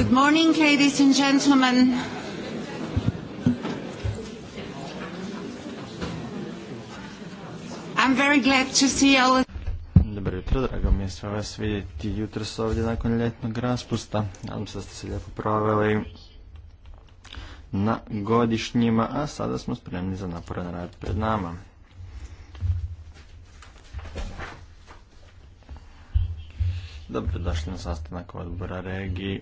Good morning, ladies and gentlemen. I'm very glad to see all... Dobro jutro, drago mi je sve vas vidjeti jutro ovdje nakon ljetnog raspusta. Nadam se da ste se lijepo proveli na godišnjima, a sada smo spremni za naporan rad pred nama. Dobrodošli na sastanak odbora regiji.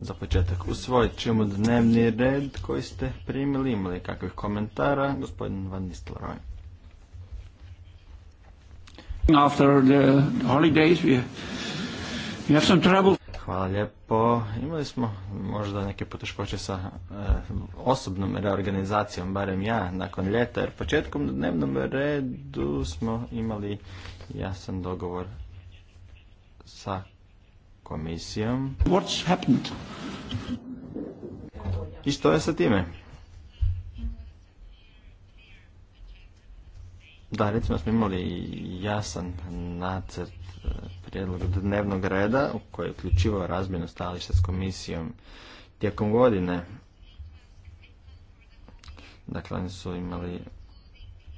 Za početak usvojit ćemo dnevni red koji ste primili, imali kakvih komentara, gospodin Van Nistelrooy. After the holidays Hvala lijepo. Imali smo možda neke poteškoće sa eh, osobnom reorganizacijom, barem ja, nakon ljeta, jer početkom na dnevnom redu smo imali jasan dogovor sa komisijom. I što je sa time? Da, recimo smo imali jasan nacrt eh, prijedlog dnevnog reda u kojoj je uključivao razmjenu stališta s komisijom tijekom godine. Dakle, oni su imali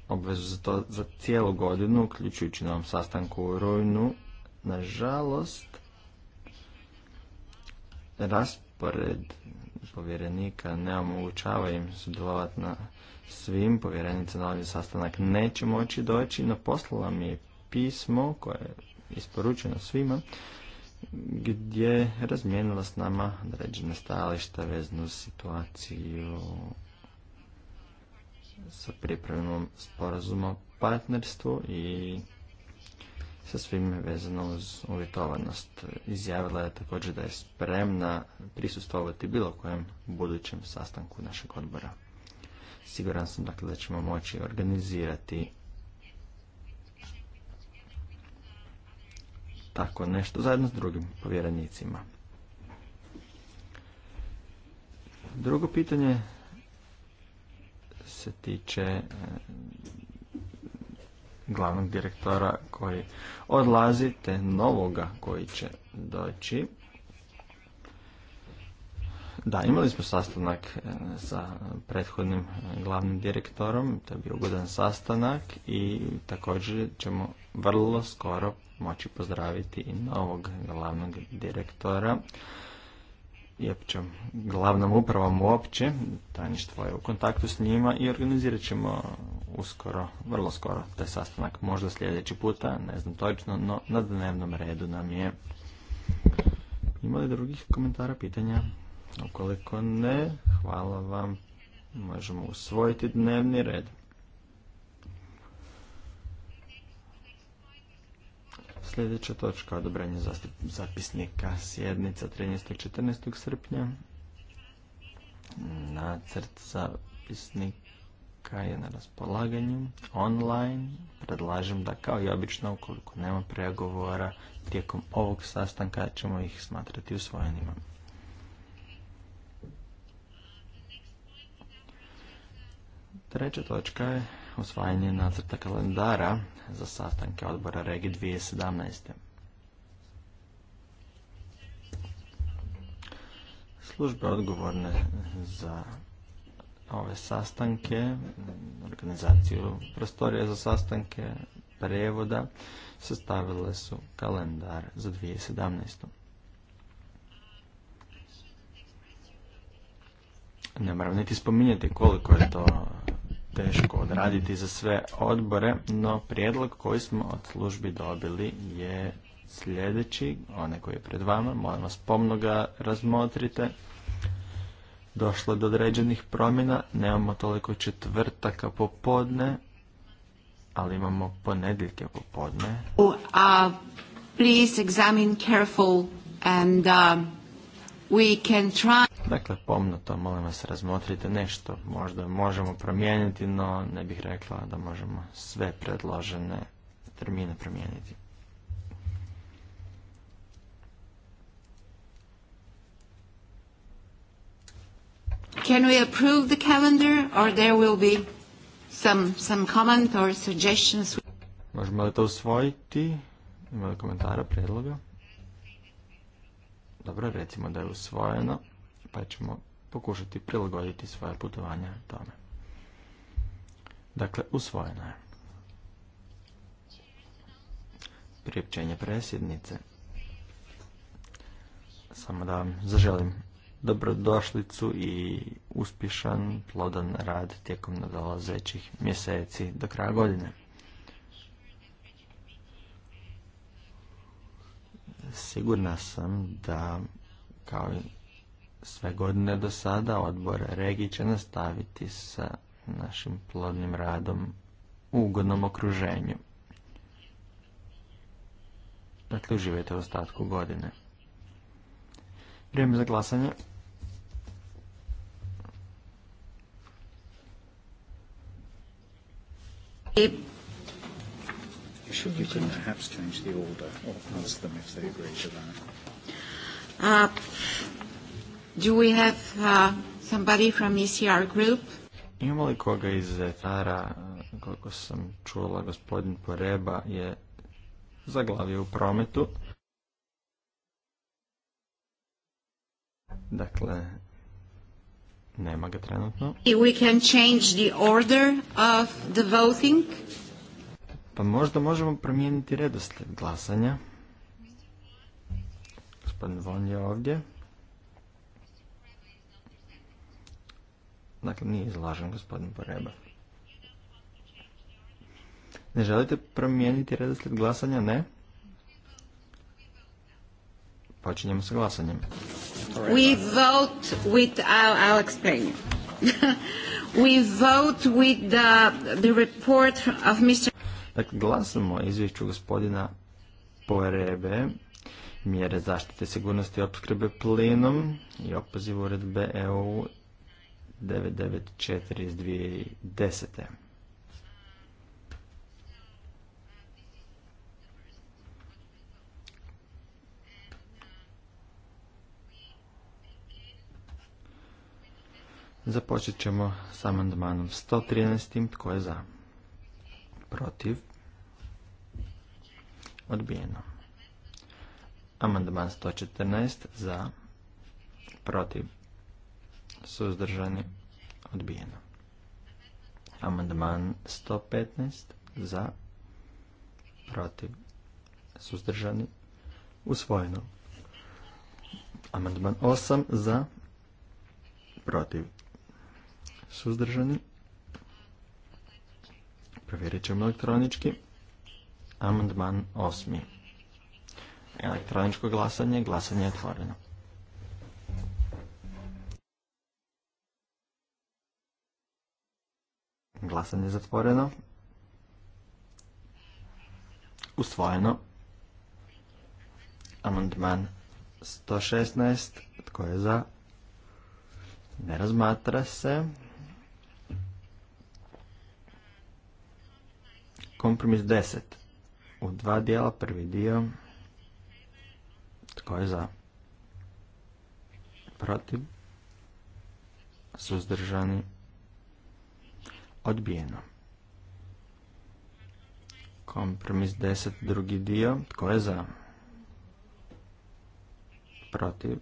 obvezu za to za cijelu godinu, uključujući na ovom sastanku u rujnu. Nažalost, raspored povjerenika ne omogućava im sudjelovati na svim, povjerenica na ovaj sastanak neće moći doći, no poslala mi je pismo koje je isporučeno svima, gdje je razmijenila s nama određene stajališta veznu situaciju sa pripremom sporazuma o partnerstvu i sa svime vezano uz uvjetovanost. Izjavila je također da je spremna prisustovati bilo kojem budućem sastanku našeg odbora. Siguran sam dakle da ćemo moći organizirati tako nešto zajedno s drugim povjerenicima. Drugo pitanje se tiče glavnog direktora koji odlazi te novoga koji će doći. Da, imali smo sastanak e, sa prethodnim e, glavnim direktorom, to je bio ugodan sastanak i također ćemo vrlo skoro moći pozdraviti i novog glavnog direktora i glavnom upravom uopće. Tajništvo je u kontaktu s njima i organizirat ćemo uskoro, vrlo skoro, taj sastanak. Možda sljedeći puta, ne znam točno, no na dnevnom redu nam je. Ima li drugih komentara, pitanja? Ukoliko ne, hvala vam. Možemo usvojiti dnevni red. Sljedeća točka odobrenje zapisnika sjednica 13. 14. srpnja. Nacrt zapisnika je na raspolaganju online. Predlažem da kao i obično ukoliko nema pregovora tijekom ovog sastanka ćemo ih smatrati usvojenima. Treća točka je osvajanje nacrta kalendara za sastanke odbora Regi 2017. Službe odgovorne za ove sastanke, organizaciju prostorija za sastanke, prevoda, sastavile su kalendar za 2017. Ne moram niti spominjati koliko je to teško odraditi za sve odbore, no prijedlog koji smo od službi dobili je sljedeći, onaj koji je pred vama, molim vas pomno ga razmotrite. Došlo je do određenih promjena, nemamo toliko četvrtaka popodne, ali imamo ponedjeljke popodne. Oh, uh, please examine careful and uh, Dakle, pomno to molim vas razmotrite nešto. Možda možemo promijeniti, no ne bih rekla da možemo sve predložene termine promijeniti. Can we approve the calendar or there will be some, some or suggestions? Možemo li to usvojiti? Ima li komentara, predloga? Dobro, recimo da je usvojeno pa ćemo pokušati prilagoditi svoje putovanja tome. Dakle, usvojeno je. Priopćenje presjednice. Samo da vam zaželim dobrodošlicu i uspješan, plodan rad tijekom nadolazećih mjeseci do kraja godine. Sigurna sam da kao i sve godine do sada odbor Regi će nastaviti sa našim plodnim radom u ugodnom okruženju. Dakle, uživajte u ostatku godine. Vrijeme za glasanje. I do we have uh, somebody from ECR group? Imamo li koga iz Etara, koliko sam čula, gospodin Poreba je zaglavio u prometu. Dakle, nema ga trenutno. We can change the order of the voting. Pa možda možemo promijeniti redoslijed glasanja. Gospodin Von je ovdje. Dakle, nije izlažen gospodin Poreba. Ne želite promijeniti redoslijed glasanja? Ne. Počinjemo sa glasanjem. We vote with, I'll, I'll explain. We Dakle, glasamo izvješću gospodina Porebe mjere zaštite sigurnosti opskrbe plinom i opoziv uredbe EU 994 iz 2010. Započet ćemo s amandmanom 113. Tko je za? Protiv? Odbijeno. Amandman 114. Za? Protiv? suzdržani, odbijeno. Amandman 115 za, protiv, suzdržani, usvojeno. Amandman 8 za, protiv, suzdržani. Provjerit ćemo elektronički. Amandman 8. Elektroničko glasanje, glasanje je otvoreno. Glasanje je zatvoreno. Usvojeno. Amandman 116. Tko je za? Ne razmatra se. Kompromis 10. U dva dijela prvi dio. Tko je za? Protiv. Suzdržani. Odbijeno. Kompromis 10, drugi dio. Tko je za? Protiv.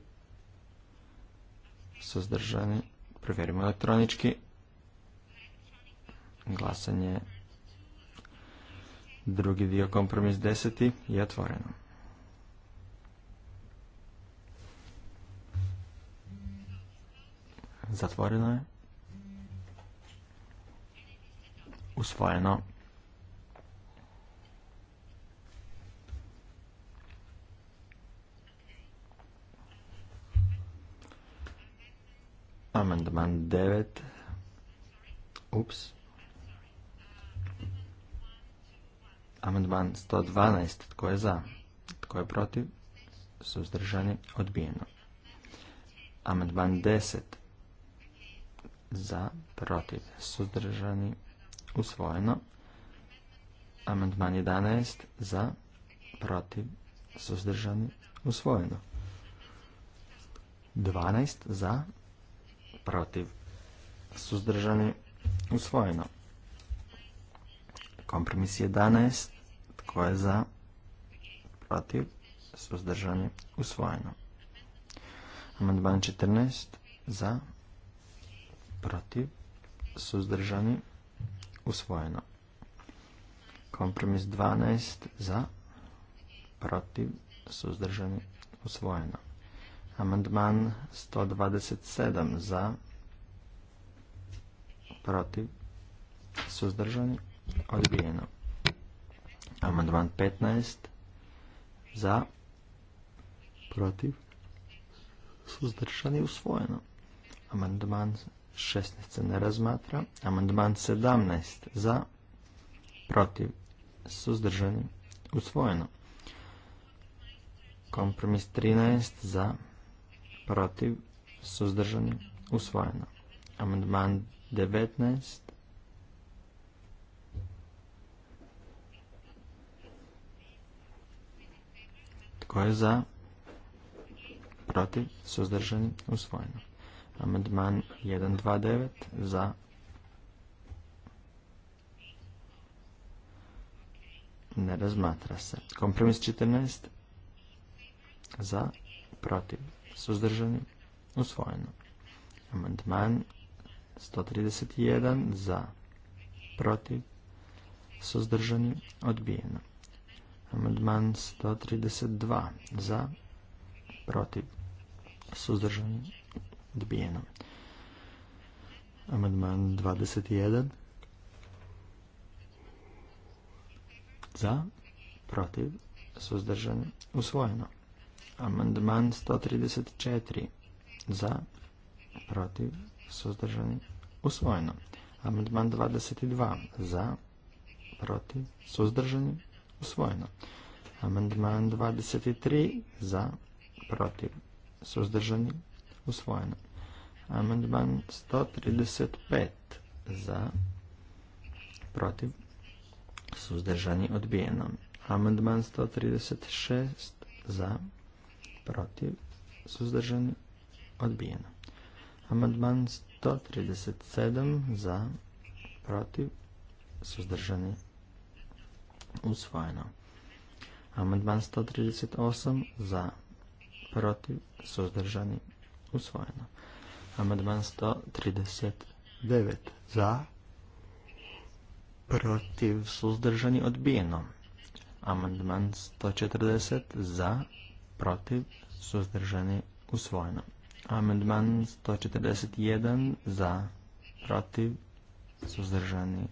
Suzdržani. Provjerimo elektronički. Glasanje. Drugi dio kompromis 10 je otvoreno. Zatvoreno je. usvojeno. Amandman 9. Ups. Amandman 112. Tko je za? Tko je protiv? Suzdržani odbijeno. Amandman 10. Za, protiv, suzdržani Usvojeno. Amandman 11 za, protiv, suzdržani, usvojeno. 12 za, protiv, suzdržani, usvojeno. Kompromis 11, tko je za, protiv, suzdržani, usvojeno. Amandman 14 za, protiv, suzdržani, usvojeno usvojeno. Kompromis 12 za, protiv, suzdržani, usvojeno. Amandman 127 za, protiv, suzdržani, odbijeno. Amandman 15 za, protiv, suzdržani, usvojeno. Amandman 16 se ne razmatra. Amandman 17 za, protiv, suzdržani, usvojeno. Kompromis 13 za, protiv, suzdržani, usvojeno. Amandman 19 Tko je za? Protiv? Suzdržani? Usvojeno. Amandman 129 za. Ne razmatra se. Kompromis 14 za, protiv, suzdržani, usvojeno. Amandman 131 za, protiv, suzdržani, odbijeno. Amandman 132 za, protiv, suzdržani, odbijeno. Amandman 21 za, protiv, suzdržani, usvojeno. Amandman 134 za, protiv, suzdržan, usvojeno. Amandman 22 za, protiv, suzdržani, usvojeno. Amandman 23 za, protiv, suzdržani, usvojeno. Amandman 135 za, protiv, suzdržani odbijeno. Amandman 136 za, protiv, suzdržani odbijeno. Amandman 137 za, protiv, suzdržani usvojeno. Amandman 138 za, protiv, suzdržani usvojeno. Amandman 139 za, protiv, suzdržani, odbijeno. Amandman 140 za, protiv, suzdržani, usvojeno. Amandman 141 za, protiv, suzdržani,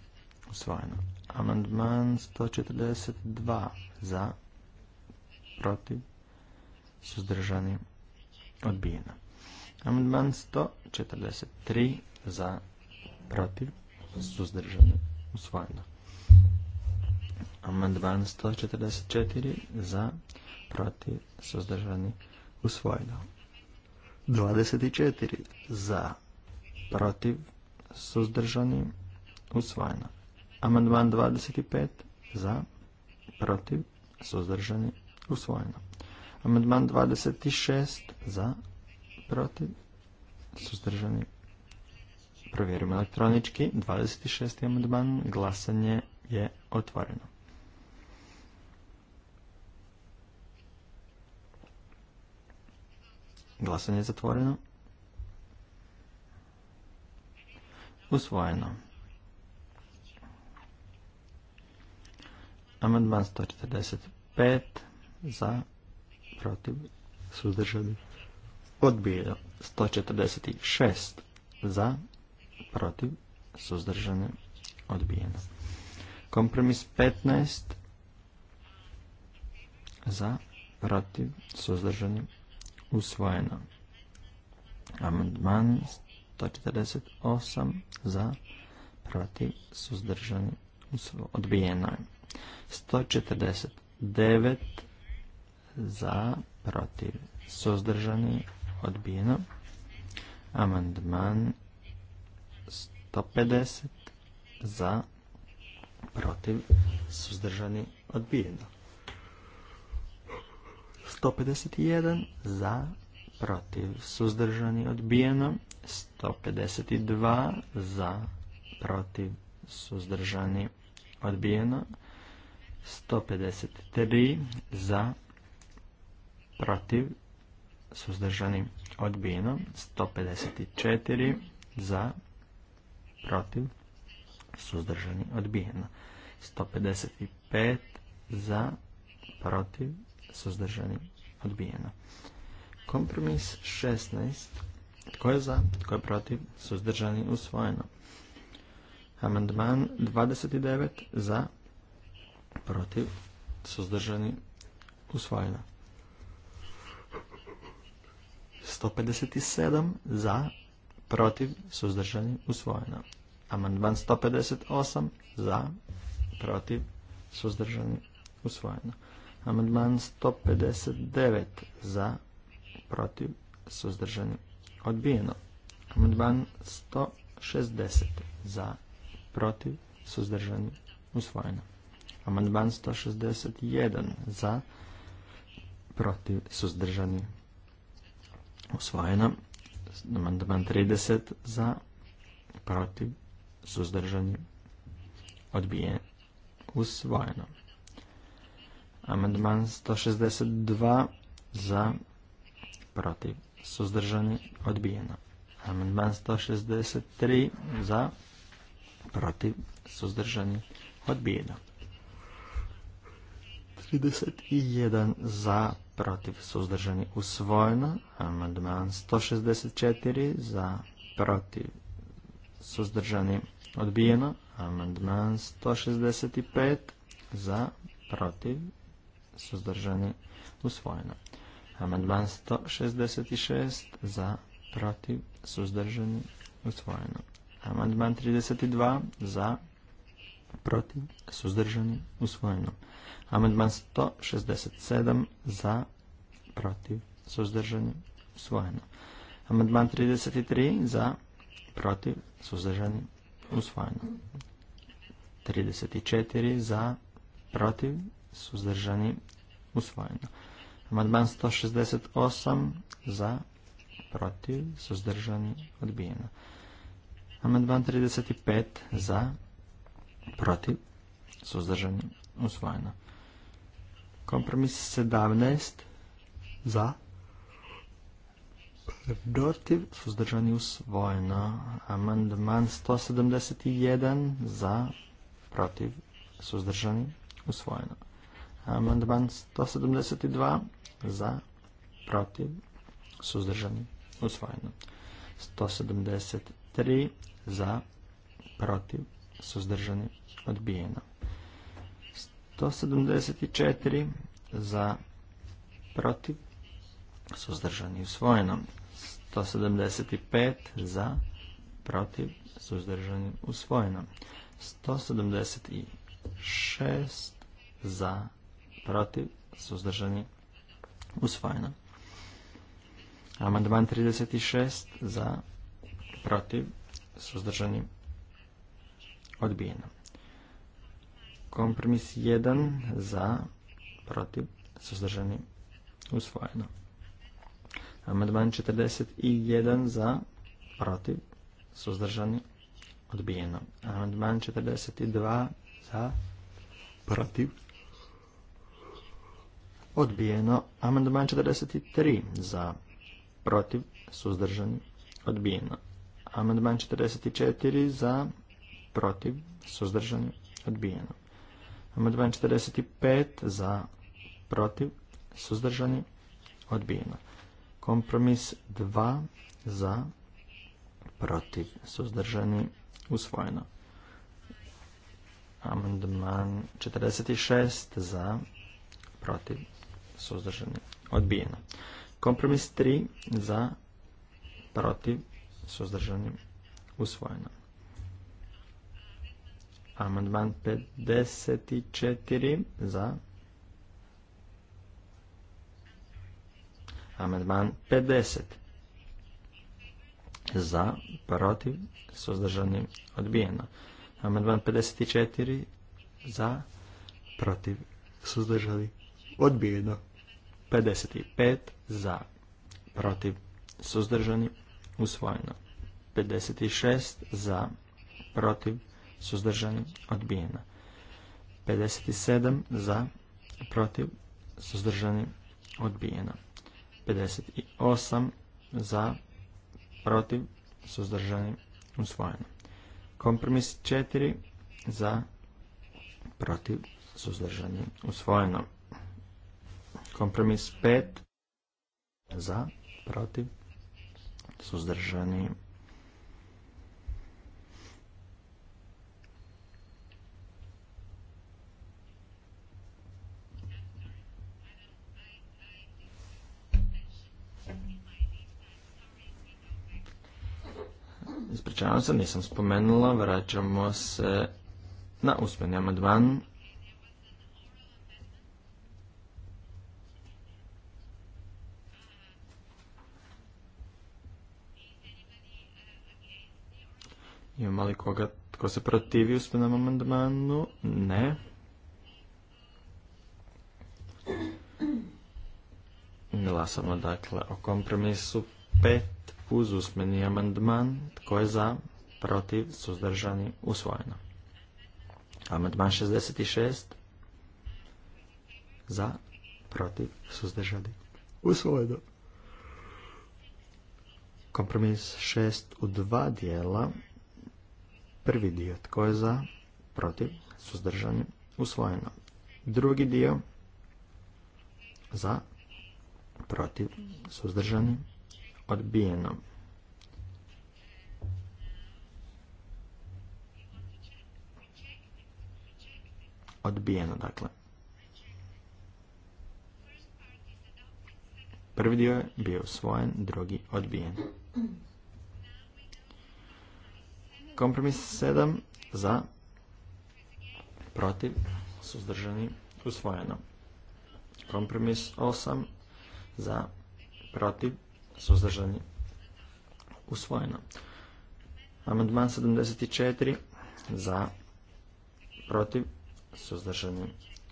usvojeno. Amandman 142 za, protiv, suzdržani, odbijeno. Amandman 143 za protiv suzdržani usvojeno. Amandman 144 za protiv suzdržani usvojeno. 24 za protiv suzdržani usvojeno. Amandman 25 za protiv suzdržani usvojeno. Amandman 26 za protiv, suzdržani. Provjerimo elektronički. 26. amandman. Glasanje je otvoreno. Glasanje je zatvoreno. Usvojeno. Amandman 145 za protiv suzdržani odbijeno 146 za, protiv, suzdržane, odbijeno. Kompromis 15 za, protiv, suzdržani, usvojeno. Amandman 148 za, protiv, suzdržani, odbijeno 149 za, protiv, suzdržani, odbijeno. Amandman 150 za, protiv, suzdržani, odbijeno. 151 za, protiv, suzdržani, odbijeno. 152 za, protiv, suzdržani, odbijeno. 153 za, protiv, suzdržani odbijeno 154 za protiv suzdržani odbijeno 155 za protiv suzdržani odbijeno kompromis 16 tko je za tko je protiv suzdržani usvojeno amandman 29 za protiv suzdržani usvojeno 157 za, protiv, suzdržani, usvojeno. Amandman 158 za, protiv, suzdržani, usvojeno. Amandman 159 za, protiv, suzdržani, odbijeno. Amandman 160 za, protiv, suzdržani, usvojeno. Amandman 161 za, protiv, suzdržani, usvojeno. Amandman 30 za, protiv, suzdržani, odbijen, usvojeno. Amandman 162 za, protiv, suzdržani, odbijeno. Amandman 163 za, protiv, suzdržani, odbijeno. 31 za, protiv, suzdržani, usvojeno. Amandman 164 za, protiv, suzdržani, odbijeno. Amandman 165 za, protiv, suzdržani, usvojeno. Amandman 166 za, protiv, suzdržani, usvojeno. Amandman 32 za, protiv, suzdržani, usvojeno. Amandman 167 za, protiv, suzdržani, usvojeno. Amandman 33 za, protiv, suzdržani, usvojeno. 34 za, protiv, suzdržani, usvojeno. Amandman 168 za, protiv, suzdržani, odbijeno. Amandman 35 za, protiv, suzdržani, usvojeno. Kompromis 17 za, protiv, suzdržani usvojeno. Amandman 171 za, protiv, suzdržani usvojeno. Amandman 172 za, protiv, suzdržani usvojeno. 173 za, protiv, suzdržani odbijeno. 174 za protiv suzdržani usvojeno. 175 za protiv suzdržani usvojeno. 176 za protiv suzdržani usvojeno. Amandman 36 za protiv suzdržani odbijeno. Kompromis 1 za, protiv, suzdržani, usvojeno. Amandman 41 za, protiv, suzdržani, odbijeno. Amandman 42 za, protiv, odbijeno. Amandman 43 za, protiv, suzdržani, odbijeno. Amandman 44 za, protiv, suzdržani, odbijeno. Amandman 45 za protiv suzdržani odbijeno. Kompromis 2 za protiv suzdržani usvojeno. Amandman 46 za protiv suzdržani odbijeno. Kompromis 3 za protiv suzdržani usvojeno. Amandman 54 za. Amandman 50 za, protiv, suzdržani, odbijeno. Amandman 54 za, protiv, suzdržani, odbijeno. 55 za, protiv, suzdržani, usvojeno. 56 za, protiv, suzdržani, odbijena. 57 za, protiv, suzdržani, odbijena. 58 za, protiv, suzdržani, usvojeno. Kompromis 4 za, protiv, suzdržani, usvojeno. Kompromis 5 za, protiv, suzdržani, ispričavam se, nisam spomenula, vraćamo se na usmeni amandman. Imamo li koga tko se protivi usmenom amandmanu? Ne. Glasamo dakle o kompromisu pet uz usmeni amandman. Tko je za? Protiv? Suzdržani? Usvojeno. Amandman 66. Za? Protiv? Suzdržani? Usvojeno. Kompromis 6 u dva dijela. Prvi dio. Tko je za? Protiv? Suzdržani? Usvojeno. Drugi dio. Za? Protiv? Suzdržani? odbijeno. Odbijeno, dakle. Prvi dio je bio usvojen, drugi odbijen. Kompromis 7 za, protiv, suzdržani, usvojeno. Kompromis 8 za, protiv, suzdržani, usvojeno. Amandman 74 za, protiv, suzdržani,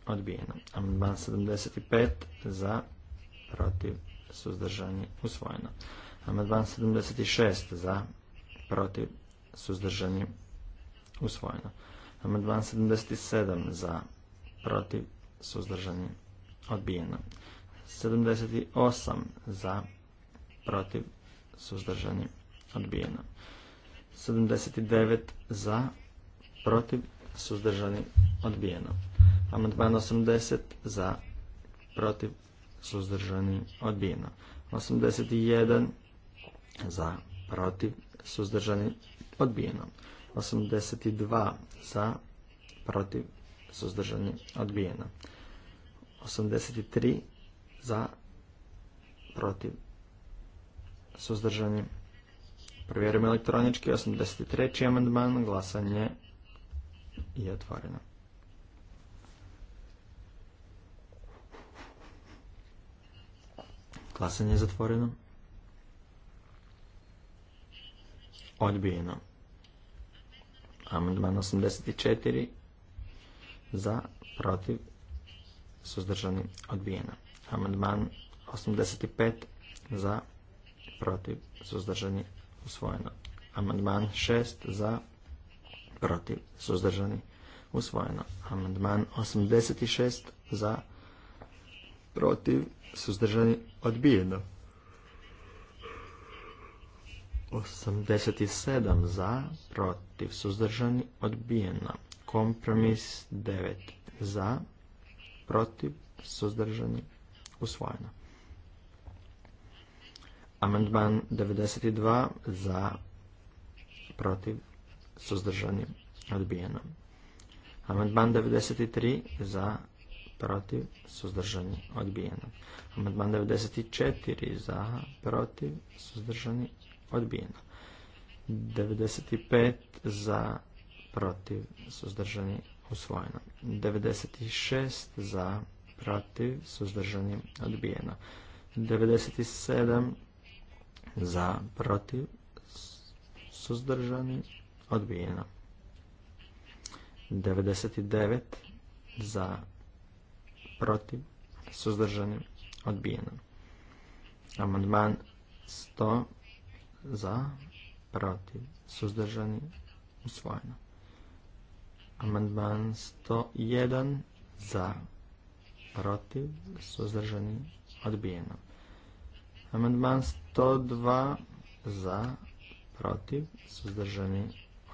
odbijeno. Amandman 75 za, protiv, suzdržani, usvojeno. Amandman 76 za, protiv, suzdržani, usvojeno. Amandman 77 za, protiv, suzdržani, odbijeno. 78 za, protiv, suzdržani, odbijeno. 79 za, protiv, suzdržani, odbijeno. Amandman 80 za, protiv, suzdržani, odbijeno. 81 za, protiv, suzdržani, odbijeno. 82 za, protiv, suzdržani, odbijeno. 83 za, protiv, suzdržani. Provjerimo elektronički 83. amandman, glasanje je otvoreno. Glasanje je zatvoreno. Odbijeno. Amandman 84 za, protiv, suzdržani, odbijeno. Amandman 85 za, protiv, suzdržani, usvojeno. Amandman 6 za, protiv, suzdržani, usvojeno. Amandman 86 za, protiv, suzdržani, odbijeno. 87 za, protiv, suzdržani, odbijeno. Kompromis 9 za, protiv, suzdržani, usvojeno. Amandman 92 za protiv suzdržani odbijeno. Amandman 93 za protiv suzdržani odbijeno. Amandman 94 za protiv suzdržani odbijeno. 95 za protiv suzdržani usvojeno. 96 za protiv suzdržani odbijeno. 97 za, protiv, suzdržani, odbijeno. 99 za, protiv, suzdržani, odbijeno. Amandman 100 za, protiv, suzdržani, usvojeno. Amandman 101 za, protiv, suzdržani, odbijeno. Amandman 102 za, protiv, suzdržani,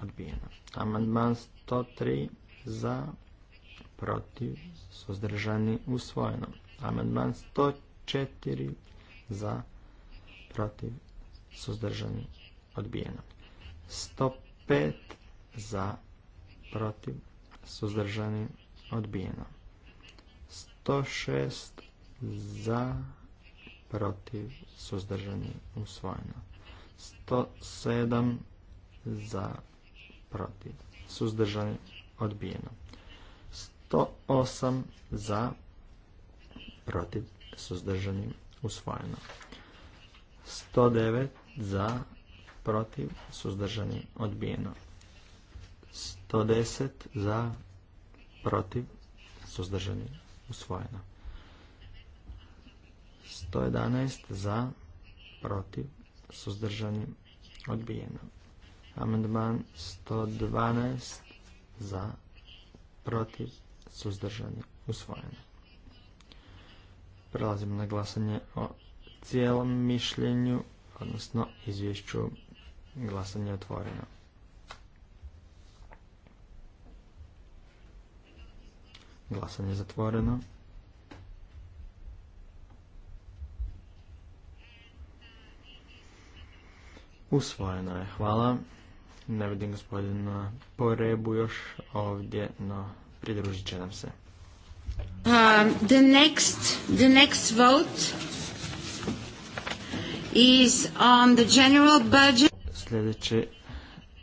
odbijeno. Amandman 103 za, protiv, suzdržani, usvojeno. Amandman 104 za, protiv, suzdržani, odbijeno. 105 za, protiv, suzdržani, odbijeno. 106 za, protiv, suzdržani, usvojeno. 107 za, protiv, suzdržani, odbijeno. 108 za, protiv, suzdržani, usvojeno. 109 za, protiv, suzdržani, odbijeno. 110 za, protiv, suzdržani, usvojeno. 111 za, protiv, suzdržani, odbijeno. Amandman 112 za, protiv, suzdržani, usvojeno. Prelazimo na glasanje o cijelom mišljenju, odnosno izvješću glasanje otvoreno. Glasanje zatvoreno. Usvojeno je, hvala. Ne vidim gospodina Porebu još ovdje, no pridružit će nam se. Um, the next, the vote is on the general budget.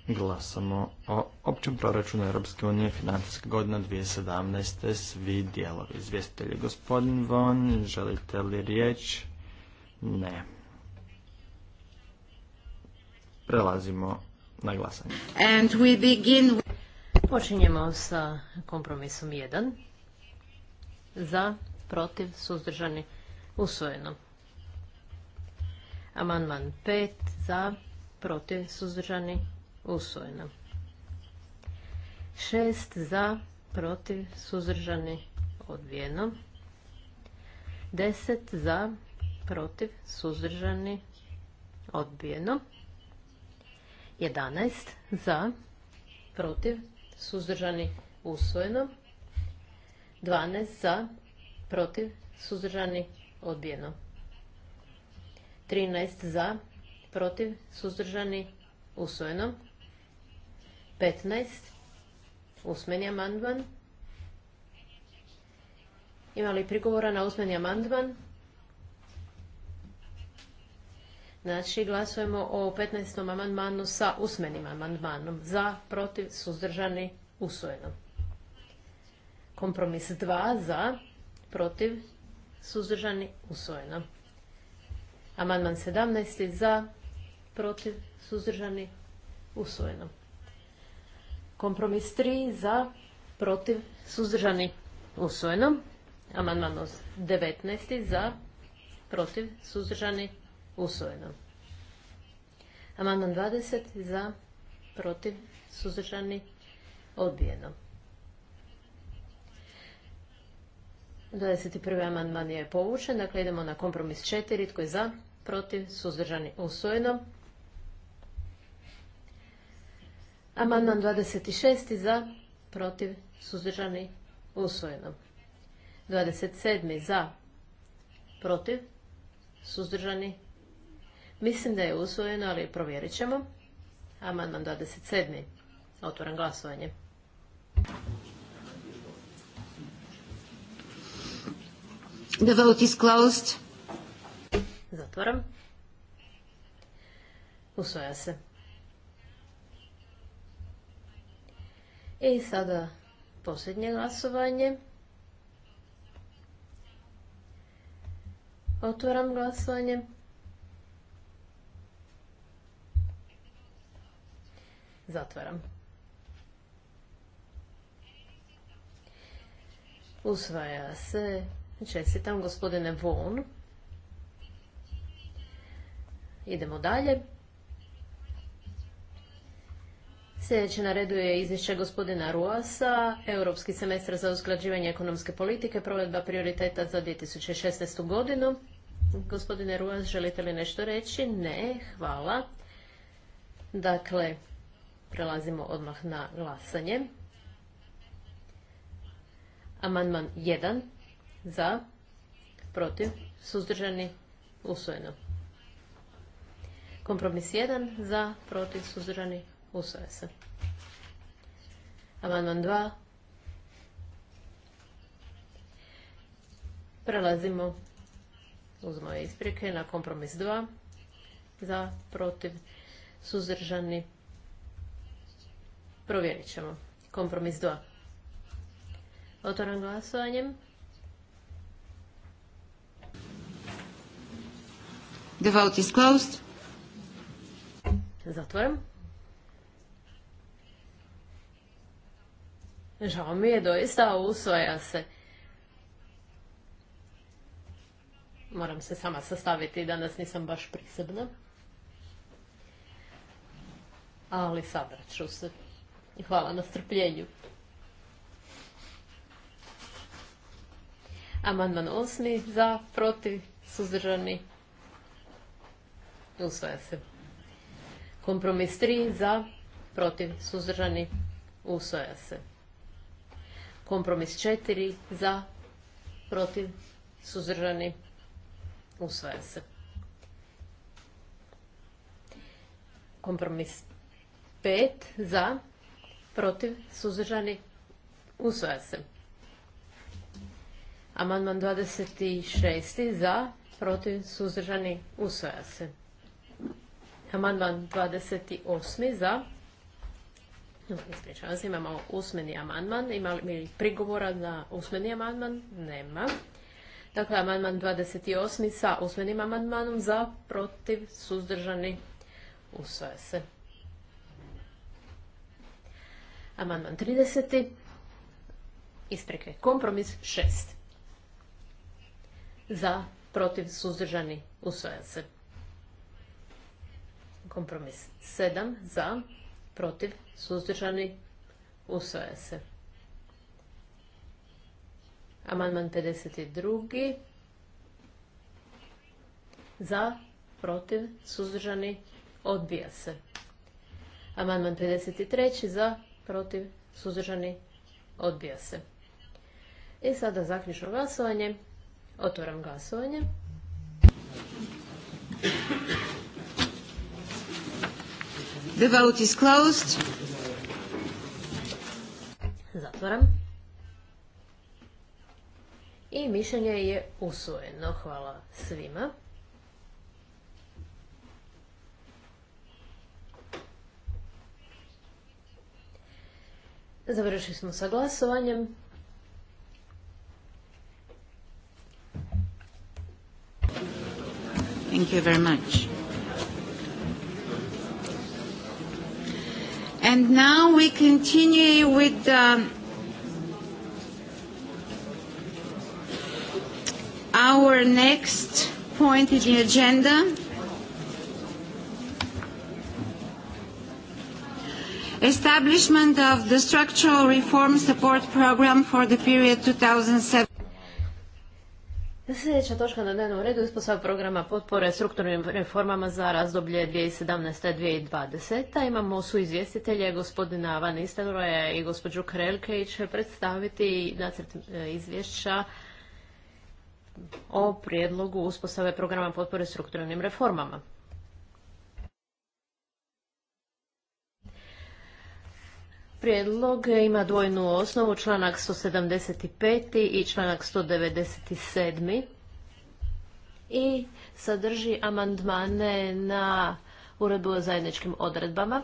glasamo o općem proračunu Europske unije financijske godine 2017. Svi dijelovi. Izvjestitelji gospodin Von, želite li riječ? Ne. Prelazimo na glasanje. And we begin... Počinjemo sa kompromisom 1. Za, protiv, suzdržani, usvojeno. Amandman 5. Za, protiv, suzdržani, usvojeno. 6. Za, protiv, suzdržani, odbijeno. 10. Za, protiv, suzdržani, odbijeno. 11 za, protiv, suzdržani, usvojeno. 12 za, protiv, suzdržani, odbijeno. 13 za, protiv, suzdržani, usvojeno. 15 usmeni amandman. Ima li prigovora na usmeni amandman? Znači, glasujemo o 15. amandmanu sa usmenim amandmanom. Za, protiv, suzdržani, usvojeno. Kompromis 2. Za, protiv, suzdržani, usvojeno. Amandman 17. Za, protiv, suzdržani, usvojeno. Kompromis 3. Za, protiv, suzdržani, usvojeno. Amandman 19. Za, protiv, suzdržani, usvojeno Usvojeno. Amandman 20 za, protiv, suzdržani, odbijeno. 21. amandman je povučen, dakle idemo na kompromis 4, tko je za, protiv, suzdržani, usvojeno. Amandman 26 za, protiv, suzdržani, usvojeno. 27. za, protiv, suzdržani, Mislim da je usvojeno, ali provjerit ćemo. Amandman 27. otvaram glasovanje. The vote is closed. Zatvoram. Usvoja se. I e, sada posljednje glasovanje. Otvoram glasovanje. Zatvaram. Usvaja se. Čestitam gospodine Von. Idemo dalje. Sljedeće na redu je izvješće gospodina Ruasa, Europski semestar za usklađivanje ekonomske politike, provedba prioriteta za 2016. godinu. Gospodine Ruas, želite li nešto reći? Ne, hvala. Dakle, Prelazimo odmah na glasanje. Amandman 1 za, protiv, suzdržani, usvojeno. Kompromis 1 za, protiv, suzdržani, usvoje se. Amandman 2. Prelazimo uz moje isprike na kompromis 2 za, protiv, suzdržani, Provjerit ćemo. Kompromis 2. Otvoram glasovanjem. The is closed. Zatvoram. Žao mi je doista, usvoja se. Moram se sama sastaviti, danas nisam baš prisebna. Ali sabrat ću se. I hvala na strpljenju. Amandman osmi za, protiv, suzdržani. Usvaja se. Kompromis tri za, protiv, suzdržani. Usvaja se. Kompromis četiri za, protiv, suzdržani. Usvaja se. Kompromis 5 za, protiv, suzdržani, usvaja se. Amandman 26. za, protiv, suzdržani, usvaja se. Amandman 28. za, ispričavam se, imamo usmeni amandman, ima li prigovora na usmeni amandman? Nema. Dakle, amandman 28. sa usmenim amandmanom za, protiv, suzdržani, usvaja se. Amandman 30. Isprike. Kompromis 6. Za, protiv, suzdržani, usvoja se. Kompromis 7. Za, protiv, suzdržani, usvoja se. Amandman 52. Za, protiv, suzdržani, odbija se. Amandman 53. Za, protiv, suzdržani, odbija se. I sada zaključno glasovanje. Otvoram glasovanje. The vote is closed. Zatvoram. I mišljenje je usvojeno. Hvala svima. Završili smo sa glasovanjem. Thank you very much. And now we continue with the, um, our next point in the agenda. Establishment of the structural reform support program for the period 2007. Sljedeća točka na dnevnom redu je programa potpore strukturnim reformama za razdoblje 2017-2020. Imamo su izvjestitelje gospodina Van Nistelroja i gospođu Krelke i će predstaviti nacrt e, izvješća o prijedlogu uspostave programa potpore strukturnim reformama. Prijedlog ima dvojnu osnovu, članak 175. i članak 197. I sadrži amandmane na uredbu o zajedničkim odredbama.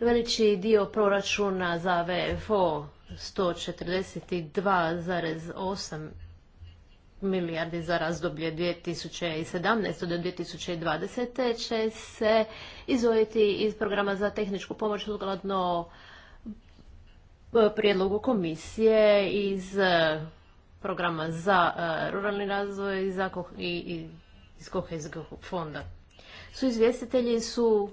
Veliči dio proračuna za VFO 142,8 milijardi za razdoblje 2017. do 2020. će se izvojiti iz programa za tehničku pomoć sukladno e, prijedlogu komisije iz e, programa za e, ruralni razvoj i iz kohezijskog fonda. Su izvjestitelji su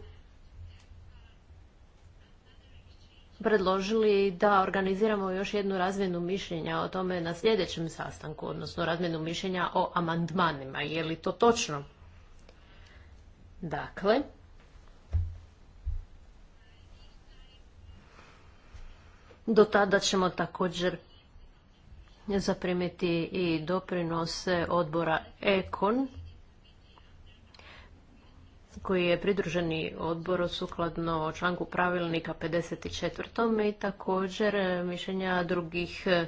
predložili da organiziramo još jednu razmjenu mišljenja o tome na sljedećem sastanku, odnosno razmjenu mišljenja o amandmanima. Je li to točno? Dakle, do tada ćemo također zaprimiti i doprinose odbora Ekon koji je pridruženi odboru sukladno članku pravilnika 54. i također e, mišljenja drugih e,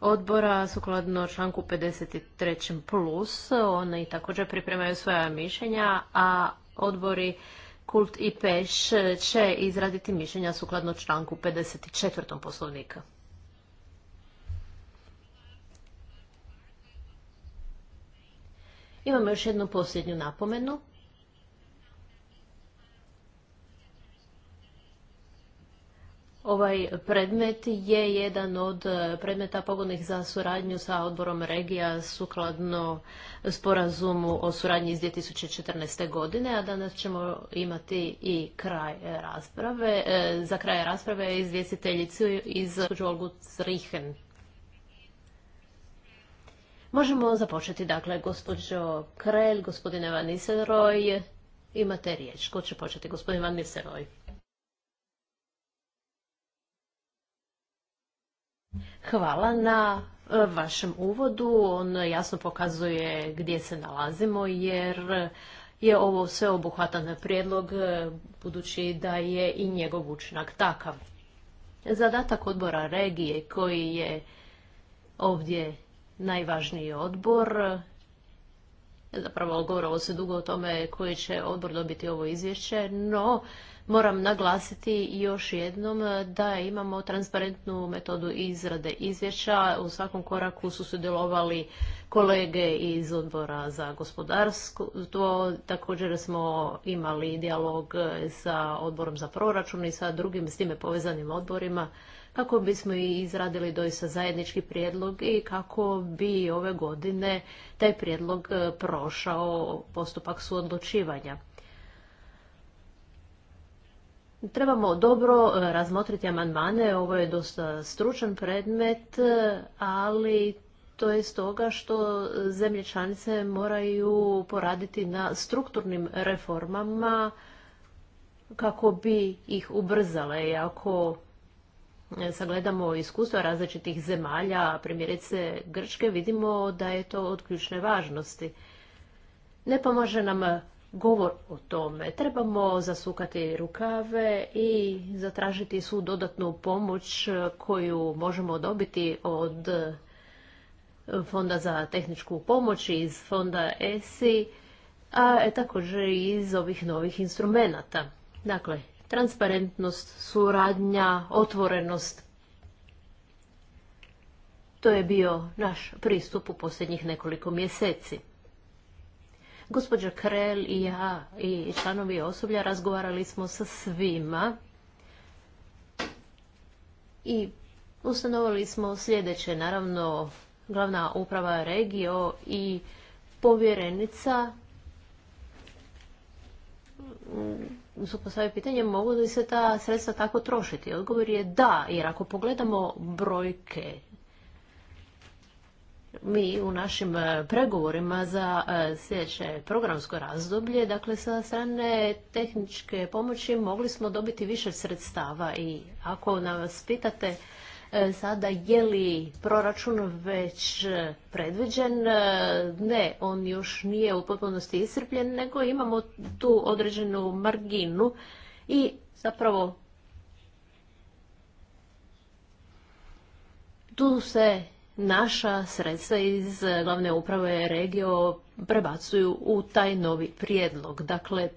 odbora sukladno članku 53. plus. Oni također pripremaju svoja mišljenja, a odbori Kult i Peš e, će izraditi mišljenja sukladno članku 54. poslovnika. Imamo još jednu posljednju napomenu. Ovaj predmet je jedan od e, predmeta pogodnih za suradnju sa odborom regija sukladno sporazumu o suradnji iz 2014. godine, a danas ćemo imati i kraj rasprave. E, za kraj rasprave izvjestiteljicu iz Olgu Crihen. Možemo započeti, dakle, gospođo krelj gospodine Van Niseroj. Imate riječ. Ko će početi? Gospodin Van Niseroj. Hvala na e, vašem uvodu. On jasno pokazuje gdje se nalazimo jer je ovo sveobuhvatan prijedlog e, budući da je i njegov učinak takav. Zadatak odbora regije koji je ovdje najvažniji odbor, zapravo govorilo se dugo o tome koji će odbor dobiti ovo izvješće, no Moram naglasiti još jednom da imamo transparentnu metodu izrade izvješća. U svakom koraku su sudjelovali kolege iz odbora za gospodarstvo. Također smo imali dijalog sa odborom za proračun i sa drugim s time povezanim odborima kako bismo i izradili doista zajednički prijedlog i kako bi ove godine taj prijedlog prošao postupak suodlučivanja. Trebamo dobro e, razmotriti amandmane, ovo je dosta stručan predmet, e, ali to je stoga što zemlje članice moraju poraditi na strukturnim reformama kako bi ih ubrzale. I ako e, sagledamo iskustva različitih zemalja, primjerice Grčke, vidimo da je to od ključne važnosti. Ne pomaže nam govor o tome. Trebamo zasukati rukave i zatražiti svu dodatnu pomoć koju možemo dobiti od Fonda za tehničku pomoć iz Fonda ESI, a e, također i iz ovih novih instrumenata. Dakle, transparentnost, suradnja, otvorenost. To je bio naš pristup u posljednjih nekoliko mjeseci. Gospođa Krel i ja i članovi osoblja razgovarali smo sa svima i ustanovali smo sljedeće. Naravno, glavna uprava regio i povjerenica su postavili pitanje mogu li se ta sredstva tako trošiti. Odgovor je da, jer ako pogledamo brojke mi u našim e, pregovorima za e, sljedeće programsko razdoblje, dakle sa strane tehničke pomoći mogli smo dobiti više sredstava i ako nas pitate e, sada je li proračun već predviđen, ne, on još nije u potpunosti iscrpljen, nego imamo tu određenu marginu i zapravo tu se naša sredstva iz glavne uprave regio prebacuju u taj novi prijedlog. Dakle,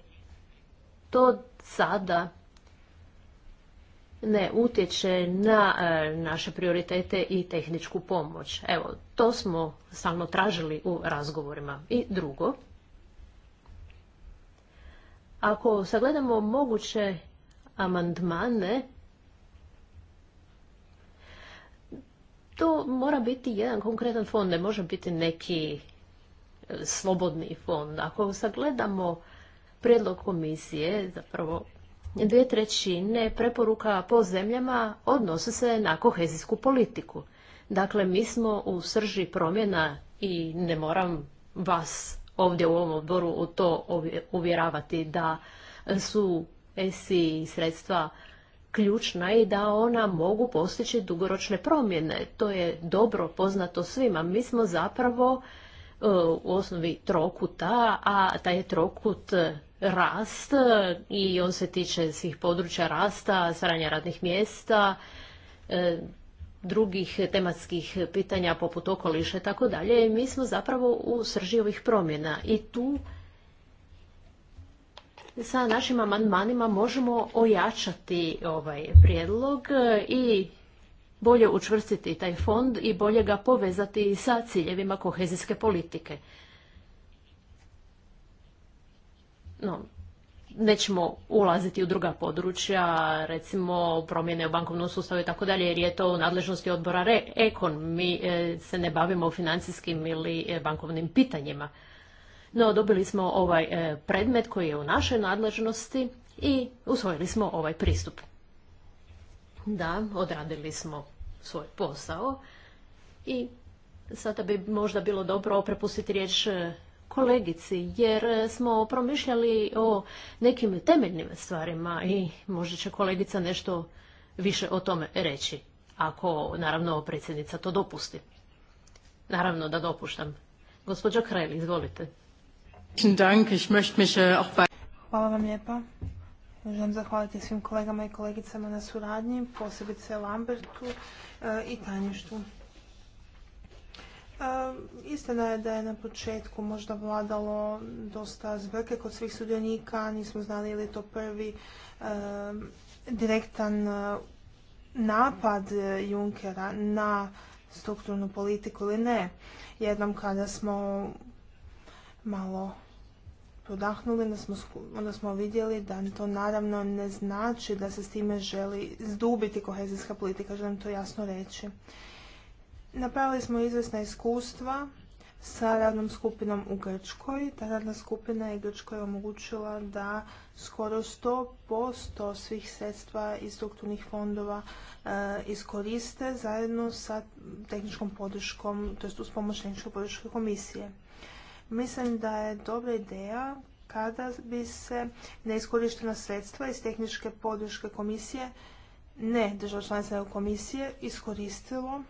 to sada ne utječe na e, naše prioritete i tehničku pomoć. Evo, to smo samo tražili u razgovorima. I drugo, ako sagledamo moguće amandmane, to mora biti jedan konkretan fond, ne može biti neki e, slobodni fond. Ako sagledamo prijedlog komisije, zapravo dvije trećine preporuka po zemljama odnose se na kohezijsku politiku. Dakle, mi smo u srži promjena i ne moram vas ovdje u ovom odboru u to uvjeravati da su ESI sredstva ključna i da ona mogu postići dugoročne promjene. To je dobro poznato svima. Mi smo zapravo e, u osnovi trokuta, a taj je trokut e, rast e, i on se tiče svih područja rasta, stvaranja radnih mjesta, drugih tematskih pitanja poput okoliša i tako dalje. Mi smo zapravo u srži ovih promjena i tu sa našim amandmanima možemo ojačati ovaj prijedlog e, i bolje učvrstiti taj fond i bolje ga povezati sa ciljevima kohezijske politike. No, nećemo ulaziti u druga područja, recimo promjene u bankovnom sustavu i tako dalje, jer je to u nadležnosti odbora Ekon. Mi e, se ne bavimo financijskim ili e, bankovnim pitanjima. No, dobili smo ovaj e, predmet koji je u našoj nadležnosti i usvojili smo ovaj pristup. Da, odradili smo svoj posao i sada bi možda bilo dobro prepustiti riječ e, kolegici, jer smo promišljali o nekim temeljnim stvarima i možda će kolegica nešto više o tome reći, ako naravno predsjednica to dopusti. Naravno da dopuštam. Gospođa Krajl, izvolite. Äh, Hvala vam lijepa. Želim zahvaliti svim kolegama i kolegicama na suradnji, posebice Lambertu eh, i Tanjištu. Eh, istina je da je na početku možda vladalo dosta zbrke kod svih sudionika, nismo znali ili je to prvi eh, direktan napad Junkera na strukturnu politiku ili ne. Jednom kada smo malo prodahnuli, onda smo, vidjeli da to naravno ne znači da se s time želi zdubiti kohezijska politika, želim to jasno reći. Napravili smo izvjesna iskustva sa radnom skupinom u Grčkoj. Ta radna skupina je Grčkoj omogućila da skoro 100% svih sredstva iz strukturnih fondova eh, iskoriste zajedno sa tehničkom podrškom, to uz pomoć podrške komisije. Mislim da je dobra ideja kada bi se neiskorištena sredstva iz tehničke podrške komisije ne država članica komisije iskoristilo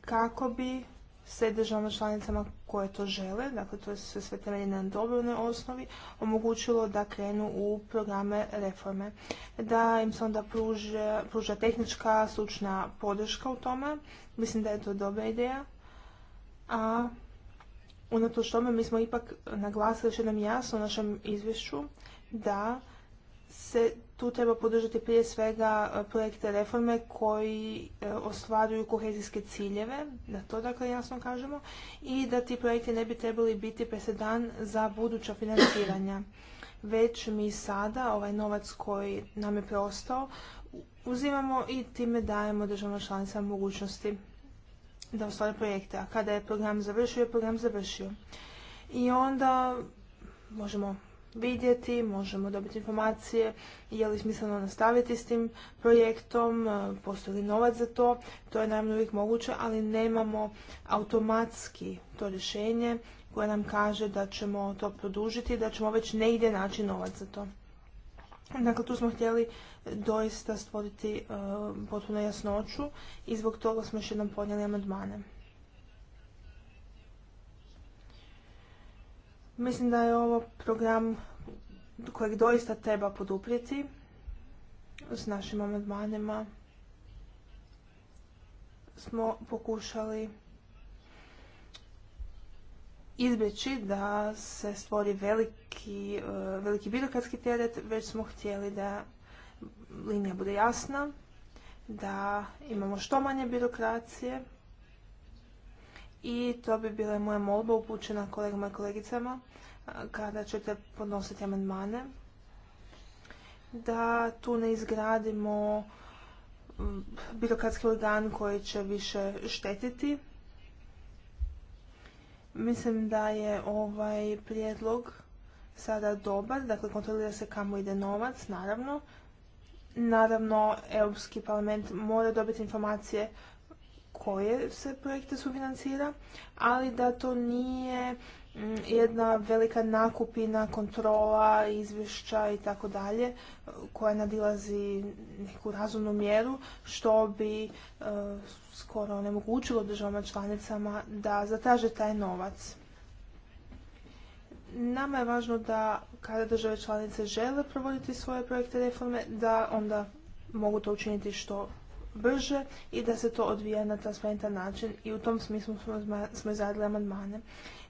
kako bi se državama članicama koje to žele, dakle to se sve temelji na dobrovnoj osnovi, omogućilo da krenu u programe reforme. Da im se onda pruža, pruža tehnička, stručna podrška u tome. Mislim da je to dobra ideja. A unatoč tome mi smo ipak naglasili još jednom jasno u našem izvješću da se tu treba podržati prije svega e, projekte reforme koji e, ostvaruju kohezijske ciljeve, da to dakle jasno kažemo, i da ti projekti ne bi trebali biti presedan za buduća financiranja. Već mi sada ovaj novac koji nam je preostao uzimamo i time dajemo državama članicama mogućnosti da ostvare projekte. A kada je program završio, je program završio. I onda možemo vidjeti, možemo dobiti informacije je li smisleno nastaviti s tim projektom, e, postoji li novac za to, to je naravno uvijek moguće, ali nemamo automatski to rješenje koje nam kaže da ćemo to produžiti, da ćemo već negdje naći novac za to. Dakle, tu smo htjeli doista stvoriti uh, potpuno jasnoću i zbog toga smo još jednom podnijeli amandmane. Mislim da je ovo program kojeg doista treba poduprijeti s našim amandmanima smo pokušali izbjeći da se stvori e, veliki, birokratski teret, već smo htjeli da linija bude jasna, da imamo što manje birokracije i to bi bila moja molba upućena kolegama i kolegicama e, kada ćete podnositi amandmane da tu ne izgradimo birokratski organ koji će više štetiti Mislim da je ovaj prijedlog sada dobar, dakle kontrolira se kamo ide novac, naravno. Naravno, Europski parlament mora dobiti informacije koje se projekte sufinancira, ali da to nije Mm, jedna velika nakupina kontrola, izvješća i tako dalje koja nadilazi neku razumnu mjeru što bi e, skoro onemogućilo državama članicama da zataže taj novac. Nama je važno da kada države članice žele provoditi svoje projekte reforme, da onda mogu to učiniti što brže i da se to odvija na transparentan način i u tom smislu smo izradili amandmane.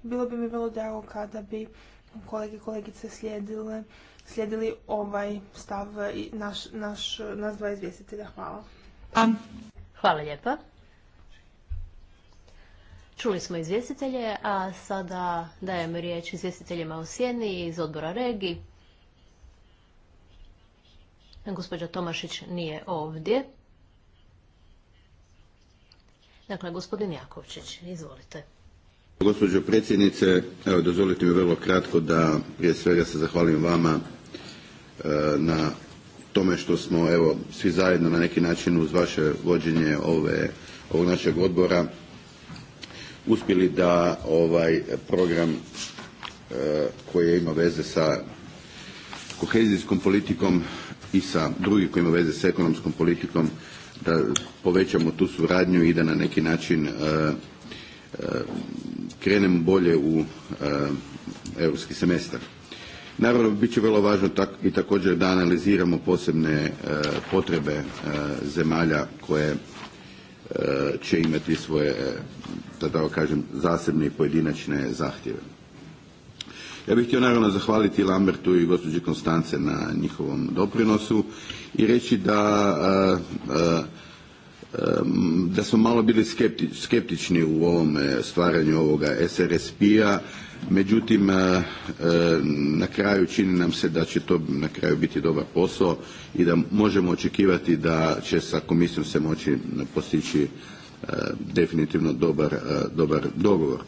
Bilo bi mi vrlo drago kada bi kolege i kolegice slijedile, slijedili ovaj stav i naš, naš, nas dva izvjestitelja. Hvala. Pa. Hvala lijepa. Čuli smo izvjestitelje, a sada dajem riječ izvjestiteljima u Sjeni iz odbora Regi. Gospođa Tomašić nije ovdje. Dakle, gospodin Jakovčić, izvolite. Gospođo predsjednice, evo dozvolite mi vrlo kratko da prije svega se zahvalim vama e, na tome što smo evo svi zajedno na neki način uz vaše vođenje ove, ovog našeg odbora uspjeli da ovaj program e, koji ima veze sa kohezijskom politikom i sa drugim koji ima veze sa ekonomskom politikom da povećamo tu suradnju i da na neki način e, krenemo bolje u e, europski semestar. Naravno, bit će vrlo važno i također da analiziramo posebne e, potrebe e, zemalja koje će imati svoje, da tako kažem, zasebne i pojedinačne zahtjeve. Ja bih htio naravno zahvaliti Lambertu i gospođi Konstance na njihovom doprinosu i reći da da smo malo bili skeptični u ovom stvaranju ovoga SRSP-a, međutim e, e, na kraju čini nam se da će to na kraju biti dobar posao i da možemo očekivati da će sa komisijom se moći postići e, definitivno dobar, dobar dogovor.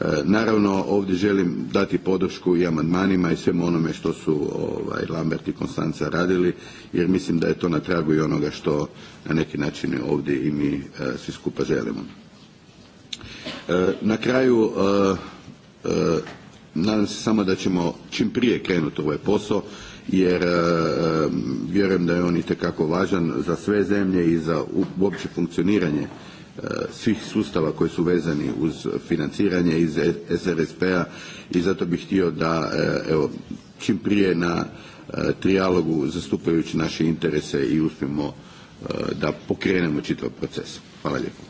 E, naravno, ovdje želim dati podršku i amandmanima i svemu onome što su ovaj, Lambert i Konstanca radili, jer mislim da je to na tragu i onoga što na neki način ovdje i mi e, svi skupa želimo. E, na kraju, nadam se samo da ćemo čim prije krenuti ovaj posao, jer vjerujem da je on itekako važan za sve zemlje i za uopće funkcioniranje Eh, svih sustava koji su vezani uz financiranje iz SRSP-a i zato bih htio da eh, evo, čim prije na eh, trijalogu zastupajući naše interese i uspijemo da pokrenemo čitav proces. Hvala lijepo.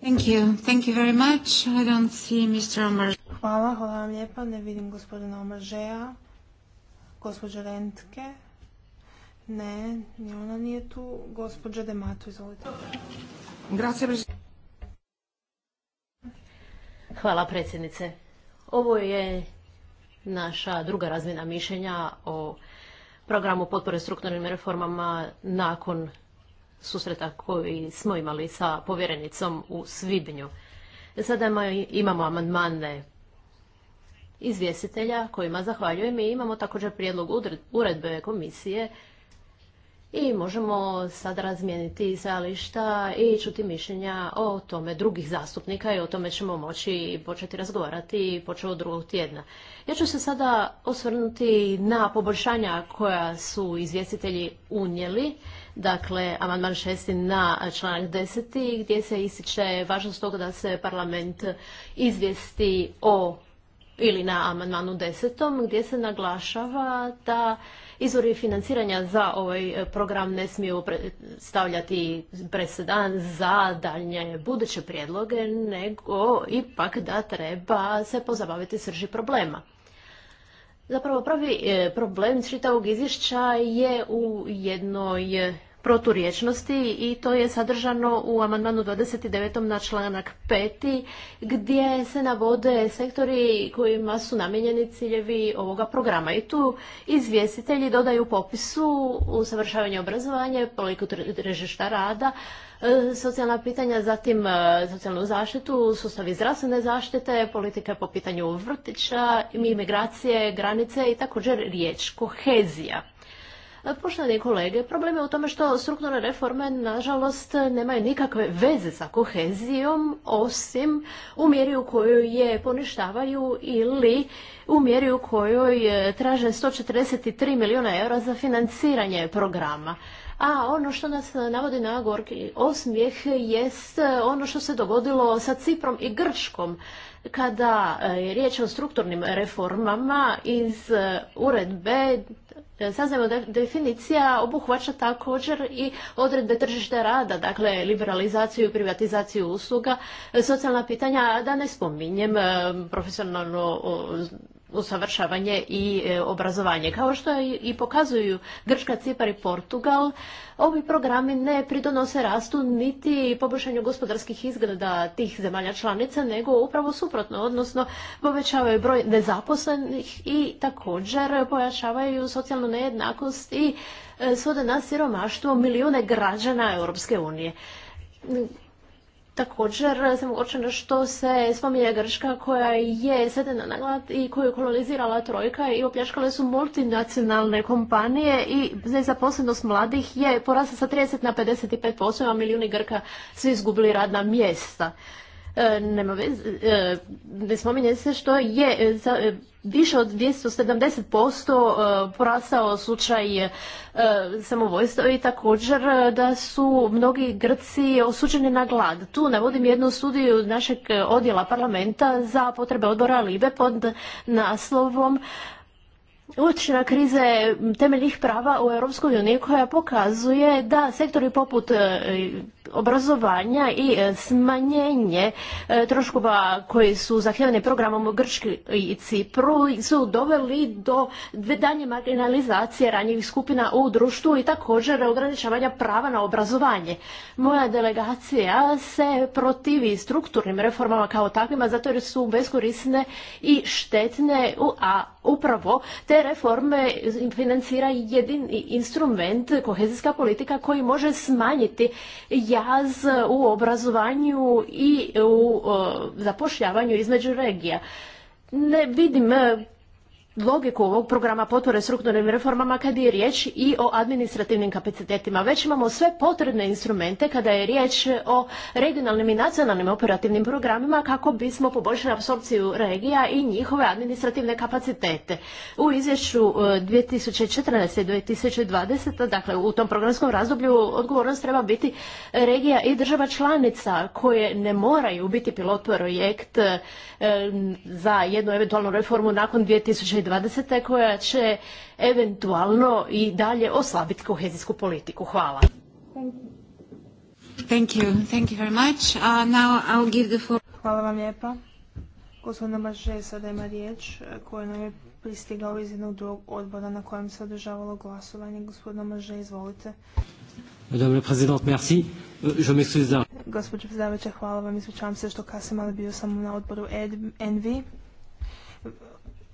Thank you. Hvala, hvala vam lijepa. Ne vidim gospodina Omaržeja, gospođa Rentke. Ne, ona nije tu. Gospođa Demato, izvolite. Grazie, Hvala predsjednice. Ovo je naša druga razmjena mišljenja o programu potpore strukturnim reformama nakon susreta koji smo imali sa povjerenicom u Svibnju. Sada imamo amandmane izvjestitelja kojima zahvaljujem i imamo također prijedlog uredbe komisije i možemo sad razmijeniti stajališta i čuti mišljenja o tome drugih zastupnika i o tome ćemo moći početi razgovarati počeo drugog tjedna. Ja ću se sada osvrnuti na poboljšanja koja su izvjestitelji unijeli, dakle amandman 6 na članak 10 gdje se ističe važnost toga da se parlament izvijesti o ili na amandmanu 10 gdje se naglašava da izvori financiranja za ovaj e, program ne smiju stavljati presedan za daljnje buduće prijedloge, nego ipak da treba se pozabaviti srži problema. Zapravo pravi e, problem čitavog izvješća je u jednoj e, proturječnosti i to je sadržano u amandmanu 29. na članak 5. gdje se navode sektori kojima su namijenjeni ciljevi ovoga programa. I tu izvjestitelji dodaju popisu usavršavanje obrazovanje, politiku tržišta rada, e, socijalna pitanja, zatim e, socijalnu zaštitu, sustavi zdravstvene zaštite, politika po pitanju vrtića, imigracije, granice i također riječ kohezija. Poštovani kolege, problem je u tome što strukturne reforme, nažalost, nemaju nikakve veze sa kohezijom, osim u mjeri u kojoj je poništavaju ili u mjeri u kojoj eh, traže 143 milijuna eura za financiranje programa. A ono što nas navodi na gorki osmijeh jest e, ono što se dogodilo sa Ciprom i Grčkom. Kada e, je riječ o strukturnim reformama iz e, uredbe Saznajemo da definicija obuhvaća također i odredbe tržišta rada, dakle liberalizaciju i privatizaciju usluga, socijalna pitanja, da ne spominjem profesionalno usavršavanje i e, obrazovanje. Kao što i pokazuju Grčka, Cipar i Portugal, ovi programi ne pridonose rastu niti poboljšanju gospodarskih izgleda tih zemalja članica, nego upravo suprotno, odnosno povećavaju broj nezaposlenih i također pojačavaju socijalnu nejednakost i e, svode na siromaštvo milijune građana Europske unije Također sam uočena što se spominje Grška koja je sedena na i koju je kolonizirala trojka i opljačkale su multinacionalne kompanije i nezaposlenost mladih je porasla sa 30 na 55%, a milijuni Grka su izgubili radna mjesta. E, e, ne spominje se što je više od 270% e, porastao slučaj e, samovojstva i također e, da su mnogi Grci osuđeni na glad. Tu navodim jednu studiju našeg odjela parlamenta za potrebe odbora Libe pod naslovom utječena krize temeljnih prava u Europskoj uniji koja pokazuje da sektori poput e, obrazovanja i e, smanjenje e, troškova koji su zahtjevani programom u Grčki i Cipru su doveli do danje marginalizacije ranjivih skupina u društvu i također ograničavanja prava na obrazovanje. Moja delegacija se protivi strukturnim reformama kao takvima zato jer su beskorisne i štetne, a upravo te reforme financira jedin instrument, kohezijska politika, koji može smanjiti jaz u obrazovanju i u e, zapošljavanju između regija. Ne vidim logiku ovog programa potpore strukturnim reformama kada je riječ i o administrativnim kapacitetima. Već imamo sve potrebne instrumente kada je riječ o regionalnim i nacionalnim operativnim programima kako bismo poboljšali apsorpciju regija i njihove administrativne kapacitete. U izvješću 2014. i 2020. dakle u tom programskom razdoblju odgovornost treba biti regija i država članica koje ne moraju biti pilot projekt e, za jednu eventualnu reformu nakon 2020 2020. koja će eventualno i dalje oslabiti kohezijsku politiku. Hvala. Thank you. Thank you very much. Uh, now I'll give the Hvala vam lijepa. Gospodina maže sada ima riječ uh, koja nam je pristigla iz jednog drugog odbora na kojem se održavalo glasovanje. Gospodina Maže, izvolite. Madame la Présidente, merci. Euh, je m'excuse. hvala vam. Izvučavam se što kasnije, ali bio sam na odboru Envi.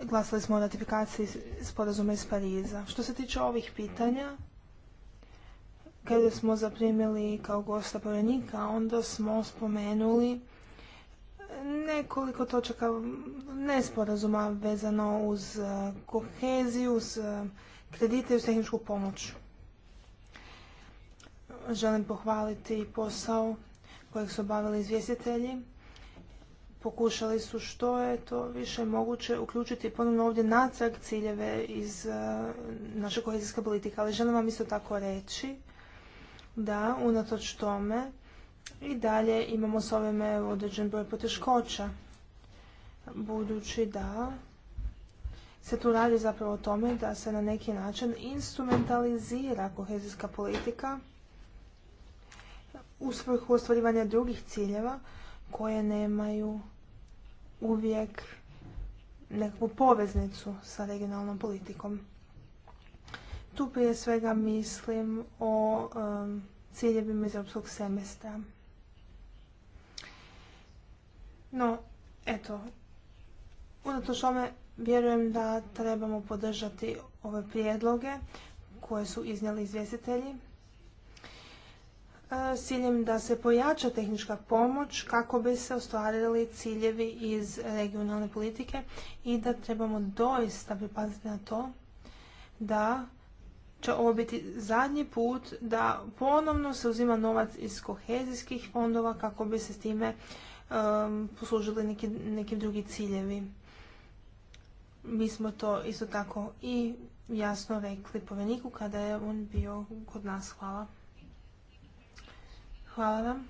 Glasali smo o ratifikaciji sporazuma iz Pariza. Što se tiče ovih pitanja, kada smo zaprimili kao gosta povjenika, onda smo spomenuli nekoliko točaka nesporazuma vezano uz eh, koheziju, uz eh, kredite i uz tehničku pomoć. Želim pohvaliti posao kojeg su obavili izvjestitelji pokušali su što je to više moguće uključiti ponovno ovdje natrag ciljeve iz e, naše kohezijske politike. Ali želim vam isto tako reći da unatoč tome i dalje imamo s ovime određen broj poteškoća. Budući da se tu radi zapravo o tome da se na neki način instrumentalizira kohezijska politika u svrhu ostvarivanja drugih ciljeva koje nemaju uvijek nekakvu poveznicu sa regionalnom politikom. Tu prije svega mislim o um, ciljevima iz europskog semestra. No, eto, unatoč tome vjerujem da trebamo podržati ove prijedloge koje su iznijeli izvjestitelji E, s ciljem da se pojača tehnička pomoć kako bi se ostvarili ciljevi iz regionalne politike i da trebamo doista pripaziti na to da će ovo biti zadnji put da ponovno se uzima novac iz kohezijskih fondova kako bi se s time poslužili neki, neki drugi ciljevi. Mi smo to isto tako i jasno rekli poveniku kada je on bio kod nas. Hvala. Hvala vam.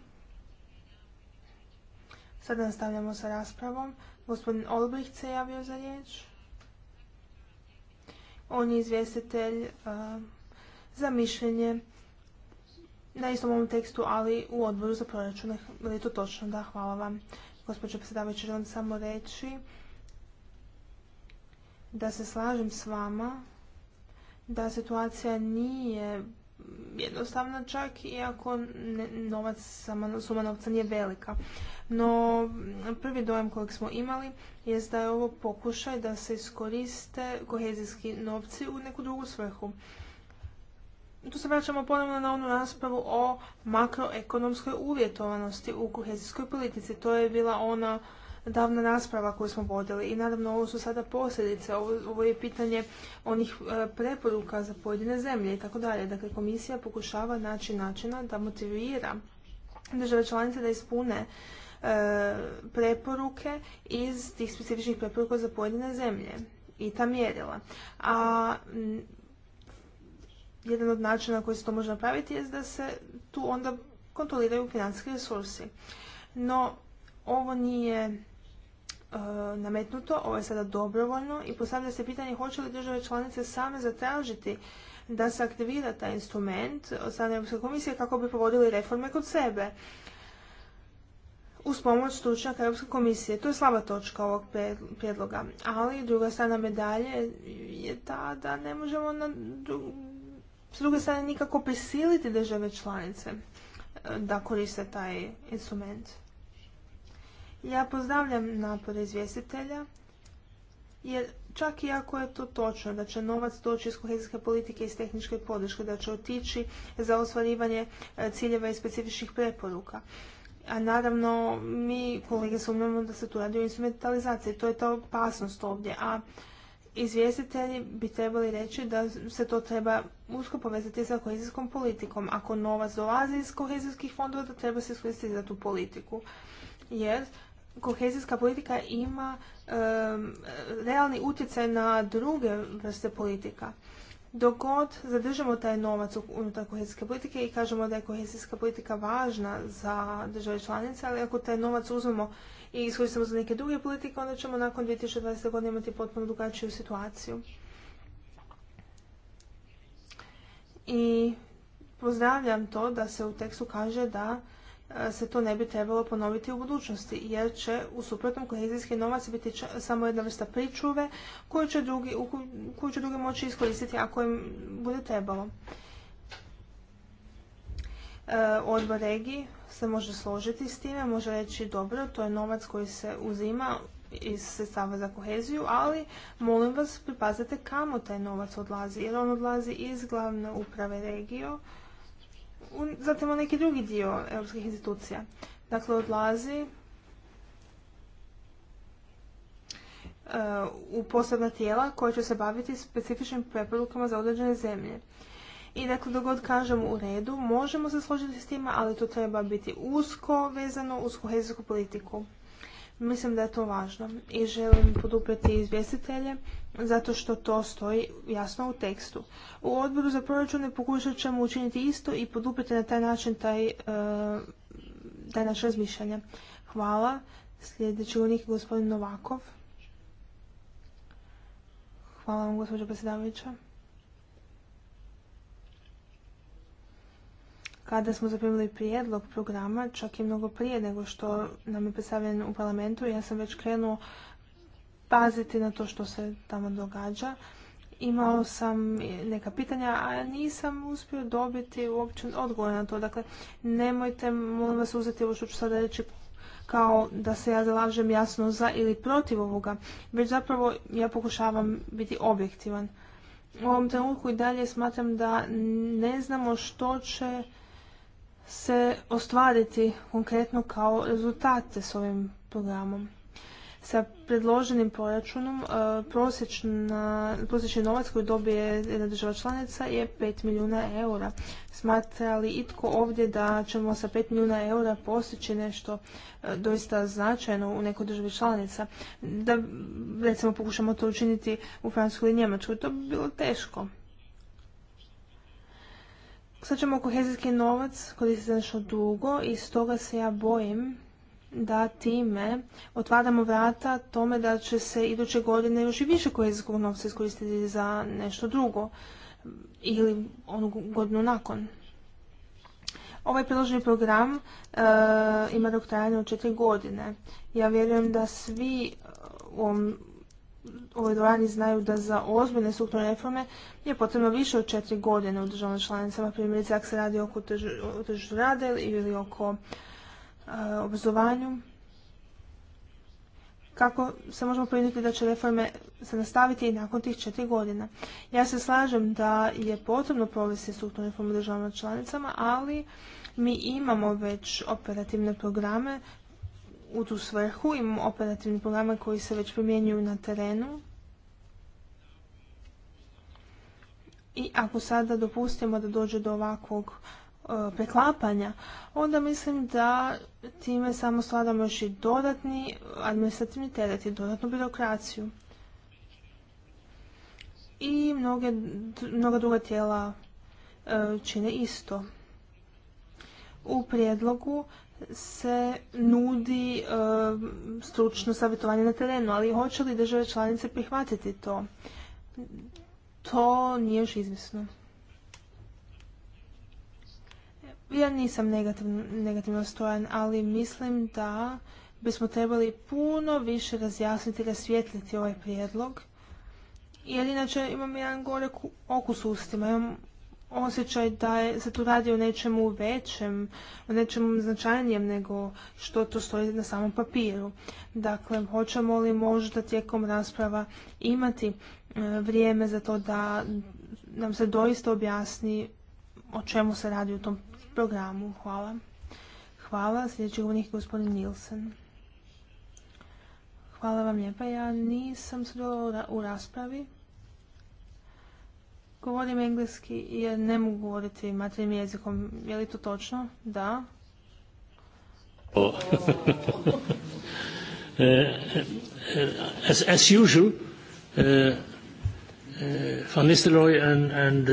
Sada nastavljamo sa raspravom. Gospodin Olbricht se javio za riječ. On je izvjestitelj eh, za mišljenje na istom ovom tekstu, ali u odboru za proračune. Je to točno? Da, hvala vam. Gospođo predsjedavajući, želim samo reći da se slažem s vama da situacija nije jednostavna čak iako novac, sama suma novca nije velika. No, prvi dojam kojeg smo imali je da je ovo pokušaj da se iskoriste kohezijski novci u neku drugu svrhu. Tu se vraćamo ponovno na onu raspravu o makroekonomskoj uvjetovanosti u kohezijskoj politici. To je bila ona davna rasprava koju smo vodili i naravno ovo su sada posljedice, ovo, je pitanje onih e, preporuka za pojedine zemlje i tako dalje. Dakle, komisija pokušava naći načina da motivira države članice da ispune e, preporuke iz tih specifičnih preporuka za pojedine zemlje i ta mjerila. A jedan od načina koji se to može napraviti je da se tu onda kontroliraju financijski resursi. No, ovo nije E, nametnuto, ovo je sada dobrovoljno i postavlja se pitanje hoće li države članice same zatražiti da se aktivira taj instrument od strane Europske komisije kako bi provodili reforme kod sebe uz pomoć stručnjaka Europske komisije. To je slaba točka ovog prijedloga. Ali druga strana medalje je ta da ne možemo na s druge strane nikako prisiliti države članice e, da koriste taj instrument. Ja pozdravljam napore izvjestitelja, jer čak i ako je to točno da će novac doći iz kohezijske politike i iz tehničke podrške, da će otići za ostvarivanje e, ciljeva i specifičnih preporuka. A naravno, mi kolege sumnjamo da se tu radi o instrumentalizaciji. To je ta opasnost ovdje. A izvjestitelji bi trebali reći da se to treba usko povezati sa kohezijskom politikom. Ako novac dolazi iz kohezijskih fondova, da treba se iskoristiti za tu politiku. Jer kohezijska politika ima realni utjecaj na druge vrste politika. Dok god zadržamo taj novac unutar kohezijske politike i kažemo da je kohezijska politika važna za države članice, ali ako taj novac uzmemo i iskoristimo za neke druge politike, onda ćemo nakon 2020. godine imati potpuno drugačiju situaciju. I pozdravljam to da se u tekstu kaže da se to ne bi trebalo ponoviti u budućnosti, jer će u suprotnom kohezijski novac biti samo jedna vrsta pričuve koju će drugi, moći iskoristiti ako im bude trebalo. E, odbor regiji se može složiti s time, može reći dobro, to je novac koji se uzima iz sredstava za koheziju, ali molim vas pripazite kamo taj novac odlazi, jer on odlazi iz glavne uprave regijo zatim u neki drugi dio europskih institucija. Dakle, odlazi uh, u posebna tijela koja će se baviti specifičnim preporukama za određene zemlje. I dakle, dok god kažemo u redu, možemo se složiti s tima ali to treba biti usko vezano uz kohezijsku politiku. Mislim da je to važno i želim poduprijeti izvjestitelje zato što to stoji jasno u tekstu. U odboru za proračune pokušat ćemo učiniti isto i poduprijeti na taj način taj, e, taj naš razmišljanje. Hvala. Sljedeći unik je gospodin Novakov. Hvala vam gospođo predsjedavajuća. kada smo zaprimili prijedlog programa, čak i mnogo prije nego što nam je predstavljen u parlamentu, ja sam već krenuo paziti na to što se tamo događa. Imao sam neka pitanja, a nisam uspio dobiti uopće odgovor na to. Dakle, nemojte, molim vas, uzeti ovo što ću sada reći kao da se ja zalažem jasno za ili protiv ovoga, već zapravo ja pokušavam biti objektivan. U ovom trenutku i dalje smatram da ne znamo što će se ostvariti konkretno kao rezultate s ovim programom. Sa predloženim proračunom e, prosječni novac koji dobije jedna država članica je 5 milijuna eura. Smatra li itko ovdje da ćemo sa 5 milijuna eura postići nešto e, doista značajno u nekoj državi članica? Da recimo pokušamo to učiniti u Francuskoj i Njemačkoj, to bi bilo teško. Sad ćemo kohezijski novac koristiti za nešto dugo i stoga se ja bojim da time otvaramo vrata tome da će se iduće godine još i više kohezijskog novca iskoristiti za nešto drugo ili onu godinu nakon. Ovaj predloženi program e, ima rok trajanja od četiri godine. Ja vjerujem da svi u ovoj znaju da za ozbiljne strukturne reforme je potrebno više od četiri godine u državnim članicama, primjerice ako se radi oko tržištu rada ili oko obrazovanju. Kako se možemo povjeriti da će reforme se nastaviti i nakon tih četiri godina. Ja se slažem da je potrebno provesti strukturne reforme u državama članicama, ali mi imamo već operativne programe u tu svrhu imamo operativni programe koji se već primjenjuju na terenu. I ako sada dopustimo da dođe do ovakvog e, preklapanja, onda mislim da time samo stvaramo još i dodatni administrativni teret i dodatnu birokraciju. I mnoga druga tijela e, čine isto. U prijedlogu se nudi e, stručno savjetovanje na terenu, ali hoće li države članice prihvatiti to? To nije još izvisno. Ja nisam negativno, stojan, ali mislim da bismo trebali puno više razjasniti i rasvijetliti ovaj prijedlog. Jer inače imam jedan gore okus ustima, imam osjećaj da se tu radi o nečemu većem, o nečemu značajnijem nego što to stoji na samom papiru. Dakle, hoćemo li možda tijekom rasprava imati e, vrijeme za to da nam se doista objasni o čemu se radi u tom programu. Hvala. Hvala. Sljedeći govornik je gospodin Nilsen. Hvala vam lijepa. Ja nisam sudjelovala u raspravi Govorim engleski jer ne mogu govoriti materijim jezikom. Je li to točno? Da. E, e, as, usual, e, and,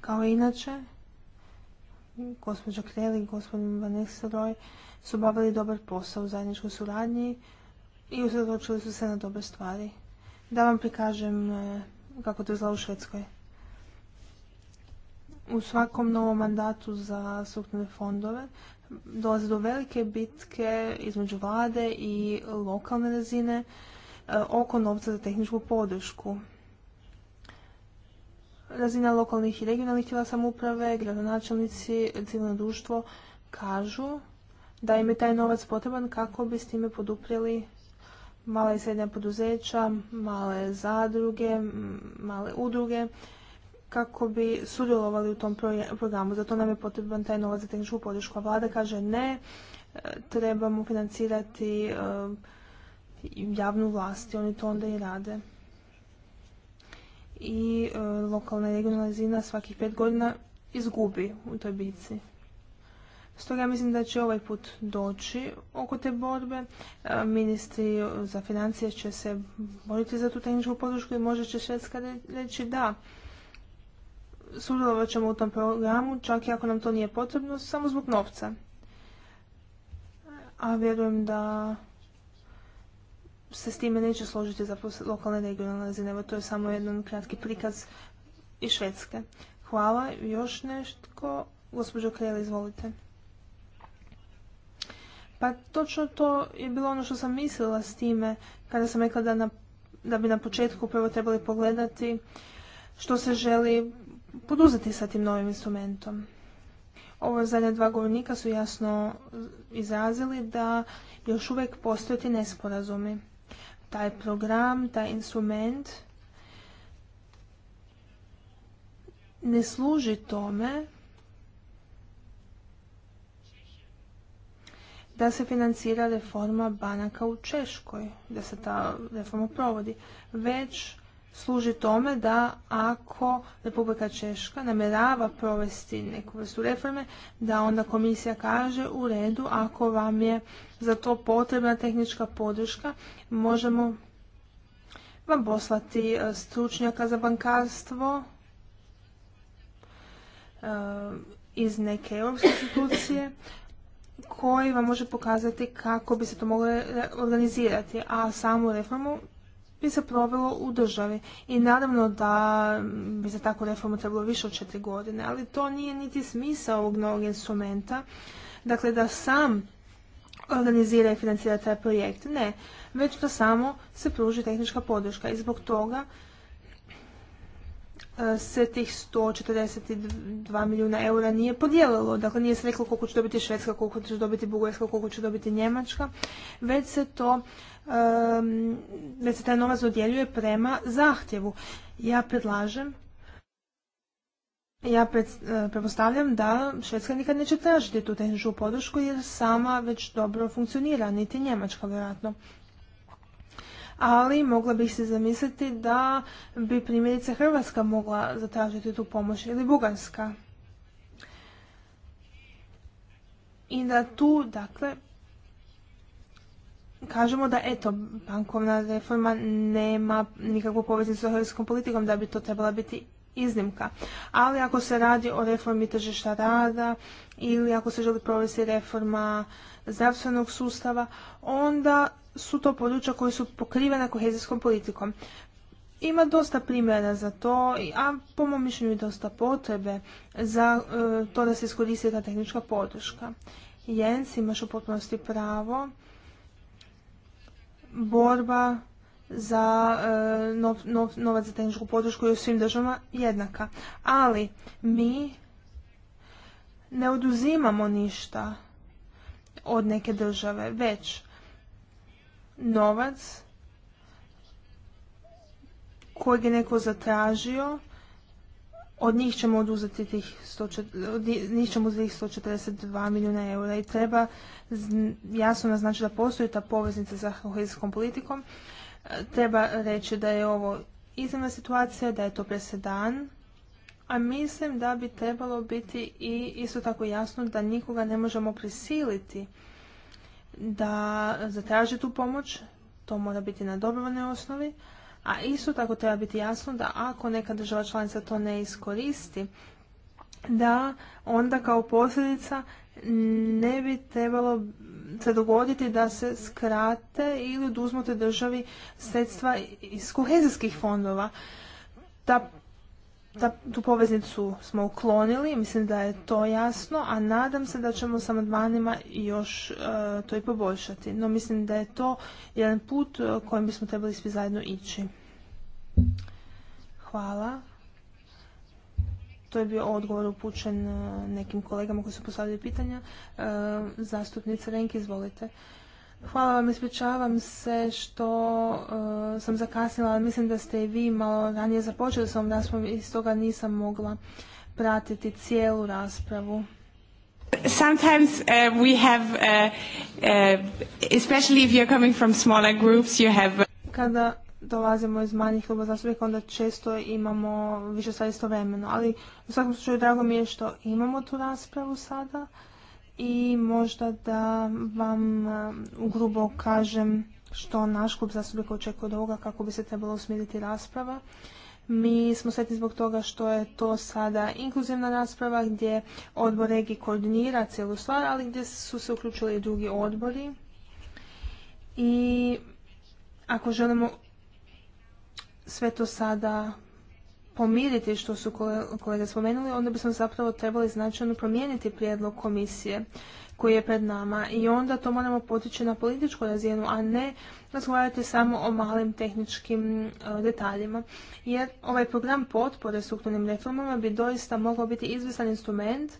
Kao inače, gospođa Kreli i gospodin su obavili dobar posao u zajedničkoj suradnji i usredočili su se na dobre stvari. Da vam prikažem kako to izgleda u Švedskoj u svakom novom mandatu za strukturne fondove dolazi do velike bitke između vlade i lokalne razine e, oko novca za tehničku podršku. Razina lokalnih i regionalnih tijela samouprave, gradonačelnici, civilno društvo kažu da im je taj novac potreban kako bi s time poduprijeli male i srednja poduzeća, male zadruge, male udruge kako bi sudjelovali u tom programu. Zato nam je potreban taj novac za tehničku podršku. A vlada kaže ne, e, trebamo financirati e, javnu vlast i oni to onda i rade. I e, lokalna i regionalna razina svakih pet godina izgubi u toj bici. Stoga mislim da će ovaj put doći oko te borbe. Ministri za financije će se boriti za tu tehničku podršku i možda će Švedska reći da, sudjelovat ćemo u tom programu, čak i ako nam to nije potrebno, samo zbog novca. A vjerujem da se s time neće složiti za lokalne regionalne razine. to je samo jedan kratki prikaz iz Švedske. Hvala. Još nešto? Gospođo Krijeli, izvolite. Pa točno to je bilo ono što sam mislila s time kada sam rekla da, da bi na početku prvo trebali pogledati što se želi poduzeti sa tim novim instrumentom? Ovo zadnja dva govornika su jasno izrazili da još uvijek postoje ti nesporazumi. Taj program, taj instrument ne služi tome da se financira reforma banaka u Češkoj, da se ta reforma provodi, već služi tome da ako Republika Češka namjerava provesti neku vrstu reforme, da onda komisija kaže u redu ako vam je za to potrebna tehnička podrška, možemo vam poslati e, stručnjaka za bankarstvo e, iz neke europske institucije koji vam može pokazati kako bi se to moglo organizirati, a samu reformu bi se provelo u državi. I naravno da bi za takvu reformu trebalo više od četiri godine, ali to nije niti smisao ovog novog instrumenta. Dakle, da sam organizira i financira taj projekt. Ne, već da samo se pruži tehnička podrška i zbog toga e, se tih 142 milijuna eura nije podijelilo. Dakle, nije se reklo koliko će dobiti Švedska, koliko će dobiti Bugarska, koliko će dobiti Njemačka, već se to da se taj novac dodjeljuje prema zahtjevu. Ja predlažem ja e, pretpostavljam da Švedska nikad neće tražiti tu tehničku podršku jer sama već dobro funkcionira, niti Njemačka vjerojatno. Ali mogla bih se zamisliti da bi primjerice Hrvatska mogla zatražiti tu pomoć ili Bugarska. I da tu, dakle, kažemo da eto, bankovna reforma nema nikakvu poveznicu sa kohezijskom politikom, da bi to trebala biti iznimka. Ali ako se radi o reformi tržišta rada ili ako se želi provesti reforma zdravstvenog sustava, onda su to područja koje su pokrivena kohezijskom politikom. Ima dosta primjera za to, a po mom mišljenju i dosta potrebe za e, to da se iskoristi ta tehnička podrška. Jens, imaš u potpunosti pravo borba za e, novac za tehničku podršku je u svim državama jednaka. Ali mi ne oduzimamo ništa od neke države, već novac kojeg je neko zatražio od njih ćemo oduzeti tih 100, od njih ćemo uzeti 142 milijuna eura i treba jasno naznačiti da postoji ta poveznica za kohezijskom politikom. E, treba reći da je ovo iznimna situacija, da je to presedan, a mislim da bi trebalo biti i isto tako jasno da nikoga ne možemo prisiliti da zatraži tu pomoć, to mora biti na dobrovoljnoj osnovi, a isto tako treba biti jasno da ako neka država članica to ne iskoristi, da onda kao posljedica ne bi trebalo se dogoditi da se skrate ili oduzmu državi sredstva iz kohezijskih fondova. Ta tu poveznicu smo uklonili, mislim da je to jasno, a nadam se da ćemo sa amandmanima još e, to i poboljšati. No mislim da je to jedan put e, kojim bismo trebali svi zajedno ići. Hvala. To je bio odgovor upućen e, nekim kolegama koji su postavili pitanja. zastupnica Renki, izvolite. Hvala vam, ispričavam se što eh, sam zakasnila, mislim da ste i vi malo ranije započeli s ovom raspravom i stoga nisam mogla pratiti cijelu raspravu. Sometimes uh, we have, eh, especially if you're coming from smaller groups, you have... Kada dolazimo iz manjih kluba zastupnika, onda često imamo više stvari istovremeno. Ali u svakom slučaju drago mi je što imamo tu raspravu sada i možda da vam um, ugrubo kažem što naš klub zastupnika očekuje od ovoga kako bi se trebalo usmjeriti rasprava. Mi smo sretni zbog toga što je to sada inkluzivna rasprava gdje odbor regi koordinira cijelu stvar, ali gdje su se uključili i drugi odbori. I ako želimo sve to sada pomiriti što su kolege spomenuli, onda bismo zapravo trebali značajno promijeniti prijedlog komisije koji je pred nama i onda to moramo potići na političku razinu, a ne razgovarati samo o malim tehničkim e, detaljima. Jer ovaj program potpore strukturnim reformama bi doista mogao biti izvisan instrument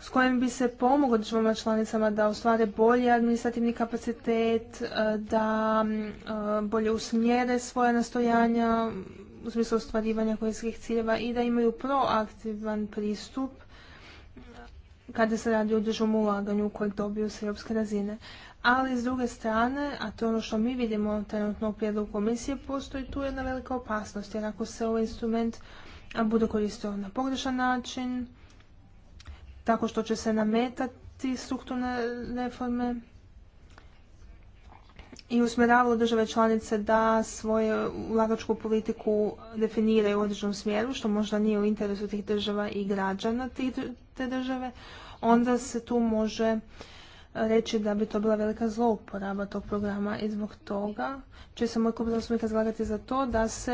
s kojim bi se pomoglo državama članicama da ostvare bolji administrativni kapacitet, e, da e, bolje usmjere svoja nastojanja u smislu ostvarivanja korijskih ciljeva i da imaju proaktivan pristup kada se radi o državnom ulaganju koje dobiju s europske razine. Ali s druge strane, a to je ono što mi vidimo trenutno u prijedlogu komisije, postoji tu jedna velika opasnost, jer ako se ovaj instrument bude koristio na pogrešan način, tako što će se nametati strukturne reforme, i usmjeravalo države članice da svoju ulagačku politiku definiraju u određenom smjeru, što možda nije u interesu tih država i građana te države, onda se tu može reći da bi to bila velika zlouporaba tog programa i zbog toga će se moj klub zastupnika zalagati za to da se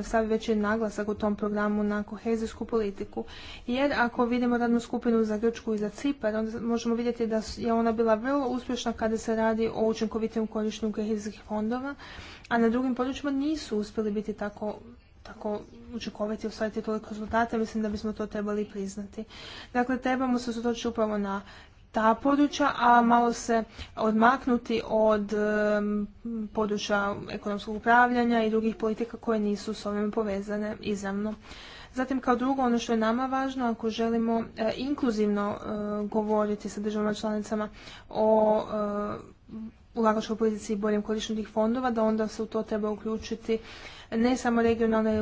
e, stavi veći naglasak u tom programu na kohezijsku politiku. Jer ako vidimo radnu skupinu za Grčku i za Cipar, onda možemo vidjeti da je ona bila vrlo uspješna kada se radi o učinkovitijem korištenju kohezijskih fondova, a na drugim područjima nisu uspjeli biti tako tako učinkoviti ostvariti toliko rezultate, mislim da bismo to trebali priznati. Dakle, trebamo se sotočiti upravo na ta područja, a malo se odmaknuti od područja ekonomskog upravljanja i drugih politika koje nisu s ovim povezane izravno. Zatim kao drugo, ono što je nama važno, ako želimo e, inkluzivno e, govoriti sa državama članicama o e, ulagačkoj politici i boljem korištenju tih fondova, da onda se u to treba uključiti ne samo regionalne i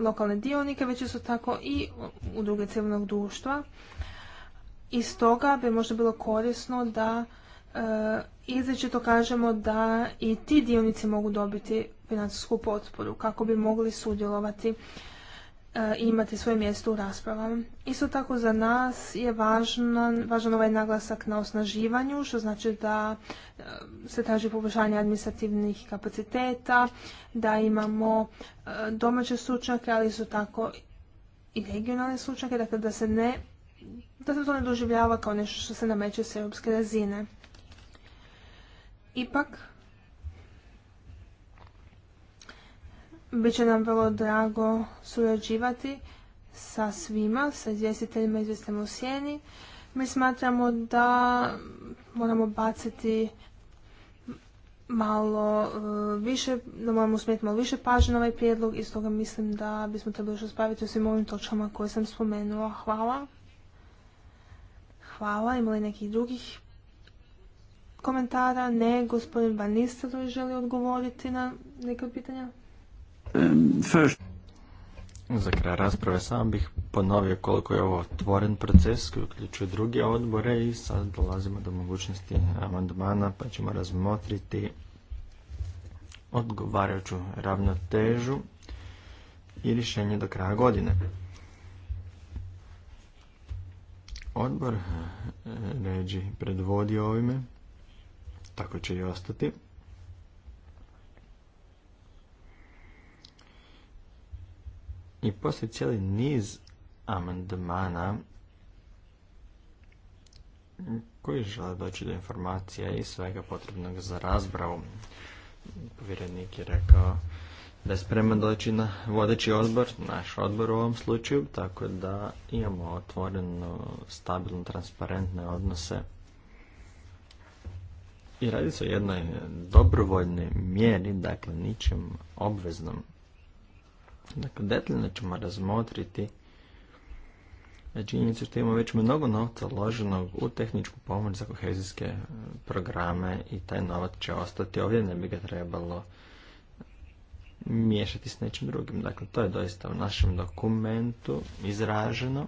lokalne dionike, već isto tako i druge civilnog društva i stoga bi možda bilo korisno da izrečito izričito kažemo da i ti dionici mogu dobiti financijsku potporu kako bi mogli sudjelovati e, i imati svoje mjesto u raspravama. Isto tako za nas je važan, važan ovaj naglasak na osnaživanju, što znači da e, se traži poboljšanje administrativnih kapaciteta, da imamo e, domaće stručnjake, ali isto tako i regionalne stručnjake, dakle da se ne da se to ne doživljava kao nešto što se nameće s europske razine. Ipak, bit će nam vrlo drago surađivati sa svima, sa izvjestiteljima izvjestiteljima u sjeni. Mi smatramo da moramo baciti malo e, više, da moramo usmjeriti malo više pažnje na ovaj prijedlog i stoga mislim da bismo trebali još raspraviti o svim ovim točkama koje sam spomenula. Hvala. Hvala. Ima li nekih drugih komentara? Ne. Gospodin Banista želi odgovoriti na neka pitanja. Um, Za kraj rasprave samo bih ponovio koliko je ovo otvoren proces koji uključuje druge odbore i sad dolazimo do mogućnosti amandmana pa ćemo razmotriti odgovarajuću ravnotežu i rješenje do kraja godine. odbor e, ređi predvodi ovime, tako će i ostati. I poslije cijeli niz amandmana koji žele doći do informacija i svega potrebnog za razbravu. Povjerenik je rekao da je spreman doći na vodeći odbor, naš odbor u ovom slučaju, tako da imamo otvoreno, stabilno, transparentne odnose. I radi se o jednoj dobrovoljnoj mjeri, dakle ničem obveznom. Dakle, detaljno ćemo razmotriti činjenicu što imamo već mnogo novca loženog u tehničku pomoć za kohezijske programe i taj novac će ostati ovdje, ne bi ga trebalo miješati s nečim drugim. Dakle, to je doista u našem dokumentu izraženo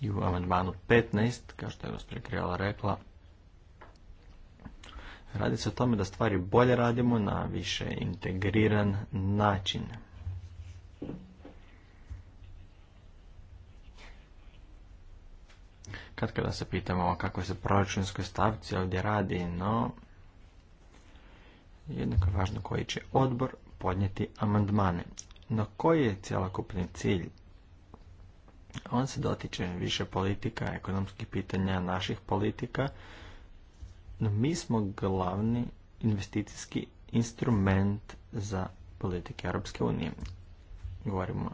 i u amandmanu 15, kao što je gospođa Krijala rekla, radi se o tome da stvari bolje radimo na više integriran način. Kad kada se pitamo o kakvoj se proračunskoj stavci ovdje radi, no jednako važno koji će odbor podnijeti amandmane. No koji je cjelokupni cilj? On se dotiče više politika, ekonomskih pitanja, naših politika, no mi smo glavni investicijski instrument za politike Europske unije. Govorimo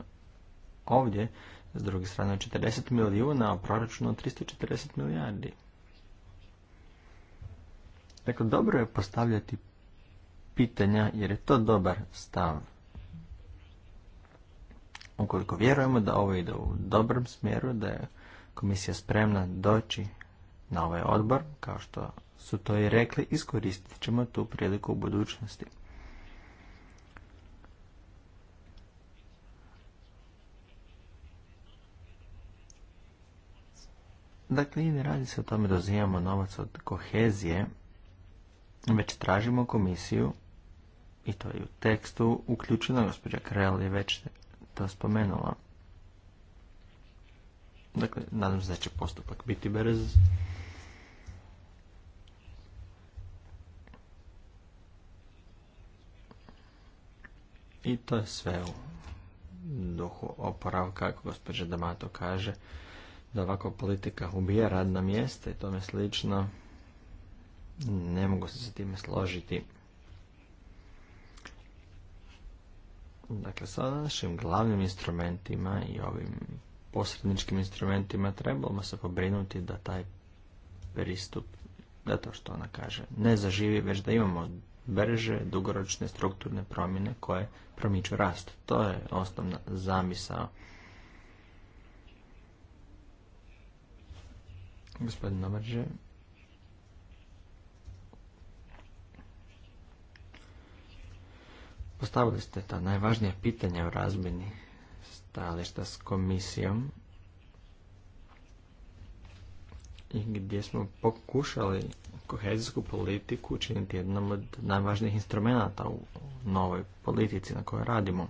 ovdje, s druge strane, 40 milijuna, a proračuno 340 milijardi. Dakle, dobro je postavljati pitanja jer je to dobar stav. Ukoliko vjerujemo da ovo ide u dobrom smjeru, da je komisija spremna doći na ovaj odbor, kao što su to i rekli, iskoristit ćemo tu priliku u budućnosti. Dakle, i ne radi se o tome da uzimamo novac od kohezije, već tražimo komisiju i to je u tekstu uključeno, gospođa Krell je već to spomenula. Dakle, nadam se da će postupak biti brz. I to je sve u duhu oporavka, kako gospođa Damato kaže, da ovako politika ubija radna mjesta i tome slično. Ne mogu se sa time složiti. Dakle, sa našim glavnim instrumentima i ovim posredničkim instrumentima trebamo se pobrinuti da taj pristup, da to što ona kaže, ne zaživi, već da imamo brže, dugoročne strukturne promjene koje promiču rast. To je osnovna zamisao. Gospodin Nomarže, Postavili ste ta najvažnija pitanja u razmjeni stajališta s komisijom i gdje smo pokušali kohezijsku politiku učiniti jednom od najvažnijih instrumenata u novoj politici na kojoj radimo.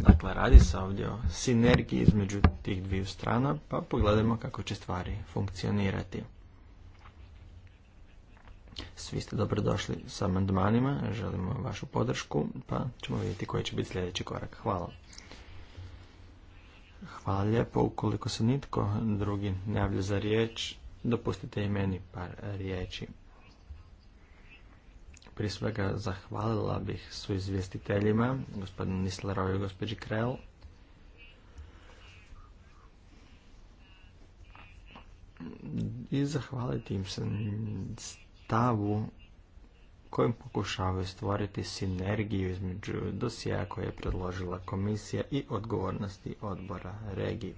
Dakle, radi se ovdje o sinergiji između tih dviju strana, pa pogledajmo kako će stvari funkcionirati. Svi ste dobro došli sa amandmanima, želimo vašu podršku, pa ćemo vidjeti koji će biti sljedeći korak. Hvala. Hvala lijepo, ukoliko se nitko drugi ne javlja za riječ, dopustite i meni par riječi. Prije svega zahvalila bih su izvjestiteljima, gospodinu Nislerovi i gospođi Krell. I zahvaliti im se stavu kojim pokušavaju stvoriti sinergiju između dosija koje je predložila komisija i odgovornosti odbora regiji.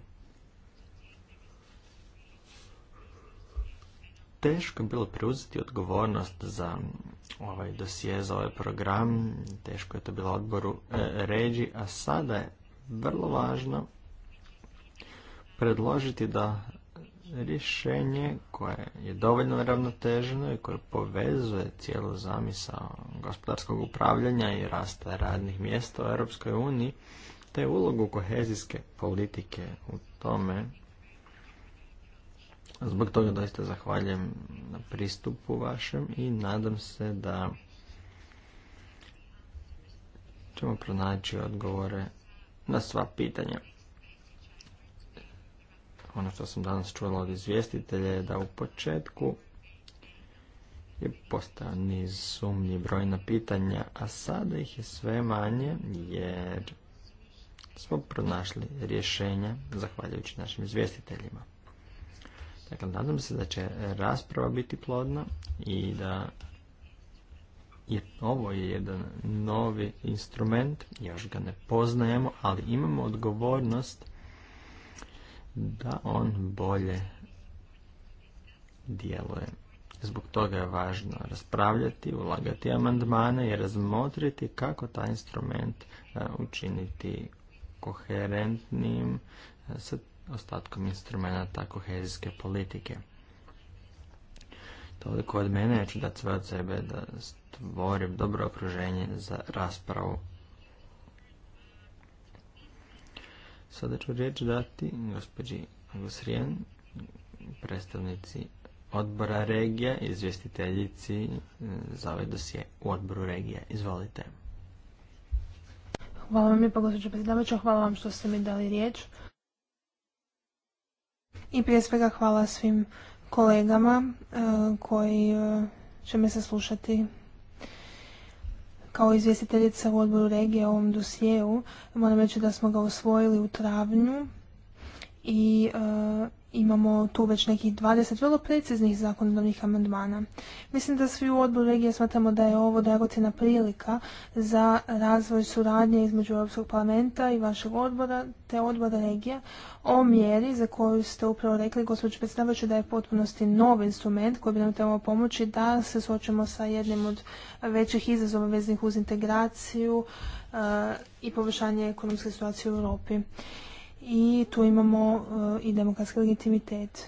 Teško je bilo preuzeti odgovornost za ovaj dosije, za ovaj program, teško je to bilo odboru e, a sada je vrlo važno predložiti da rješenje koje je dovoljno ravnoteženo i koje povezuje cijelu zamisao gospodarskog upravljanja i rasta radnih mjesta u Europskoj uniji, te ulogu kohezijske politike u tome. Zbog toga doista zahvaljujem na pristupu vašem i nadam se da ćemo pronaći odgovore na sva pitanja. Ono što sam danas čula od izvjestitelja je da u početku je postao niz sumnji brojna pitanja, a sada ih je sve manje jer smo pronašli rješenja zahvaljujući našim izvjestiteljima. Dakle, nadam se da će rasprava biti plodna i da je, ovo je jedan novi instrument, još ga ne poznajemo, ali imamo odgovornost da on bolje djeluje. Zbog toga je važno raspravljati, ulagati amandmane i razmotriti kako taj instrument e, učiniti koherentnim e, s ostatkom instrumenta kohezijske politike. Toliko od mene, ja ću dati sve od sebe da stvorim dobro okruženje za raspravu Sada ću riječ dati gospođi Agosrijan, predstavnici odbora regija, izvjestiteljici e, za ovaj dosje u odboru regija. Izvolite. Hvala vam lijepo gospođo predsjedavajuća. Hvala vam što ste mi dali riječ. I prije svega hvala svim kolegama e, koji e, će me saslušati kao izvjestiteljica u odboru regije o ovom dosjeu moram reći da smo ga usvojili u travnju i e, imamo tu već nekih 20 vrlo preciznih zakonodavnih amandmana. Mislim da svi u odboru regije smatramo da je ovo dragocjena prilika za razvoj suradnje između Europskog parlamenta i vašeg odbora te odbora regija o mjeri za koju ste upravo rekli, gospođo predstavljajući, da je potpunosti nov instrument koji bi nam trebao pomoći da se suočimo sa jednim od većih izazova veznih uz integraciju eh, i poboljšanje ekonomske situacije u Europi i tu imamo e, i demokratski legitimitet. E,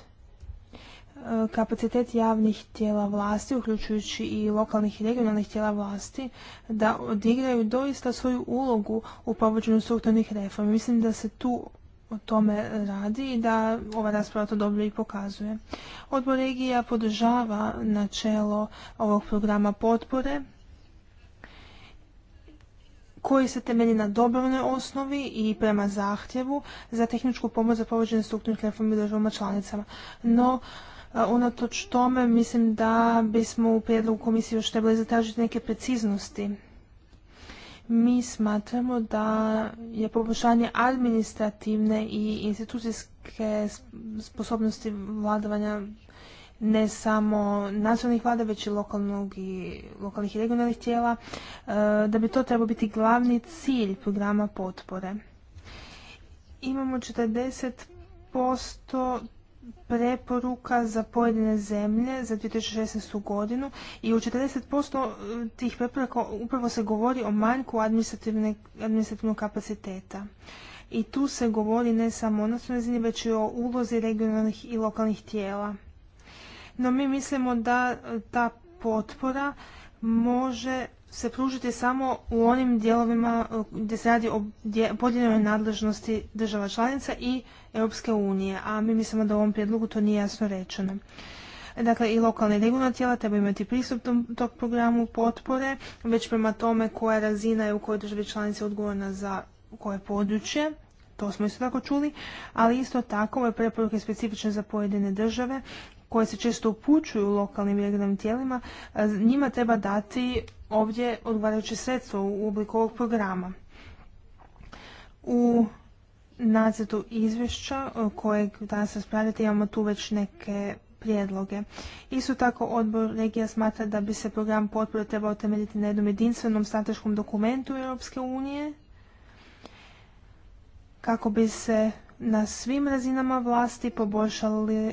kapacitet javnih tijela vlasti, uključujući i lokalnih i regionalnih tijela vlasti, da odigraju doista svoju ulogu u provođenju strukturnih reformi. Mislim da se tu o tome radi i da ova rasprava to dobro i pokazuje. Odbor regija podržava načelo ovog programa potpore koji se temelji na dobrovnoj osnovi i prema zahtjevu za tehničku pomoć za provođenje strukturnih reformi državama članicama. No, e, unatoč tome mislim da bismo u prijedlogu komisije još trebali zatražiti neke preciznosti. Mi smatramo da je poboljšanje administrativne i institucijske sposobnosti vladavanja ne samo nacionalnih vlada, već i lokalnog i lokalnih i regionalnih tijela, e, da bi to trebao biti glavni cilj programa potpore. Imamo 40% preporuka za pojedine zemlje za 2016. godinu i u 40% e, tih preporuka upravo se govori o manjku administrativnog kapaciteta. I tu se govori ne samo o razini, već i o ulozi regionalnih i lokalnih tijela no mi mislimo da e, ta potpora može se pružiti samo u onim dijelovima e, gdje se radi o podijeljenoj nadležnosti država članica i Europske unije, a mi mislimo da u ovom prijedlogu to nije jasno rečeno. E, dakle, i lokalne i regionalne tijela treba imati pristup tom, tog programu potpore, već prema tome koja razina je u kojoj državi članici odgovorna za koje područje, to smo isto tako čuli, ali isto tako ove preporuke specifične za pojedine države koje se često upućuju lokalnim i regionalnim tijelima, e, njima treba dati ovdje odgovarajuće sredstvo u obliku ovog programa. U nacrtu izvješća e, kojeg danas raspravljate imamo tu već neke prijedloge. Isto tako odbor regija smatra da bi se program potpore trebao temeljiti na jednom jedinstvenom strateškom dokumentu Europske unije kako bi se na svim razinama vlasti poboljšali,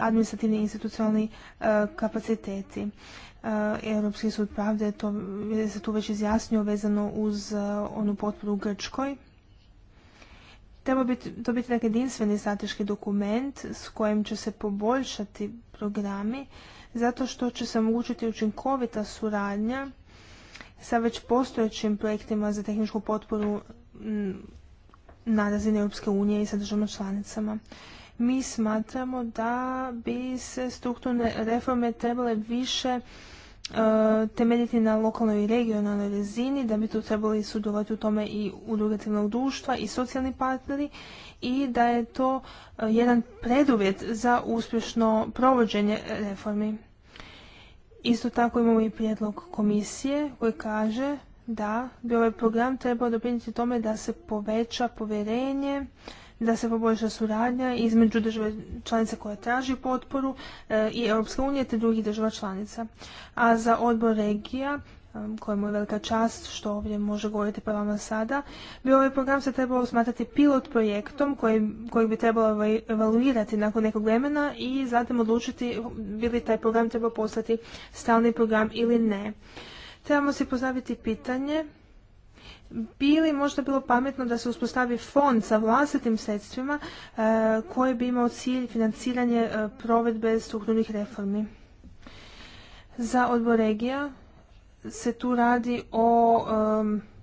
administrativni i institucionalni e, kapaciteti. E, Europski sud pravde se tu već izjasnio vezano uz e, onu potporu u Grčkoj. Treba to biti neki jedinstveni strateški dokument s kojim će se poboljšati programi zato što će se omogućiti učinkovita suradnja sa već postojećim projektima za tehničku potporu na razini Europske unije i sa državama članicama. Mi smatramo da bi se strukturne reforme trebale više e, temeljiti na lokalnoj i regionalnoj razini, da bi tu trebali sudjelovati u tome i udruge civilnog društva i socijalni partneri i da je to e, jedan preduvjet za uspješno provođenje reformi. Isto tako imamo i prijedlog komisije koji kaže da bi ovaj program trebao doprinijeti tome da se poveća povjerenje, da se poboljša suradnja između države članica koja traži potporu e, i Europske unije te drugih država članica. A za odbor regija e, kojemu je velika čast što ovdje može govoriti pa vama sada, bi ovaj program se trebao smatrati pilot projektom koji, koji bi trebalo evaluirati nakon nekog vremena i zatim odlučiti bi li taj program trebao postati stalni program ili ne trebamo se postaviti pitanje bi li možda bilo pametno da se uspostavi fond sa vlastitim sredstvima e, koji bi imao cilj financiranje e, provedbe strukturnih reformi. Za odbor regija se tu radi o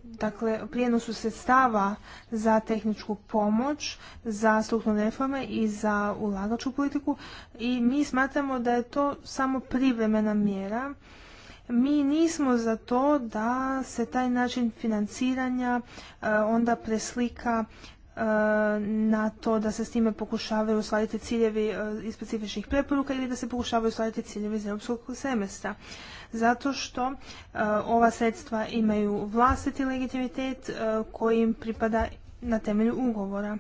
dakle, prijenosu sredstava za tehničku pomoć, za strukturne reforme i za ulagačku politiku i mi smatramo da je to samo privremena mjera mi nismo za to da se taj način financiranja e, onda preslika e, na to da se s time pokušavaju ostvariti ciljevi e, iz specifičnih preporuka ili da se pokušavaju ostvariti ciljevi iz europskog semestra zato što ova sredstva imaju vlastiti legitimitet koji im pripada na temelju ugovora.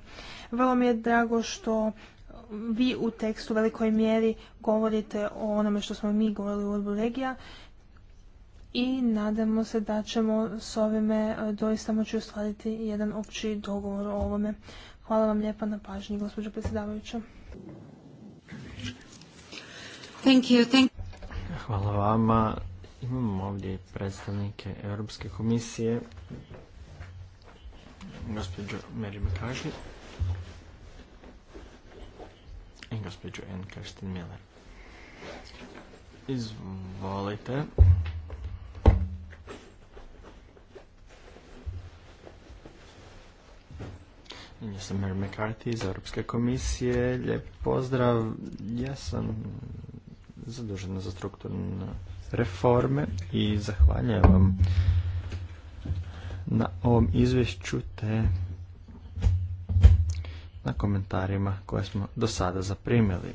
Vrlo mi je drago što vi u tekstu u velikoj mjeri govorite o onome što smo mi govorili u odboru regija i nadamo se da ćemo s ovime e, doista moći ostvariti jedan opći dogovor o ovome. Hvala vam lijepa na pažnji, gospođo predsjedavajuća. Thank you, thank Hvala vama. Imamo ovdje predstavnike Europske komisije. Gospođo Mary McCarthy i gospođo N. Miller. Izvolite. Ja sam Mary McCarthy iz Europske komisije. Lijep pozdrav. Ja sam zadužena za strukturne reforme i zahvaljujem vam na ovom izvješću te na komentarima koje smo do sada zaprimili.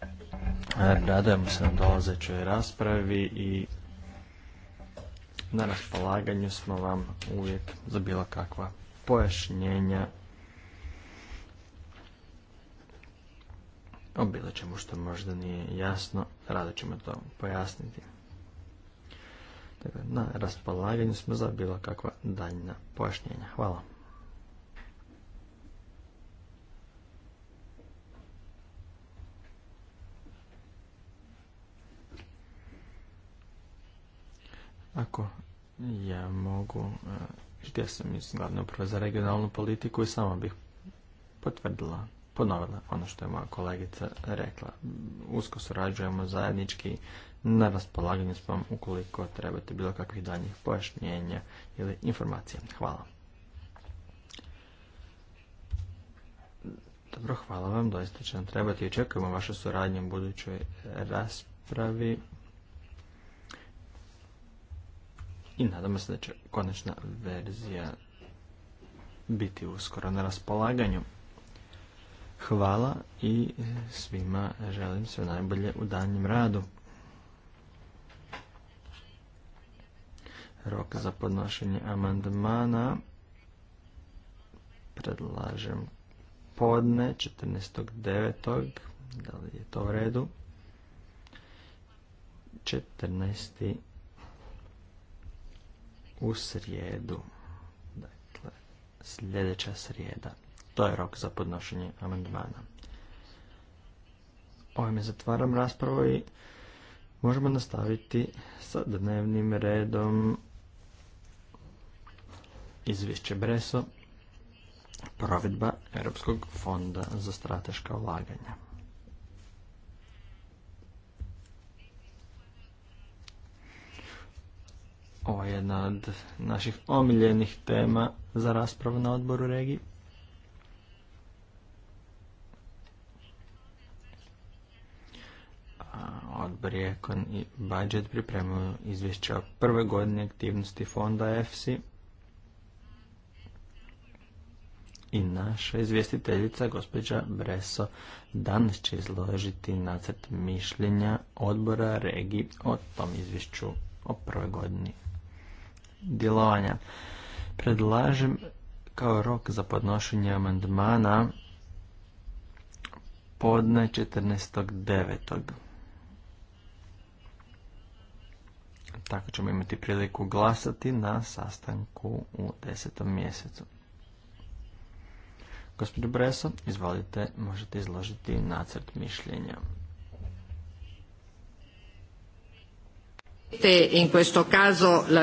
E, radujemo se na dolazećoj raspravi i na raspolaganju smo vam uvijek za bilo kakva pojašnjenja o ćemo što možda nije jasno, rado ćemo to pojasniti. Dakle, na raspolaganju smo za bilo kakva daljna pojašnjenja. Hvala. Ako ja mogu e, gdje sam iz glavne uprave za regionalnu politiku i samo bih potvrdila, ponovila ono što je moja kolegica rekla. Usko surađujemo zajednički na raspolaganju s vam ukoliko trebate bilo kakvih daljnjih pojašnjenja ili informacija. Hvala. Dobro, hvala vam, doista će nam trebati i očekujemo vašu suradnju u budućoj raspravi. i nadamo se da će konačna verzija biti uskoro na raspolaganju. Hvala i svima želim sve najbolje u danjem radu. Rok za podnošenje amandmana predlažem podne 14.9. Da li je to u redu? 14 u srijedu. Dakle, sljedeća srijeda. To je rok za podnošenje amandmana. Ovime zatvaram raspravu i možemo nastaviti sa dnevnim redom izvješće Breso, provedba Europskog fonda za strateška ulaganja. Ovo je jedna od naših omiljenih tema za raspravu na odboru regiji. Odbor je kon i Budget pripremuju izvješća o prvoj godini aktivnosti fonda EFSI. I naša izvjestiteljica, gospođa Breso, danas će izložiti nacrt mišljenja odbora regiji o tom izvješću o prvoj godini djelovanja. Predlažem kao rok za podnošenje amandmana podne 14.9. Tako ćemo imati priliku glasati na sastanku u 10. mjesecu. Gospodin Breso, izvolite, možete izložiti nacrt mišljenja.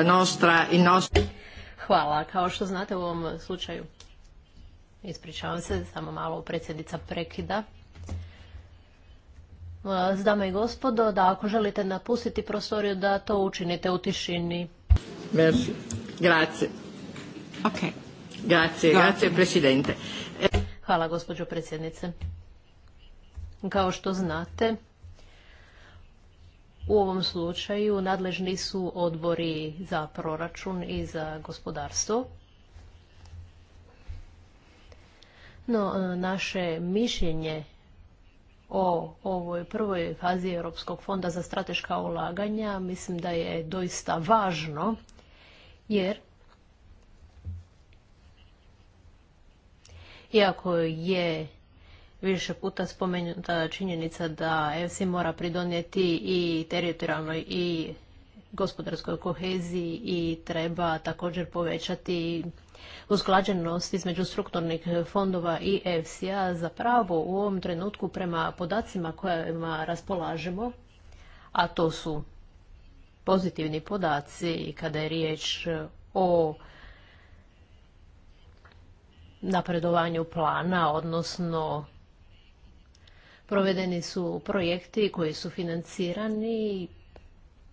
nostra Hvala, kao što znate u ovom slučaju. Ispričavam se, samo malo predsjednica prekida. Dame i gospodo, da ako želite napustiti prostoriju, da to učinite u tišini. Merci. Ok. Grazie, grazie presidente. Hvala gospođo predsjednice. Kao što znate, u ovom slučaju nadležni su odbori za proračun i za gospodarstvo. No, e, naše mišljenje o ovoj prvoj fazi Europskog fonda za strateška ulaganja mislim da je doista važno jer iako je više puta spomenuta činjenica da EFSI mora pridonijeti i teritorijalnoj i gospodarskoj koheziji i treba također povećati usklađenost između strukturnih fondova i EFSI-a. Zapravo u ovom trenutku prema podacima kojima raspolažemo, a to su pozitivni podaci kada je riječ o napredovanju plana, odnosno Provedeni su projekti koji su financirani,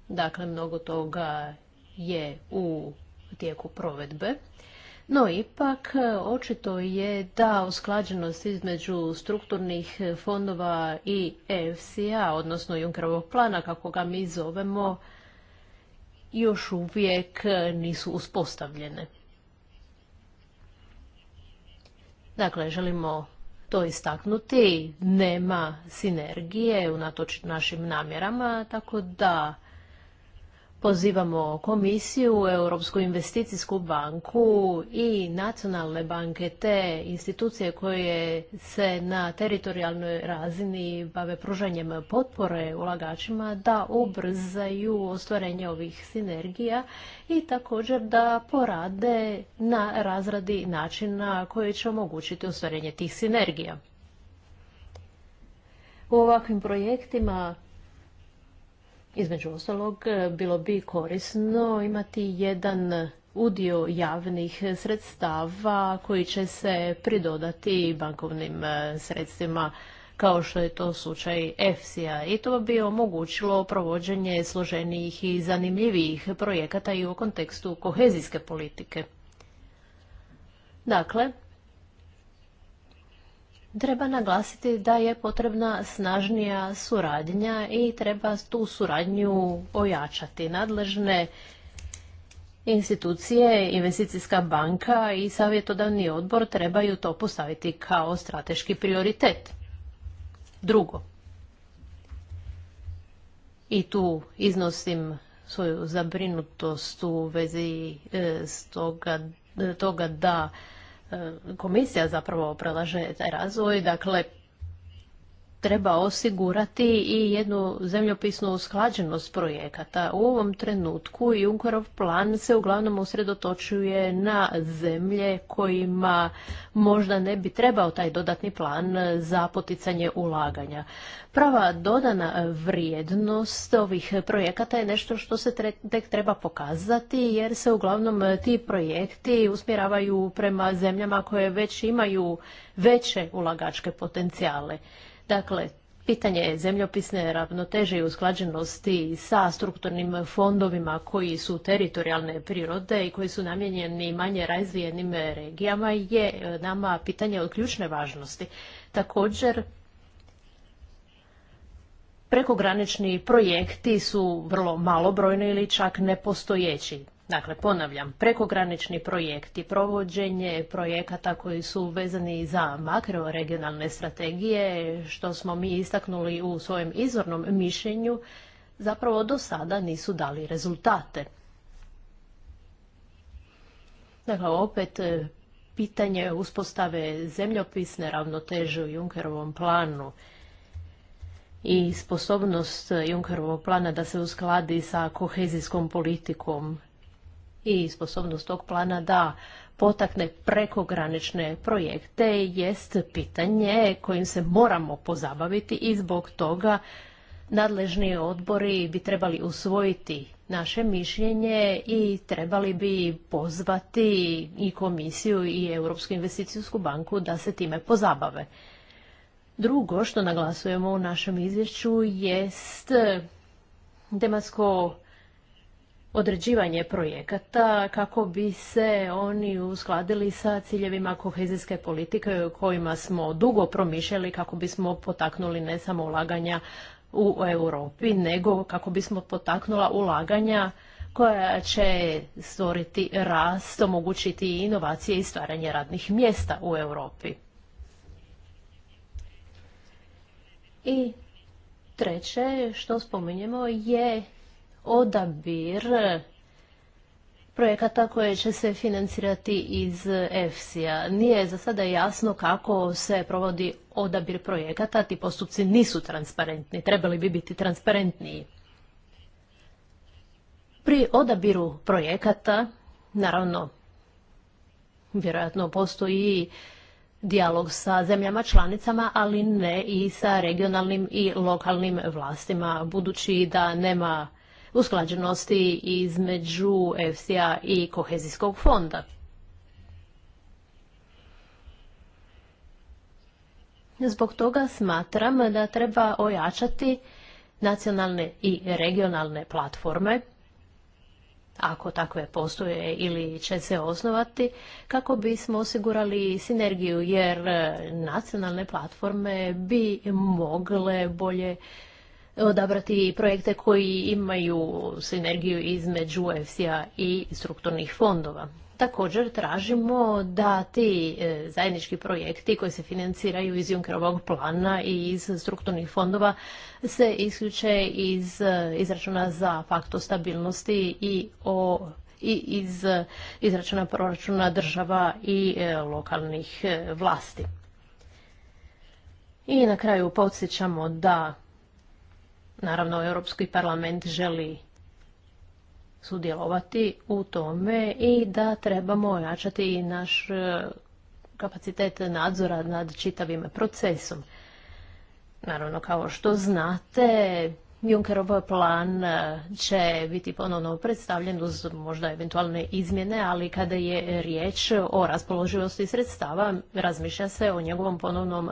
dakle mnogo toga je u tijeku provedbe. No ipak očito je da usklađenost između strukturnih fondova i EFC-a, odnosno Junkerovog plana, kako ga mi zovemo, još uvijek nisu uspostavljene. Dakle, želimo to istaknuti, nema sinergije unatoč našim namjerama, tako da Pozivamo komisiju, Europsku investicijsku banku i nacionalne banke te institucije koje se na teritorijalnoj razini bave pružanjem potpore ulagačima da ubrzaju ostvarenje ovih sinergija i također da porade na razradi načina koji će omogućiti ostvarenje tih sinergija. U ovakvim projektima između ostalog, e, bilo bi korisno imati jedan udio javnih sredstava koji će se pridodati bankovnim e, sredstvima kao što je to slučaj EFSI-a i to bi omogućilo provođenje složenijih i zanimljivijih projekata i u kontekstu kohezijske politike. Dakle, treba naglasiti da je potrebna snažnija suradnja i treba tu suradnju ojačati. Nadležne institucije, investicijska banka i savjetodavni odbor trebaju to postaviti kao strateški prioritet. Drugo, i tu iznosim svoju zabrinutost u vezi e, s toga, toga da E, komisija zapravo predlaže taj razvoj. Dakle, treba osigurati i jednu zemljopisnu usklađenost projekata. U ovom trenutku Junkerov plan se uglavnom usredotočuje na zemlje kojima možda ne bi trebao taj dodatni plan za poticanje ulaganja. Prava dodana vrijednost ovih projekata je nešto što se tek treba pokazati jer se uglavnom ti projekti usmjeravaju prema zemljama koje već imaju veće ulagačke potencijale. Dakle, pitanje zemljopisne ravnoteže i usklađenosti sa strukturnim fondovima koji su teritorijalne prirode i koji su namijenjeni manje razvijenim regijama je nama pitanje od ključne važnosti. Također, prekogranični projekti su vrlo malobrojni ili čak nepostojeći. Dakle, ponavljam, prekogranični projekti, provođenje projekata koji su vezani za makroregionalne strategije, što smo mi istaknuli u svojem izvornom mišljenju, zapravo do sada nisu dali rezultate. Dakle, opet e, pitanje uspostave zemljopisne ravnoteže u Junkerovom planu i sposobnost Junkerovog plana da se uskladi sa kohezijskom politikom i sposobnost tog plana da potakne prekogranične projekte jest pitanje kojim se moramo pozabaviti i zbog toga nadležni odbori bi trebali usvojiti naše mišljenje i trebali bi pozvati i komisiju i Europsku investicijsku banku da se time pozabave. Drugo što naglasujemo u našem izvješću jest tematsko određivanje projekata kako bi se oni uskladili sa ciljevima kohezijske politike o kojima smo dugo promišljali kako bismo potaknuli ne samo ulaganja u Europi, nego kako bismo potaknula ulaganja koja će stvoriti rast, omogućiti inovacije i stvaranje radnih mjesta u Europi. I treće što spominjemo je odabir projekata koje će se financirati iz EFSI-a. Nije za sada jasno kako se provodi odabir projekata, ti postupci nisu transparentni, trebali bi biti transparentniji. Pri odabiru projekata, naravno, vjerojatno postoji dijalog sa zemljama članicama, ali ne i sa regionalnim i lokalnim vlastima, budući da nema usklađenosti između EFSI-a i kohezijskog fonda. Zbog toga smatram da treba ojačati nacionalne i regionalne platforme, ako takve postoje ili će se osnovati, kako bismo osigurali sinergiju, jer nacionalne platforme bi mogle bolje odabrati projekte koji imaju sinergiju između ufc a i strukturnih fondova. Također tražimo da ti e, zajednički projekti koji se financiraju iz Junkerovog plana i iz strukturnih fondova se isključe iz e, izračuna za faktor stabilnosti i o i iz izračuna proračuna država i e, lokalnih vlasti. I na kraju podsjećamo da Naravno, Europski parlament želi sudjelovati u tome i da trebamo ojačati i naš e, kapacitet nadzora nad čitavim procesom. Naravno, kao što znate, Junckerov plan e, će biti ponovno predstavljen uz možda eventualne izmjene, ali kada je riječ o raspoloživosti sredstava, razmišlja se o njegovom ponovnom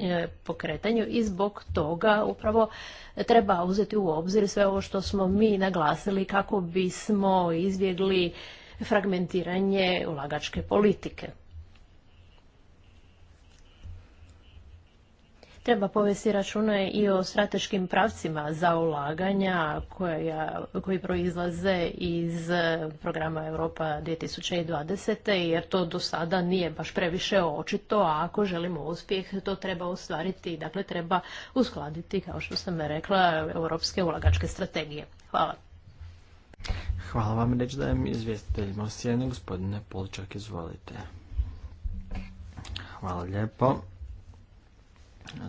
e, pokretanju i zbog toga upravo treba uzeti u obzir sve ovo što smo mi naglasili kako bismo izbjegli fragmentiranje ulagačke politike. Treba povesti račune i o strateškim pravcima za ulaganja koja, koji proizlaze iz programa Europa 2020. jer to do sada nije baš previše očito, a ako želimo uspjeh to treba ostvariti, dakle treba uskladiti, kao što sam rekla, europske ulagačke strategije. Hvala. Hvala vam, reći dajem izvjestiteljima gospodine izvolite. Hvala lijepo.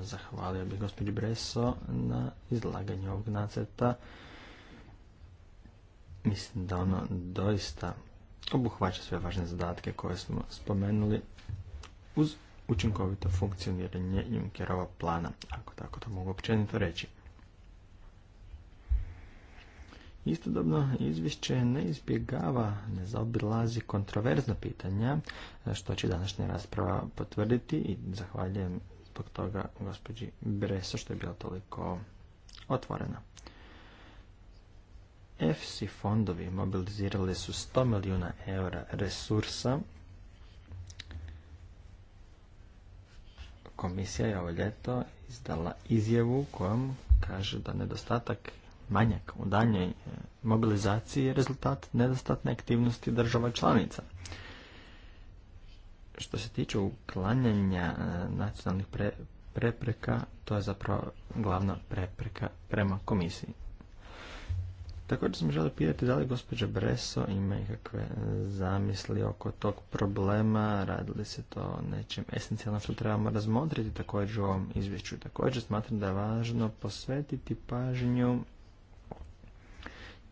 Zahvalio bih gospođi Breso na izlaganju ovog nacrta. Mislim da ono doista obuhvaća sve važne zadatke koje smo spomenuli uz učinkovito funkcioniranje Junckerova plana, ako tako to mogu općenito reći. Istodobno, izvješće ne izbjegava, ne zaobilazi kontroverzna pitanja, što će današnja rasprava potvrditi i zahvaljujem zbog toga gospođi Breso što je bila toliko otvorena. FC fondovi mobilizirali su 100 milijuna eura resursa. Komisija je ovo ljeto izdala izjavu kojom kaže da nedostatak manjak u daljnjoj mobilizaciji je rezultat nedostatne aktivnosti država članica. Što se tiče uklanjanja e, nacionalnih prepreka, to je zapravo glavna prepreka prema komisiji. Također sam želio pitati da li gospođa Breso ima ikakve zamisli oko tog problema, radili se to o nečem esencijalno što trebamo razmotriti također u ovom izvješću. Također smatram da je važno posvetiti pažnju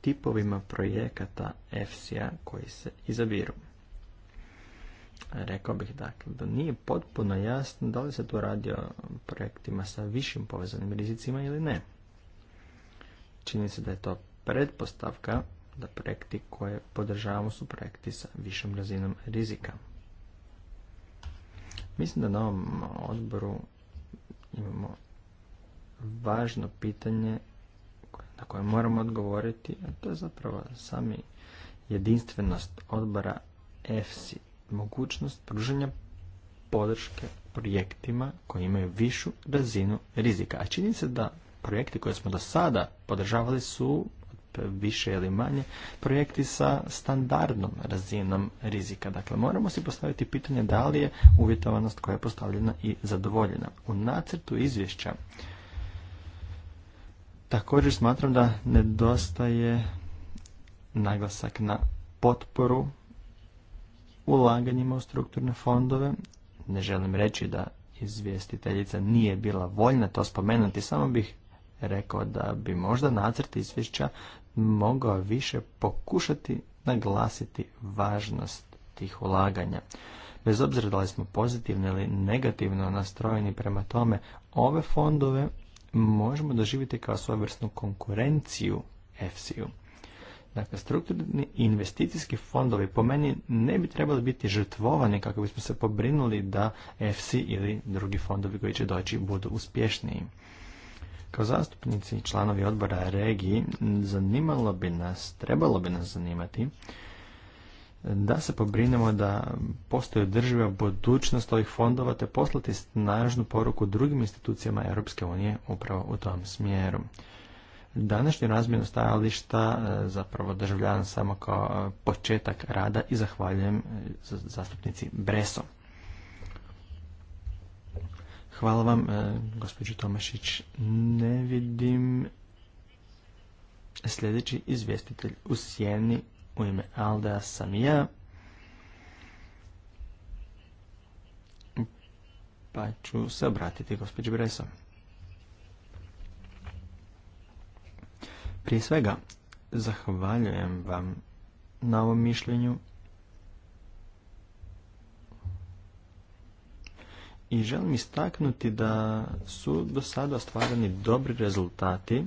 tipovima projekata EFSI-a koji se izabiru. Rekao bih dakle da nije potpuno jasno da li se tu radi o projektima sa višim povezanim rizicima ili ne. Čini se da je to pretpostavka da projekti koje podržavamo su projekti sa višom razinom rizika. Mislim da na ovom odboru imamo važno pitanje na koje moramo odgovoriti, a to je zapravo sami jedinstvenost odbora EFSI mogućnost pružanja podrške projektima koji imaju višu razinu rizika. A čini se da projekti koje smo do sada podržavali su više ili manje projekti sa standardnom razinom rizika. Dakle, moramo si postaviti pitanje da li je uvjetovanost koja je postavljena i zadovoljena. U nacrtu izvješća također smatram da nedostaje naglasak na potporu ulaganjima u strukturne fondove. Ne želim reći da izvjestiteljica nije bila voljna to spomenuti, samo bih rekao da bi možda nacrt izvješća mogao više pokušati naglasiti važnost tih ulaganja. Bez obzira da li smo pozitivno ili negativno nastrojeni prema tome, ove fondove možemo doživjeti kao svojevrsnu konkurenciju EFSI-u. Dakle, strukturni investicijski fondovi po meni ne bi trebali biti žrtvovani kako bismo se pobrinuli da FC ili drugi fondovi koji će doći budu uspješniji. Kao zastupnici i članovi odbora regiji zanimalo bi nas, trebalo bi nas zanimati da se pobrinemo da postoje održiva budućnost ovih fondova te poslati snažnu poruku drugim institucijama Europske unije upravo u tom smjeru današnju razmjenu stajališta e, zapravo doživljavam samo kao e, početak rada i zahvaljujem e, zastupnici Breso. Hvala vam, gospođo Tomašić. Ne vidim sljedeći izvjestitelj u Sjeni u ime Aldea Samija. Pa ću se obratiti gospođi Breso. Prije svega, zahvaljujem vam na ovom mišljenju i želim istaknuti da su do sada ostvareni dobri rezultati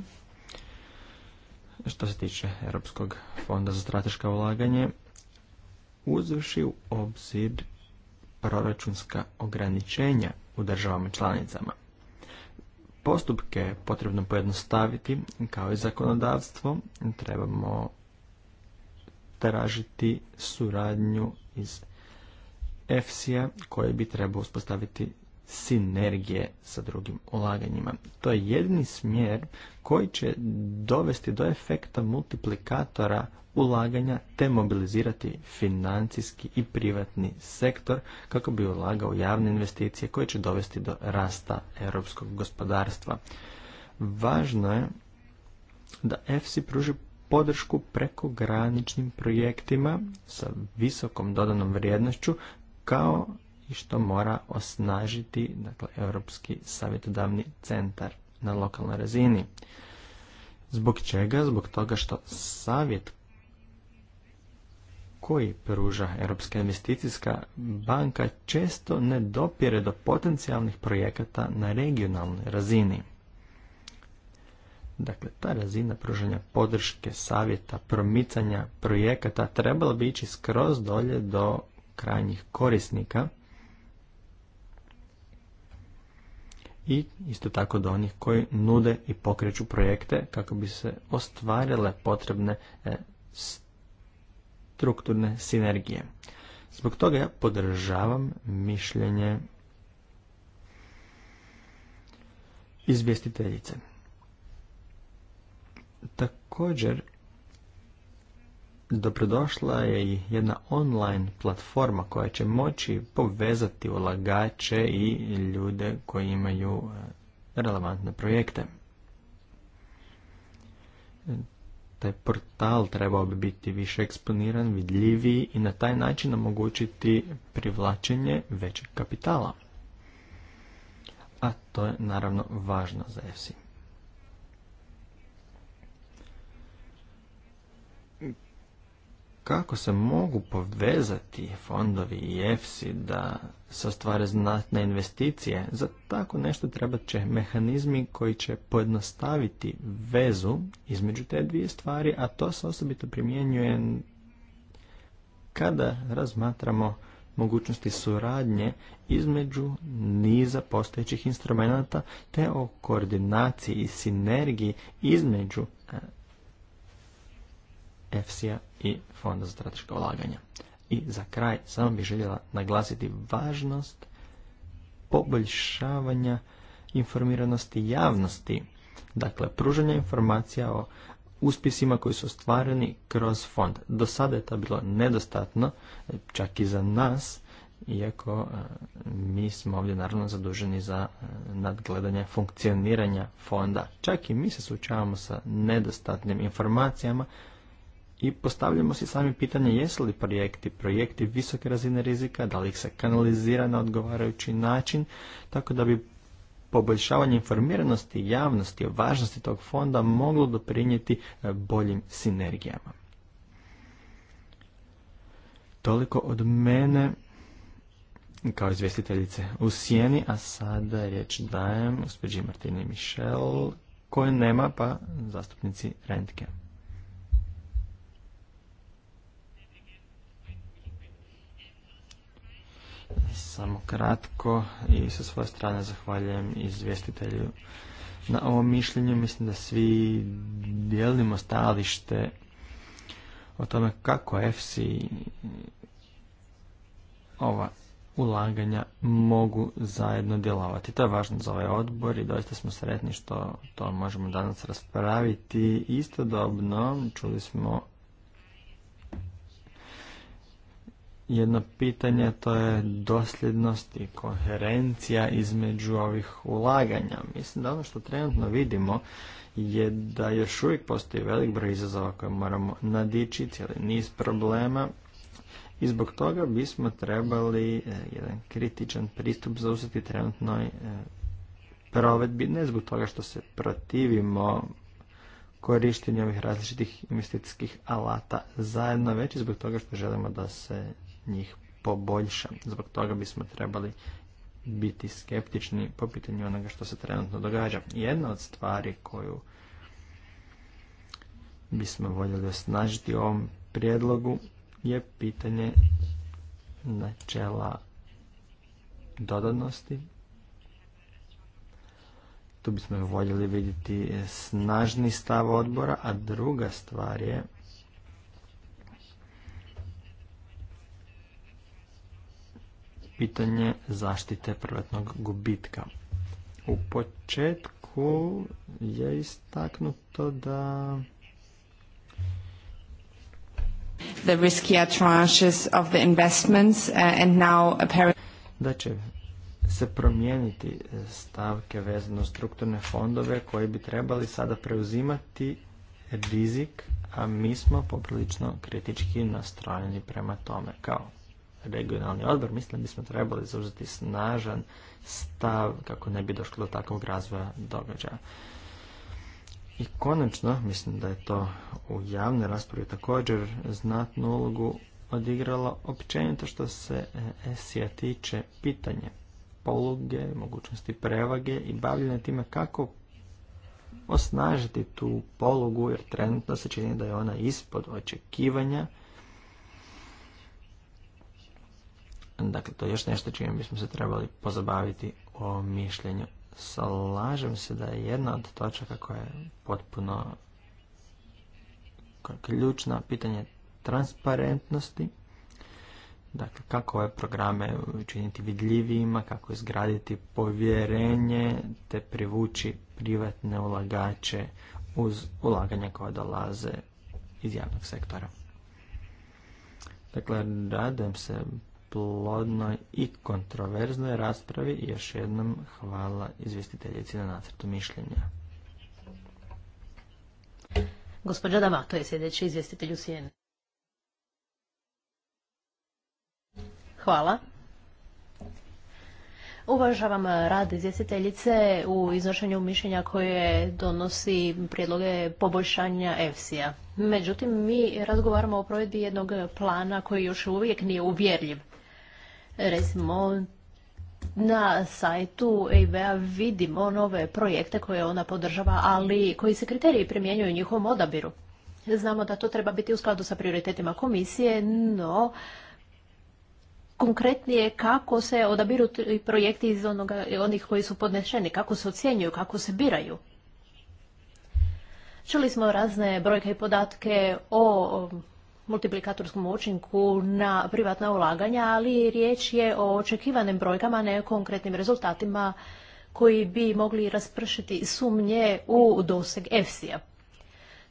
što se tiče Europskog fonda za strateška ulaganje, uzvrši u obzir proračunska ograničenja u državama članicama. Postupke potrebno pojednostaviti, kao i zakonodavstvo. Trebamo tražiti suradnju iz EFSI-a koje bi trebao uspostaviti sinergije sa drugim ulaganjima. To je jedini smjer koji će dovesti do efekta multiplikatora ulaganja te mobilizirati financijski i privatni sektor kako bi ulagao javne investicije koje će dovesti do rasta europskog gospodarstva. Važno je da EFSI pruži podršku prekograničnim projektima sa visokom dodanom vrijednošću kao i što mora osnažiti dakle, Europski savjetodavni centar na lokalnoj razini. Zbog čega? Zbog toga što savjet koji pruža Europska investicijska banka često ne dopire do potencijalnih projekata na regionalnoj razini. Dakle, ta razina pružanja podrške, savjeta, promicanja projekata trebala bi ići skroz dolje do krajnjih korisnika – i isto tako do onih koji nude i pokreću projekte kako bi se ostvarile potrebne e, strukturne sinergije. Zbog toga ja podržavam mišljenje izvjestiteljice. Također Dobrodošla je i jedna online platforma koja će moći povezati ulagače i ljude koji imaju e, relevantne projekte. Taj portal trebao bi biti više eksponiran, vidljiviji i na taj način omogućiti privlačenje većeg kapitala. A to je naravno važno za EFSI. kako se mogu povezati fondovi i EFSI da se ostvare znatne investicije, za tako nešto trebat će mehanizmi koji će pojednostaviti vezu između te dvije stvari, a to se osobito primjenjuje kada razmatramo mogućnosti suradnje između niza postojećih instrumenata te o koordinaciji i sinergiji između e, EFSI-a i Fonda za strateško ulaganja. I za kraj samo bih željela naglasiti važnost poboljšavanja informiranosti javnosti, dakle pružanja informacija o uspisima koji su ostvareni kroz fond. Do sada je to bilo nedostatno, čak i za nas, iako e, mi smo ovdje naravno zaduženi za e, nadgledanje funkcioniranja fonda. Čak i mi se sučavamo sa nedostatnim informacijama i postavljamo si sami pitanje jesu li projekti, projekti visoke razine rizika, da li ih se kanalizira na odgovarajući način, tako da bi poboljšavanje informiranosti javnosti o važnosti tog fonda moglo doprinijeti e, boljim sinergijama. Toliko od mene kao izvjestiteljice u Sijeni, a sada riječ dajem gospođi Martini Mišel, koje nema, pa zastupnici Rentke. Samo kratko i sa svoje strane zahvaljujem izvjestitelju na ovom mišljenju. Mislim da svi dijelimo stajalište o tome kako FC ova ulaganja mogu zajedno djelovati. To je važno za ovaj odbor i doista smo sretni što to možemo danas raspraviti. Istodobno čuli smo jedno pitanje, to je dosljednost i koherencija između ovih ulaganja. Mislim da ono što trenutno vidimo je da još uvijek postoji velik broj izazova koje moramo nadići, cijeli niz problema i zbog toga bismo trebali e, jedan kritičan pristup zauzeti trenutnoj e, provedbi, ne zbog toga što se protivimo korištenju ovih različitih investicijskih alata zajedno, već i zbog toga što želimo da se njih poboljša. Zbog toga bismo trebali biti skeptični po pitanju onoga što se trenutno događa. Jedna od stvari koju bismo voljeli osnažiti u ovom prijedlogu je pitanje načela dodanosti. Tu bismo voljeli vidjeti snažni stav odbora, a druga stvar je pitanje zaštite privatnog gubitka. U početku je istaknuto da the riskier uh, da će se promijeniti stavke vezano strukturne fondove koji bi trebali sada preuzimati rizik, a mi smo poprilično kritički nastrojeni prema tome. Kao regionalni odbor, mislim da bismo trebali zauzeti snažan stav kako ne bi došlo do takvog razvoja događaja. I konačno, mislim da je to u javnoj raspravi također znatnu ulogu odigralo općenito što se esija tiče pitanje poluge, mogućnosti prevage i bavljenja time kako osnažiti tu polugu jer trenutno se čini da je ona ispod očekivanja Dakle, to je još nešto čime bismo se trebali pozabaviti o mišljenju. Slažem se da je jedna od točaka koja je potpuno koja ključna pitanje transparentnosti. Dakle, kako ove programe učiniti vidljivijima, kako izgraditi povjerenje te privući privatne ulagače uz ulaganja koja dolaze iz javnog sektora. Dakle, radujem se plodnoj i kontroverznoj raspravi i još jednom hvala izvjestiteljici na nacrtu mišljenja. Gospođa to je sljedeći izvjestitelj u Sijeni. Hvala. Uvažavam rad izvjestiteljice u iznošenju mišljenja koje donosi prijedloge poboljšanja EFSI-a. Međutim, mi razgovaramo o provedbi jednog plana koji još uvijek nije uvjerljiv. Recimo, na sajtu eib vidimo nove projekte koje ona podržava, ali koji se kriteriji primjenjuju u njihovom odabiru. Znamo da to treba biti u skladu sa prioritetima komisije, no konkretnije kako se odabiru projekti iz onoga, onih koji su podnešeni, kako se ocjenjuju, kako se biraju. Čuli smo razne brojke i podatke o multiplikatorskom učinku na privatna ulaganja, ali riječ je o očekivanim brojkama, ne o konkretnim rezultatima koji bi mogli raspršiti sumnje u doseg EFSI-a.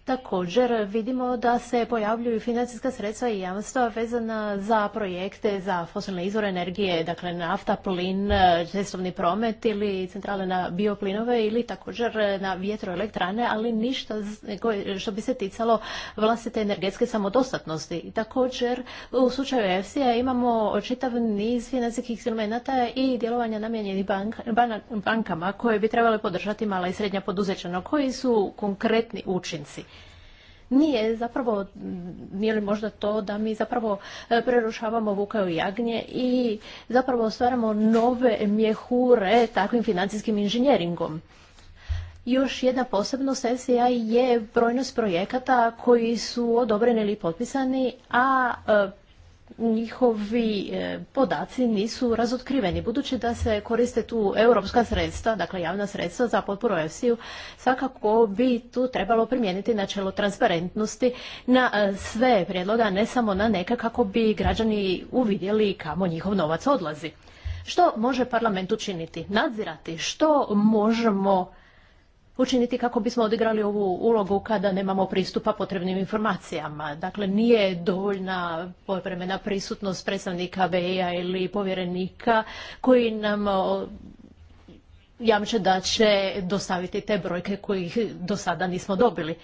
Također vidimo da se pojavljuju financijska sredstva i jamstva vezana za projekte za fosilne izvore energije, dakle nafta, plin, cestovni promet ili centrale na bioplinove ili također na vjetroelektrane, ali ništa što bi se ticalo vlastite energetske samodostatnosti. također u slučaju EFSI-a imamo čitav niz financijskih instrumenata i djelovanja namijenjenih bankama koje bi trebale podržati mala i srednja poduzeća. No koji su konkretni učinci? nije zapravo, nije li možda to da mi zapravo e, prerušavamo vuka i jagnje i zapravo stvaramo nove mjehure takvim financijskim inženjeringom. Još jedna posebna sesija je brojnost projekata koji su odobreni ili potpisani, a e, njihovi e, podaci nisu razotkriveni. Budući da se koriste tu europska sredstva, dakle javna sredstva za potporu EFSI-u, svakako bi tu trebalo primijeniti načelo transparentnosti na e, sve prijedloga, ne samo na neka kako bi građani uvidjeli kamo njihov novac odlazi. Što može parlament učiniti? Nadzirati što možemo učiniti kako bismo odigrali ovu ulogu kada nemamo pristupa potrebnim informacijama. Dakle, nije dovoljna povremena prisutnost predstavnika BEA ili povjerenika koji nam jamče da će dostaviti te brojke kojih do sada nismo dobili.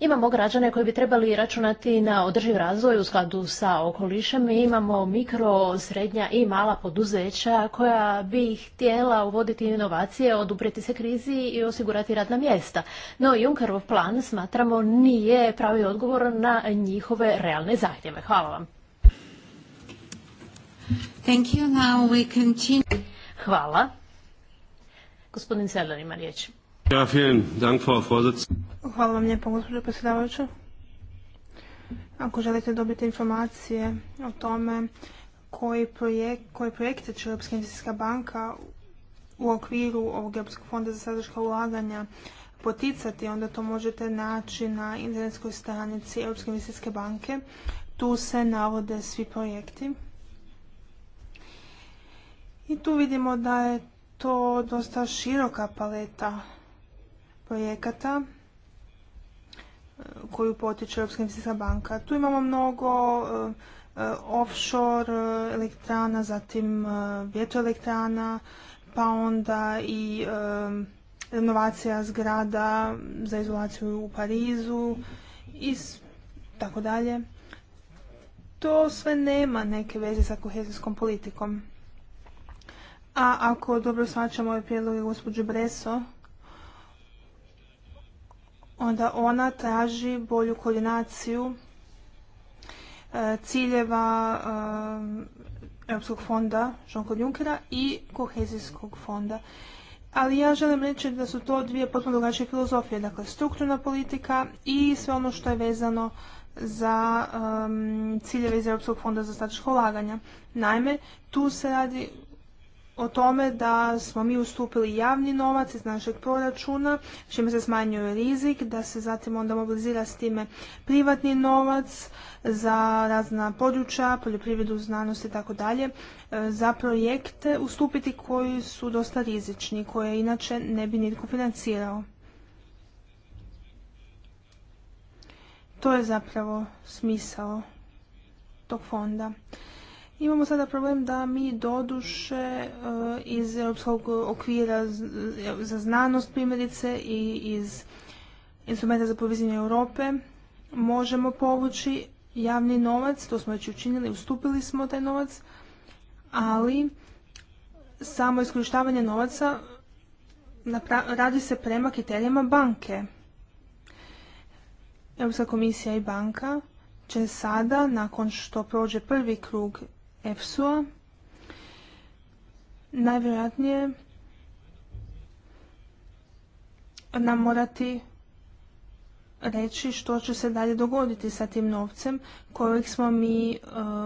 Imamo građane koji bi trebali računati na održiv razvoj u skladu sa okolišem i imamo mikro, srednja i mala poduzeća koja bi htjela uvoditi inovacije, oduprijeti se krizi i osigurati radna mjesta. No Junkerov plan smatramo nije pravi odgovor na njihove realne zahtjeve. Hvala vam. Hvala. Gospodin ima riječ. Hvala vam lijepo, gospođo predsjedavajuća. Ako želite dobiti informacije o tome koji koje projekte će Europska investicijska banka u okviru ovog Europskog fonda za sadržka ulaganja poticati, onda to možete naći na internetskoj stranici Europske investicijske banke. Tu se navode svi projekti. I tu vidimo da je to dosta široka paleta projekata e, koju potiče Europska investicijska banka. Tu imamo mnogo e, e, offshore elektrana, zatim vjetroelektrana, pa onda i renovacija zgrada za izolaciju u Parizu i tako dalje. To sve nema neke veze sa kohezijskom politikom. A ako dobro svačamo ove ovaj prijedloge gospođe Breso, onda ona traži bolju koordinaciju e, ciljeva e, Europskog fonda Jean-Claude Junckera i kohezijskog fonda. Ali ja želim reći da su to dvije potpuno drugačije filozofije, dakle strukturna politika i sve ono što je vezano za ciljeve iz Europskog fonda za strateško ulaganja. Naime, tu se radi o tome da smo mi ustupili javni novac iz našeg proračuna, čime se smanjuje rizik, da se zatim onda mobilizira s time privatni novac za razna područja, poljoprivredu, znanost i tako dalje, e, za projekte ustupiti koji su dosta rizični, koje inače ne bi nitko financirao. To je zapravo smisao tog fonda. Imamo sada problem da mi doduše e, iz Europskog okvira za znanost primjerice i iz instrumenta za povezivanje Europe možemo povući javni novac, to smo već učinili, ustupili smo taj novac, ali samo iskorištavanje novaca radi se prema kriterijama banke. Europska komisija i banka će sada, nakon što prođe prvi krug EFSU-a, najvjerojatnije nam morati reći što će se dalje dogoditi sa tim novcem kojeg smo mi e,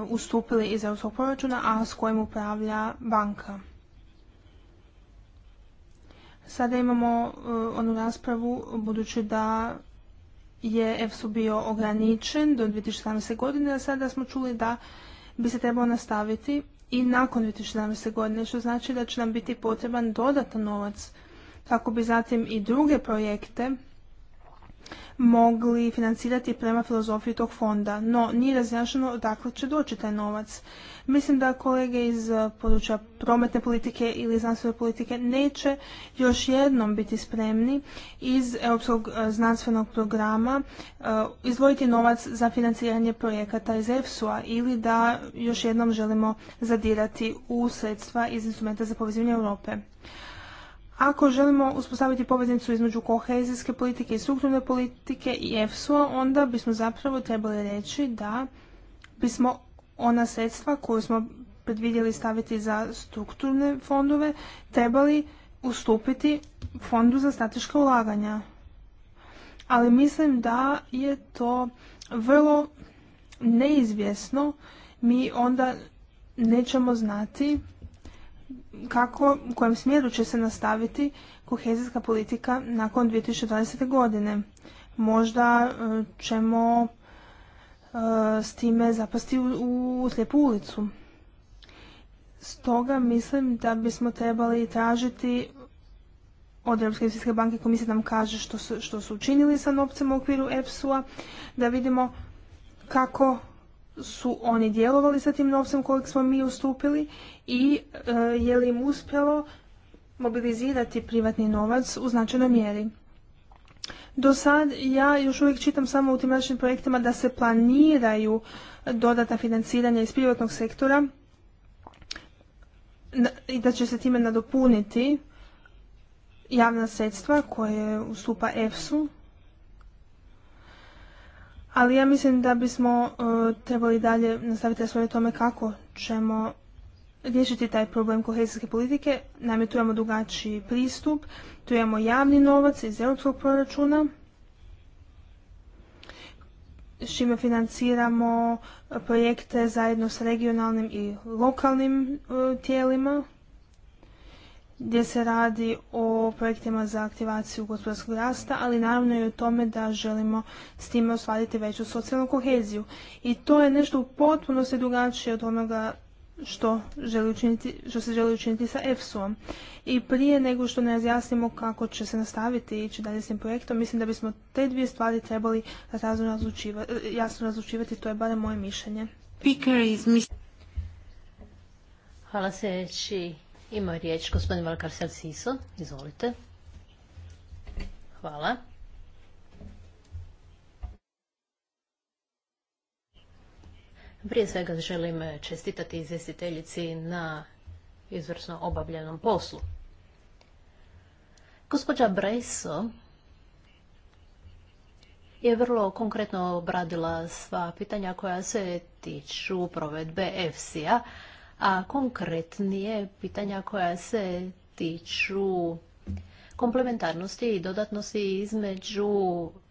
ustupili iz europskog proračuna, a s kojim upravlja banka. Sada imamo e, onu raspravu, budući da je EFSU bio ograničen do 2017. godine, a sada smo čuli da bi se trebao nastaviti i nakon 2017. godine, što znači da će nam biti potreban dodatan novac kako bi zatim i druge projekte mogli financirati prema filozofiji tog fonda, no nije razjašnjeno odakle će doći taj novac. Mislim da kolege iz eh, područja prometne politike ili znanstvene politike neće još jednom biti spremni iz Europskog eh, znanstvenog programa eh, izdvojiti novac za financiranje projekata iz EFSU-a ili da još jednom želimo zadirati u sredstva iz instrumenta za povezivanje Europe. Ako želimo uspostaviti poveznicu između kohezijske politike i strukturne politike i EFSO, onda bismo zapravo trebali reći da bismo ona sredstva koju smo predvidjeli staviti za strukturne fondove trebali ustupiti fondu za strateška ulaganja. Ali mislim da je to vrlo neizvjesno. Mi onda nećemo znati kako, u kojem smjeru će se nastaviti kohezijska politika nakon 2020. godine. Možda e, ćemo e, s time zapasti u, slijepu ulicu. Stoga mislim da bismo trebali tražiti od Europske investicijske banke komisije nam kaže što su, učinili sa novcem u okviru EPSU-a, da vidimo kako su oni djelovali sa tim novcem kojeg smo mi ustupili i e, je li im uspjelo mobilizirati privatni novac u značajnoj mjeri. Do sad ja još uvijek čitam samo u tim našim projektima da se planiraju dodatna financiranja iz privatnog sektora i da će se time nadopuniti javna sredstva koje ustupa EFSU ali ja mislim da bismo e, trebali dalje nastaviti svoje tome kako ćemo riješiti taj problem kohezijske politike. Naime, tu imamo drugačiji pristup, tu imamo javni novac iz europskog proračuna, s čime financiramo projekte zajedno s regionalnim i lokalnim e, tijelima gdje se radi o projektima za aktivaciju gospodarskog rasta, ali naravno i o tome da želimo s time ostvariti veću socijalnu koheziju. I to je nešto u potpunosti drugačije od onoga što, želi učiniti, što se želi učiniti sa EFSU-om. I prije nego što ne razjasnimo kako će se nastaviti i ići dalje s tim projektom, mislim da bismo te dvije stvari trebali jasno razlučivati, to je barem moje mišljenje. Hvala sljedeći ima riječ gospodin Valkarsel Siso. Izvolite. Hvala. Prije svega želim čestitati izvjestiteljici na izvrsno obavljenom poslu. Gospođa Brejso je vrlo konkretno obradila sva pitanja koja se tiču provedbe EFSI-a, a konkretnije pitanja koja se tiču komplementarnosti i dodatnosti između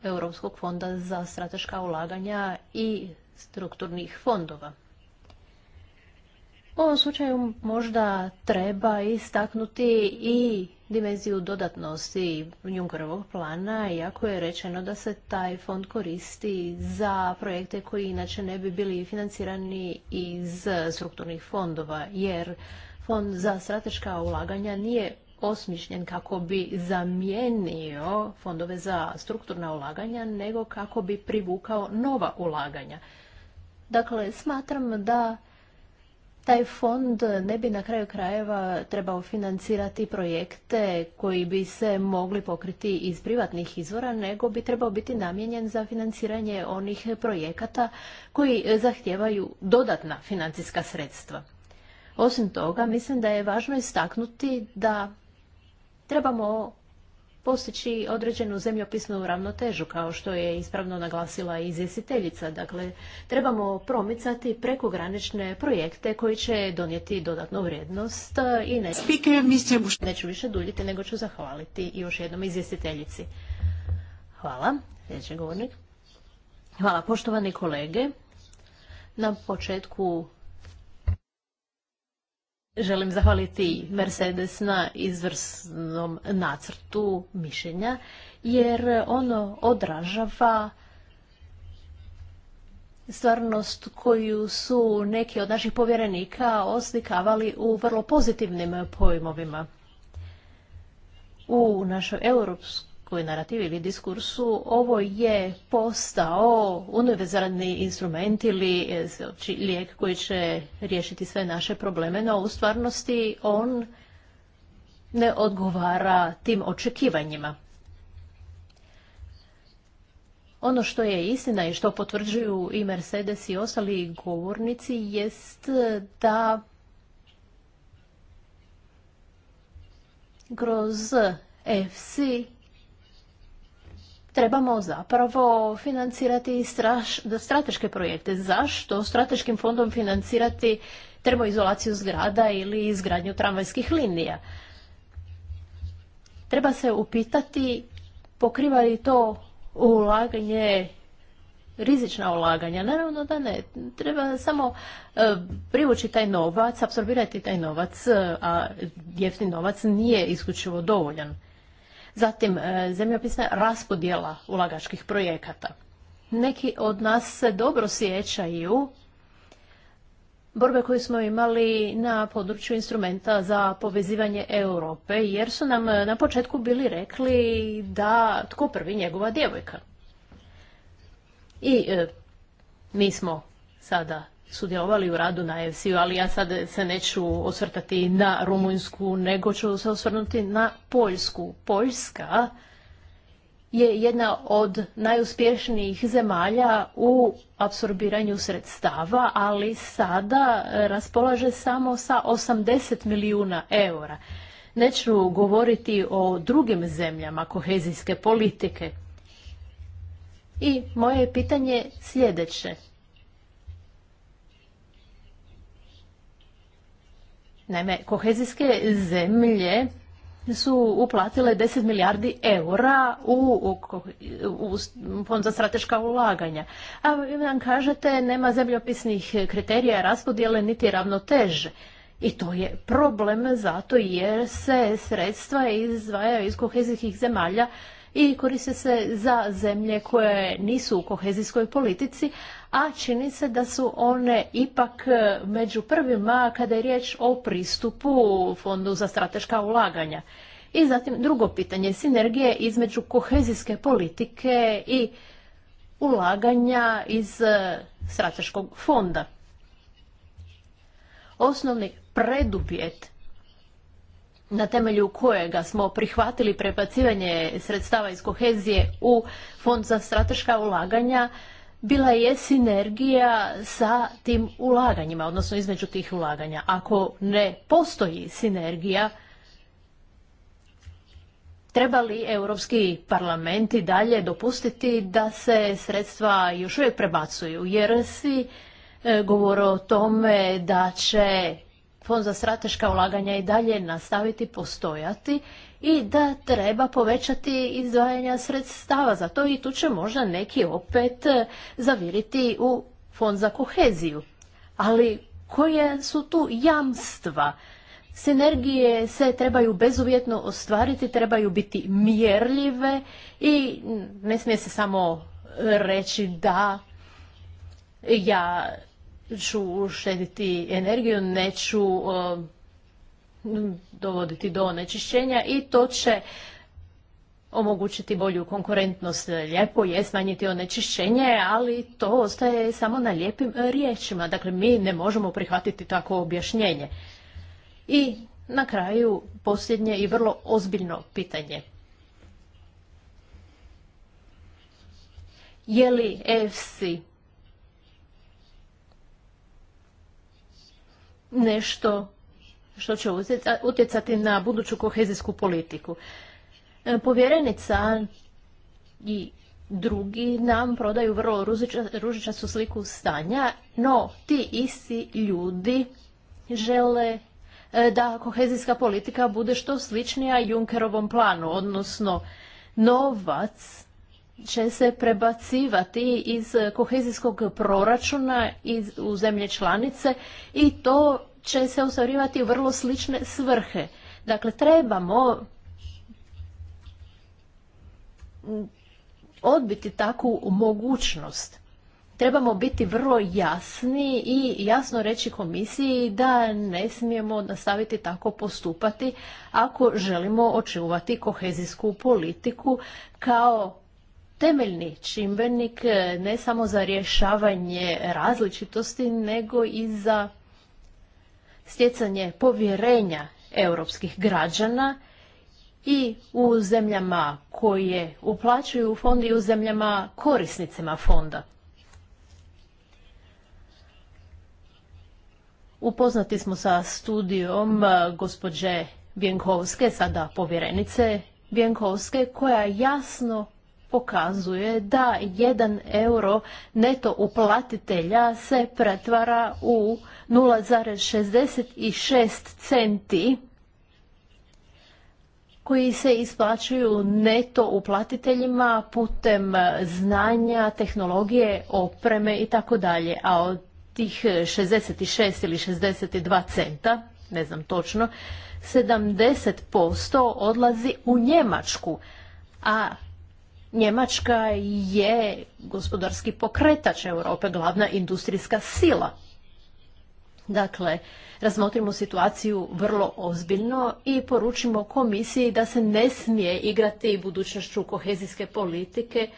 Europskog fonda za strateška ulaganja i strukturnih fondova. U ovom slučaju možda treba istaknuti i dimenziju dodatnosti Junkerovog plana, iako je rečeno da se taj fond koristi za projekte koji inače ne bi bili financirani iz strukturnih fondova, jer fond za strateška ulaganja nije osmišljen kako bi zamijenio fondove za strukturna ulaganja, nego kako bi privukao nova ulaganja. Dakle, smatram da taj fond ne bi na kraju krajeva trebao financirati projekte koji bi se mogli pokriti iz privatnih izvora, nego bi trebao biti namijenjen za financiranje onih projekata koji zahtijevaju dodatna financijska sredstva. Osim toga, mislim da je važno istaknuti da trebamo postići određenu zemljopisnu ravnotežu, kao što je ispravno naglasila i izvjestiteljica. Dakle, trebamo promicati prekogranične projekte koji će donijeti dodatnu vrijednost i ne... neću više duljiti, nego ću zahvaliti još jednom izvjestiteljici. Hvala. Sljedeći govornik. Hvala, poštovani kolege. Na početku Želim zahvaliti Mercedes na izvrsnom nacrtu mišljenja, jer ono odražava stvarnost koju su neki od naših povjerenika oslikavali u vrlo pozitivnim pojmovima. U našoj europskoj u narativi ili diskursu, ovo je postao univerzalni instrument ili e, znači, lijek koji će riješiti sve naše probleme, no u stvarnosti on ne odgovara tim očekivanjima. Ono što je istina i što potvrđuju i Mercedes i ostali govornici jest da kroz EFSI trebamo zapravo financirati strateške projekte. Zašto strateškim fondom financirati termoizolaciju zgrada ili izgradnju tramvajskih linija? Treba se upitati pokriva li to ulaganje rizična ulaganja. Naravno da ne. Treba samo e, privući taj novac, apsorbirati taj novac, e, a jeftini novac nije isključivo dovoljan. Zatim, e, zemljopisna raspodjela ulagačkih projekata. Neki od nas se dobro sjećaju borbe koju smo imali na području instrumenta za povezivanje Europe, jer su nam e, na početku bili rekli da tko prvi njegova djevojka. I e, mi smo sada sudjelovali u radu na EFSI-u, ali ja sad se neću osvrtati na Rumunjsku, nego ću se osvrnuti na Poljsku. Poljska je jedna od najuspješnijih zemalja u apsorbiranju sredstava, ali sada raspolaže samo sa 80 milijuna eura. Neću govoriti o drugim zemljama kohezijske politike. I moje pitanje sljedeće. Naime, kohezijske zemlje su uplatile 10 milijardi eura u, u, fond za strateška ulaganja. A vi nam kažete nema zemljopisnih kriterija raspodjele niti ravnoteže. I to je problem zato jer se sredstva izdvajaju iz kohezijskih zemalja i koriste se za zemlje koje nisu u kohezijskoj politici, a čini se da su one ipak e, među prvima kada je riječ o pristupu Fondu za strateška ulaganja. I zatim drugo pitanje, sinergije između kohezijske politike i ulaganja iz e, strateškog fonda. Osnovni preduvjet na temelju kojega smo prihvatili prebacivanje sredstava iz kohezije u Fond za strateška ulaganja bila je sinergija sa tim ulaganjima, odnosno između tih ulaganja. Ako ne postoji sinergija, Treba li Europski parlament i dalje dopustiti da se sredstva još uvijek prebacuju? Jer si e, govore o tome da će Fond za strateška ulaganja i dalje nastaviti postojati i da treba povećati izdvajanja sredstava za to i tu će možda neki opet eh, zaviriti u fond za koheziju. Ali koje su tu jamstva? Sinergije se trebaju bezuvjetno ostvariti, trebaju biti mjerljive i ne smije se samo reći da ja ću uštediti energiju, neću eh, dovoditi do onečišćenja i to će omogućiti bolju konkurentnost. Lijepo je smanjiti onečišćenje, ali to ostaje samo na lijepim riječima. Dakle, mi ne možemo prihvatiti tako objašnjenje. I na kraju posljednje i vrlo ozbiljno pitanje. Je li EFC nešto što će utjecati na buduću kohezijsku politiku. E, povjerenica i drugi nam prodaju vrlo ružičastu sliku stanja, no ti isti ljudi žele e, da kohezijska politika bude što sličnija Junkerovom planu, odnosno novac će se prebacivati iz kohezijskog proračuna u zemlje članice i to će se ostvarivati vrlo slične svrhe. Dakle, trebamo odbiti takvu mogućnost. Trebamo biti vrlo jasni i jasno reći komisiji da ne smijemo nastaviti tako postupati ako želimo očuvati kohezijsku politiku kao temeljni čimbenik ne samo za rješavanje različitosti nego i za stjecanje povjerenja europskih građana i u zemljama koje uplaćuju u fond i u zemljama korisnicima fonda. Upoznati smo sa studijom eh, gospođe Bjenkovske, sada povjerenice Bjenkovske, koja jasno pokazuje da jedan euro neto uplatitelja se pretvara u 0,66 centi koji se isplaćuju neto uplatiteljima putem znanja, tehnologije, opreme i tako dalje. A od tih 66 ili 62 centa, ne znam točno, 70% odlazi u Njemačku. A Njemačka je gospodarski pokretač Europe, glavna industrijska sila. Dakle, razmotrimo situaciju vrlo ozbiljno i poručimo komisiji da se ne smije igrati budućnošću kohezijske politike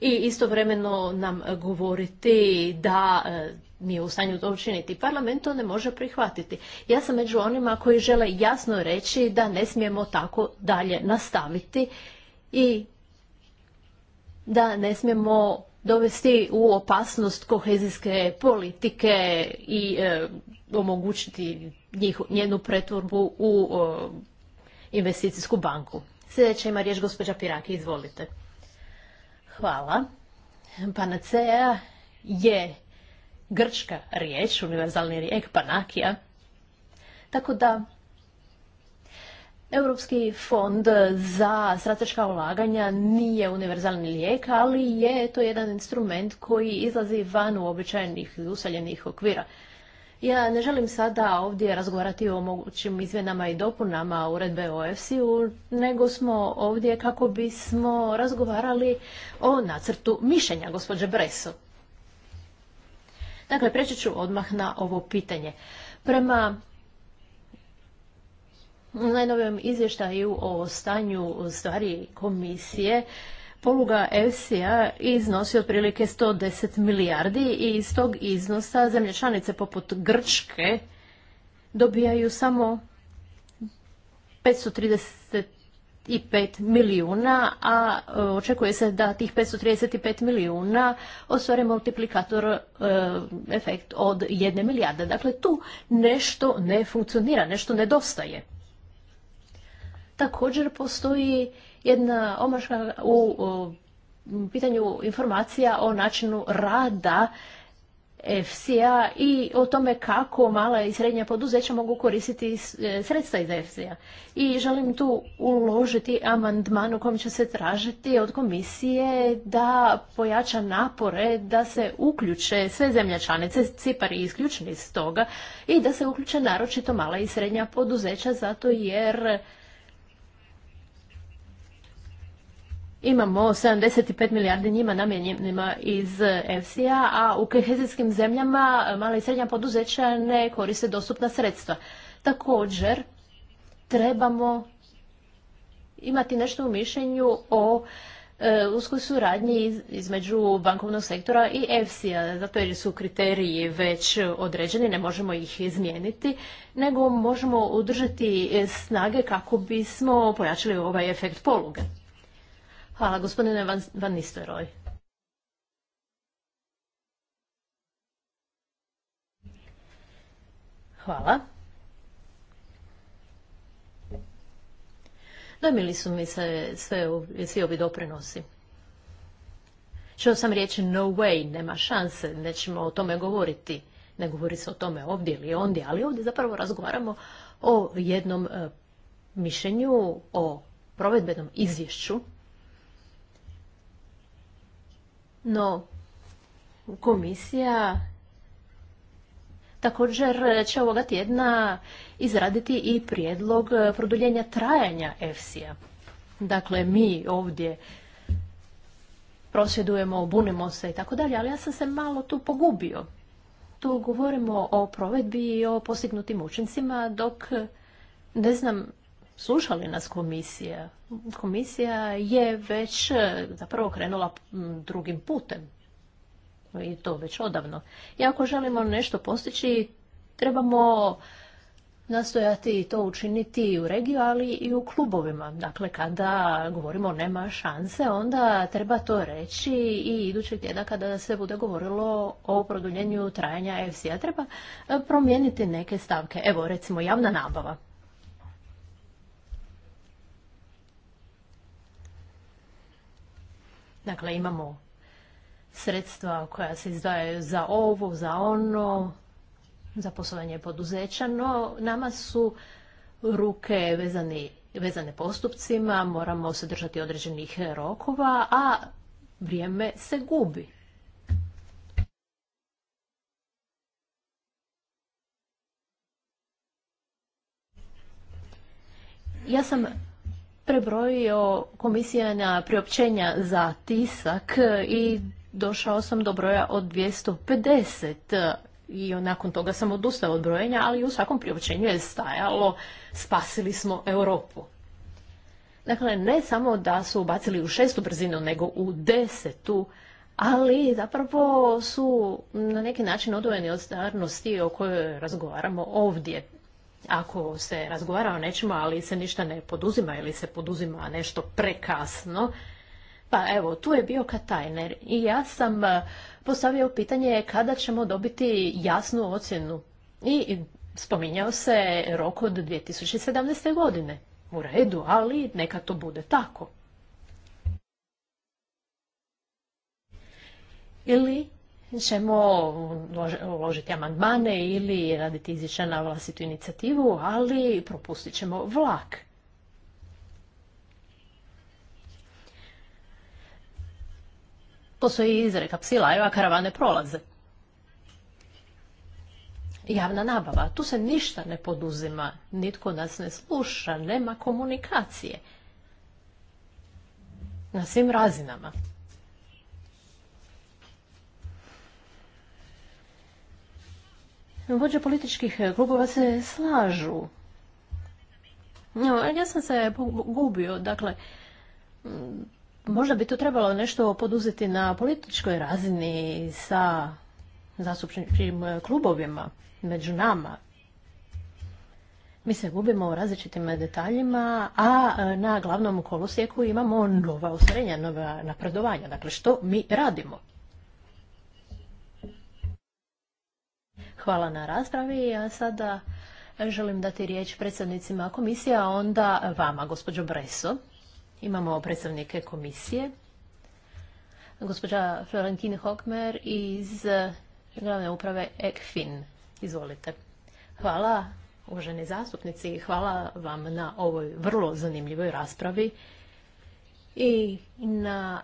i istovremeno nam govoriti da e, nije u stanju to učiniti. Parlament to ne može prihvatiti. Ja sam među onima koji žele jasno reći da ne smijemo tako dalje nastaviti i da ne smijemo dovesti u opasnost kohezijske politike i e, omogućiti njih, njenu pretvorbu u investicijsku banku. Sljedeća ima riječ gospođa Piraki, izvolite. Hvala. Panacea je grčka riječ, univerzalni rijek Panakija. Tako da Europski fond za strateška ulaganja nije univerzalni lijek, ali je to jedan instrument koji izlazi van uobičajenih i usaljenih okvira. Ja ne želim sada ovdje razgovarati o mogućim izmjenama i dopunama uredbe o EFSI-u, nego smo ovdje kako bismo razgovarali o nacrtu mišljenja gospođe Breso. Dakle, preći ću odmah na ovo pitanje. Prema najnovijem izvještaju o stanju stvari komisije poluga efsi iznosi otprilike 110 milijardi i iz tog iznosa zemlje članice poput Grčke dobijaju samo 535 milijuna, a e, očekuje se da tih 535 milijuna ostvare multiplikator e, efekt od jedne milijarde. Dakle, tu nešto ne funkcionira, nešto nedostaje. Također postoji jedna omaška u pitanju informacija o načinu rada FCA i o tome kako mala i srednja poduzeća mogu koristiti e, sredstva iz FCA. I želim tu uložiti amandman u kojem će se tražiti od komisije da pojača napore da se uključe sve zemlje članice, Cipar je iz toga, i da se uključe naročito mala i srednja poduzeća zato jer Imamo 75 milijardi njima namjenjenima iz EFSI-a, a u kehezijskim zemljama mala i srednja poduzeća ne koriste dostupna sredstva. Također, trebamo imati nešto u mišljenju o e, uskoj suradnji između bankovnog sektora i EFSI-a, zato jer su kriteriji već određeni, ne možemo ih izmijeniti, nego možemo udržati snage kako bismo pojačili ovaj efekt poluge. Hvala, gospodine Van, Van Hvala. Domili su mi se sve, svi ovi doprinosi. Čuo sam riječi no way, nema šanse, nećemo o tome govoriti. Ne govori se o tome ovdje ili ondje, ali ovdje zapravo razgovaramo o jednom e, mišljenju, o provedbenom izvješću No, komisija također će ovoga tjedna izraditi i prijedlog produljenja trajanja EFSI-a. Dakle, mi ovdje prosvjedujemo, bunimo se i tako dalje, ali ja sam se malo tu pogubio. Tu govorimo o provedbi i o postignutim učincima, dok ne znam, slušali nas komisija komisija je već e, zapravo krenula drugim putem. I to već odavno. I ako želimo nešto postići, trebamo nastojati to učiniti i u regiju, ali i u klubovima. Dakle, kada govorimo nema šanse, onda treba to reći i idućeg tjedna kada se bude govorilo o produljenju trajanja fc a Treba e, promijeniti neke stavke. Evo, recimo, javna nabava. Dakle, imamo sredstva koja se izdvajaju za ovo, za ono, za poslovanje poduzeća, no nama su ruke vezane postupcima, moramo se držati određenih rokova, a vrijeme se gubi. Ja sam prebrojio na priopćenja za tisak i došao sam do broja od 250 i nakon toga sam odustao od brojenja, ali u svakom priopćenju je stajalo spasili smo Europu. Dakle, ne samo da su ubacili u šestu brzinu, nego u desetu, ali zapravo su na neki način odvojeni od stvarnosti o kojoj razgovaramo ovdje ako se razgovara o nečemu, ali se ništa ne poduzima ili se poduzima nešto prekasno, pa evo, tu je bio Katajner i ja sam eh, postavio pitanje kada ćemo dobiti jasnu ocjenu. I spominjao se rok od 2017. godine. U redu, ali neka to bude tako. Ili ćemo uložiti amandmane ili raditi izvješće na vlastitu inicijativu, ali propustit ćemo vlak. Postoji izreka psi lajeva, karavane prolaze. Javna nabava, tu se ništa ne poduzima, nitko nas ne sluša, nema komunikacije. Na svim razinama. vođe političkih e, klubova se slažu. Ja sam se gubio, dakle, možda bi to trebalo nešto poduzeti na političkoj razini sa zastupničkim e, klubovima među nama. Mi se gubimo u različitim e, detaljima, a na glavnom kolosijeku imamo nova usrednja, nova napredovanja. Dakle, što mi radimo? Hvala na raspravi. Ja sada želim dati riječ predstavnicima komisije, a onda vama, gospođo Breso. Imamo predstavnike komisije. Gospođa Florentine Hockmer iz glavne uprave ECFIN. Izvolite. Hvala uvaženi zastupnici hvala vam na ovoj vrlo zanimljivoj raspravi i na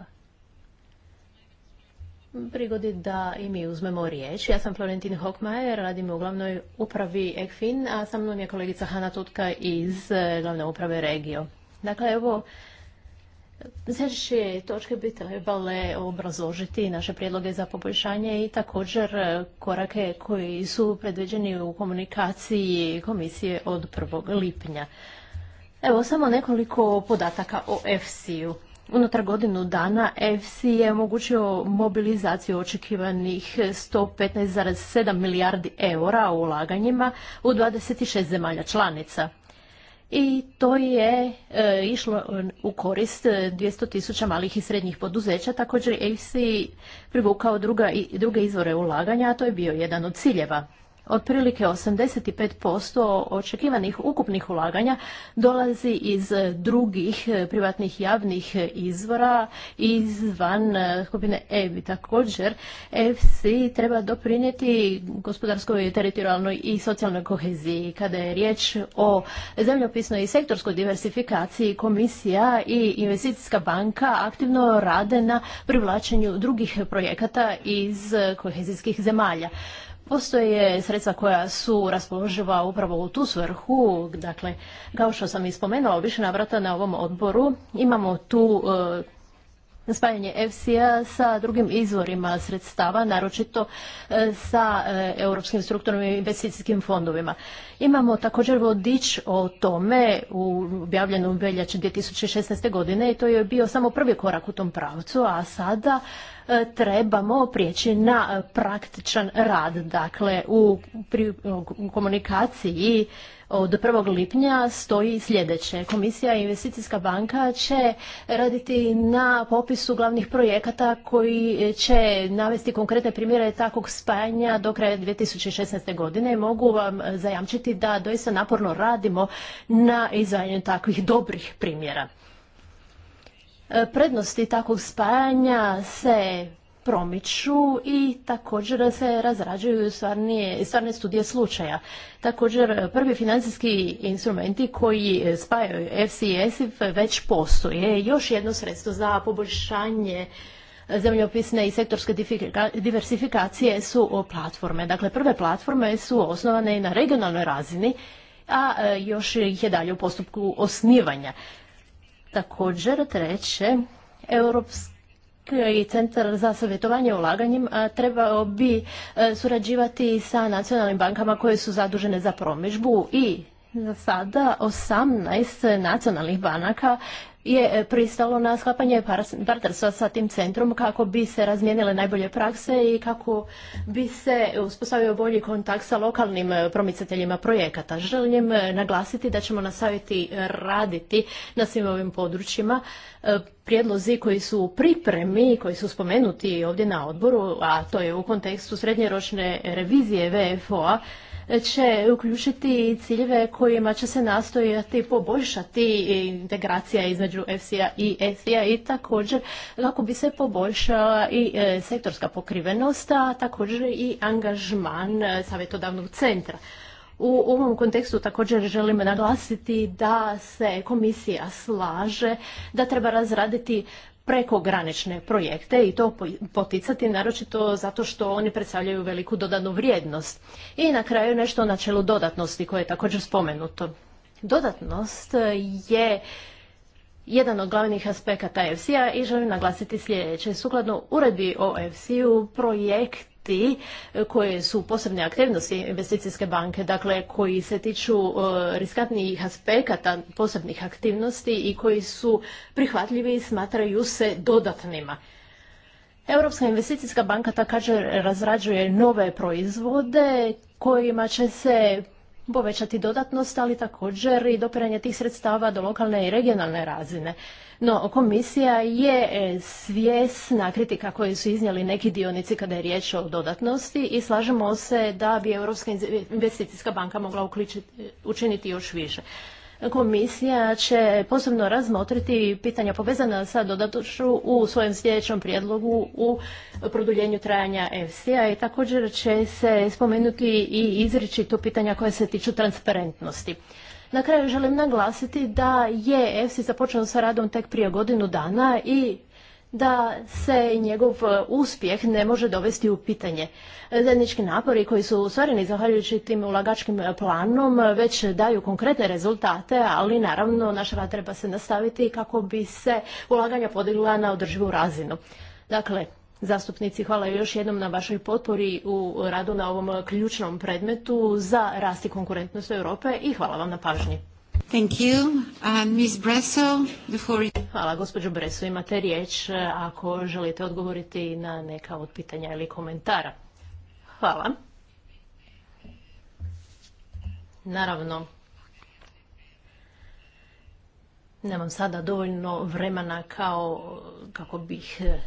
prigodi da i mi uzmemo riječ. Ja sam Florentin Hockmajer, radim u glavnoj upravi ECFIN, a sa mnom je kolegica Hanna Tutka iz e, glavne uprave Regio. Dakle, evo, Sljedeće točke bi trebale obrazložiti naše prijedloge za poboljšanje i također e, korake koji su predviđeni u komunikaciji komisije od 1. lipnja. Evo samo nekoliko podataka o EFSI-u. Unutar godinu dana EFSI je omogućio mobilizaciju očekivanih 115,7 milijardi eura u ulaganjima u 26 zemalja članica. I to je e, išlo u korist 200 tisuća malih i srednjih poduzeća. Također EFSI privukao druga, druge izvore ulaganja, a to je bio jedan od ciljeva otprilike 85% očekivanih ukupnih ulaganja dolazi iz drugih eh, privatnih javnih eh, izvora izvan eh, skupine EBI. Također, EFSI treba doprinijeti gospodarskoj, teritorijalnoj i socijalnoj koheziji. Kada je riječ o zemljopisnoj i sektorskoj diversifikaciji, komisija i investicijska banka aktivno rade na privlačenju drugih projekata iz kohezijskih zemalja. Postoje sredstva koja su raspoloživa upravo u tu svrhu, dakle, kao što sam i spomenula više navrata na ovom odboru, imamo tu e, spajanje FCA sa drugim izvorima sredstava, naročito e, sa e, Europskim strukturnim i investicijskim fondovima. Imamo također vodič o tome u objavljenom veljači 2016. godine i to je bio samo prvi korak u tom pravcu, a sada e, trebamo prijeći na praktičan rad. Dakle, u, u komunikaciji od 1. lipnja stoji sljedeće. Komisija i Investicijska banka će raditi na popisu glavnih projekata koji će navesti konkretne primjere takvog spajanja do kraja 2016. godine i mogu vam zajamčiti da doista naporno radimo na izvajanju takvih dobrih primjera. Prednosti takvog spajanja se promiču i također se razrađuju stvarnije, stvarne studije slučaja. Također prvi financijski instrumenti koji spajaju FCS već postoje. Još jedno sredstvo za poboljšanje zemljopisne i sektorske diversifikacije su platforme. Dakle, prve platforme su osnovane na regionalnoj razini, a e, još ih je dalje u postupku osnivanja. Također, treće, europske i Centar za savjetovanje ulaganjem trebao bi e, surađivati sa nacionalnim bankama koje su zadužene za promižbu i za sada 18 nacionalnih banaka je e, pristalo na sklapanje partnerstva sa tim centrom kako bi se razmijenile najbolje prakse i kako bi se uspostavio bolji kontakt sa lokalnim e, promicateljima projekata. Želim e, naglasiti da ćemo nastaviti raditi na svim ovim područjima. Prijedlozi koji su u pripremi, koji su spomenuti ovdje na odboru, a to je u kontekstu srednjeročne revizije VFO-a, će uključiti ciljeve kojima će se nastojati poboljšati integracija između FCA i FCA i također kako bi se poboljšala i e, sektorska pokrivenost, a također i angažman e, savjetodavnog centra. U ovom kontekstu također želim naglasiti da se komisija slaže da treba razraditi prekogranične projekte i to poticati, naročito zato što oni predstavljaju veliku dodanu vrijednost. I na kraju nešto o načelu dodatnosti koje je također spomenuto. Dodatnost je jedan od glavnih aspekata EFSI-a i želim naglasiti sljedeće. Sukladno uredbi o EFSI-u projekt i e, koje su posebne aktivnosti investicijske banke, dakle koji se tiču e, riskantnijih aspekata posebnih aktivnosti i koji su prihvatljivi i smatraju se dodatnima. Europska investicijska banka također razrađuje nove proizvode kojima će se povećati dodatnost, ali također i dopiranje tih sredstava do lokalne i regionalne razine. No, komisija je e, svjesna kritika koju su iznijeli neki dionici kada je riječ o dodatnosti i slažemo se da bi Europska investicijska banka mogla učiniti još više. Komisija će posebno razmotriti pitanja povezana sa dodatošću u svojem sljedećem prijedlogu u produljenju trajanja EFSI-a i također će se spomenuti i izričito pitanja koja se tiču transparentnosti. Na kraju želim naglasiti da je EFSI započeo sa radom tek prije godinu dana i da se njegov e, uspjeh ne može dovesti u pitanje. Zajednički napori koji su ostvareni zahvaljujući tim ulagačkim planom već daju konkretne rezultate, ali naravno naš rad treba se nastaviti kako bi se ulaganja podigla na održivu razinu. Dakle, zastupnici, hvala još jednom na vašoj potpori u radu na ovom ključnom predmetu za rast i konkurentnost Europe i hvala vam na pažnji. Hvala, gospođo Bresso, Imate riječ e, ako želite odgovoriti na neka od pitanja ili komentara. Hvala. Naravno, nemam sada dovoljno vremena kao kako bih e,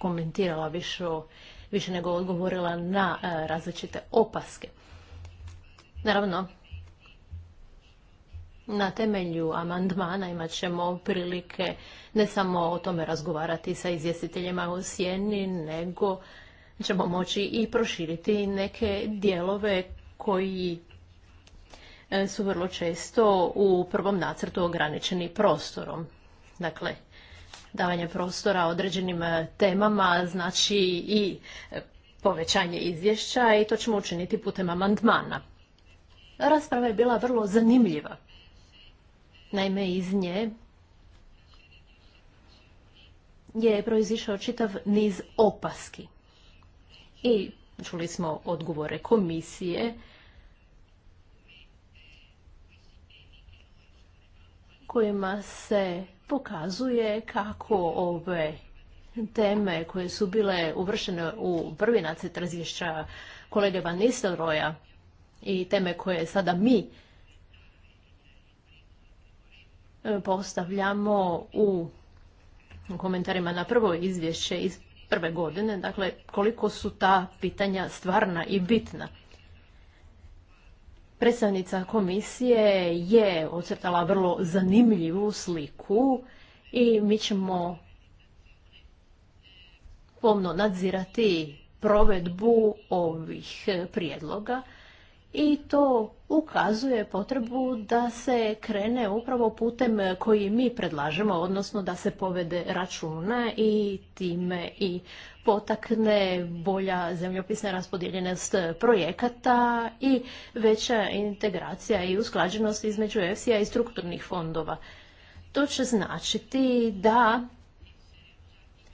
komentirala više, više nego odgovorila na e, različite opaske. Naravno, na temelju amandmana imat ćemo prilike ne samo o tome razgovarati sa izvjestiteljima u sjeni, nego ćemo moći i proširiti neke dijelove koji e, su vrlo često u prvom nacrtu ograničeni prostorom. Dakle, davanje prostora određenim e, temama znači i e, povećanje izvješća i to ćemo učiniti putem amandmana. Rasprava je bila vrlo zanimljiva. Naime, iz nje je proizišao čitav niz opaski. I čuli smo odgovore komisije kojima se pokazuje kako ove teme koje su bile uvršene u prvi nacrt razvješća kolege Van Nistelroja i teme koje sada mi e, postavljamo u komentarima na prvo izvješće iz prve godine, dakle koliko su ta pitanja stvarna i bitna. Predstavnica komisije je ocrtala vrlo zanimljivu sliku i mi ćemo pomno nadzirati provedbu ovih prijedloga i to ukazuje potrebu da se krene upravo putem koji mi predlažemo, odnosno da se povede računa i time i potakne bolja zemljopisna raspodijeljenost projekata i veća integracija i usklađenost između EFSI-a i strukturnih fondova. To će značiti da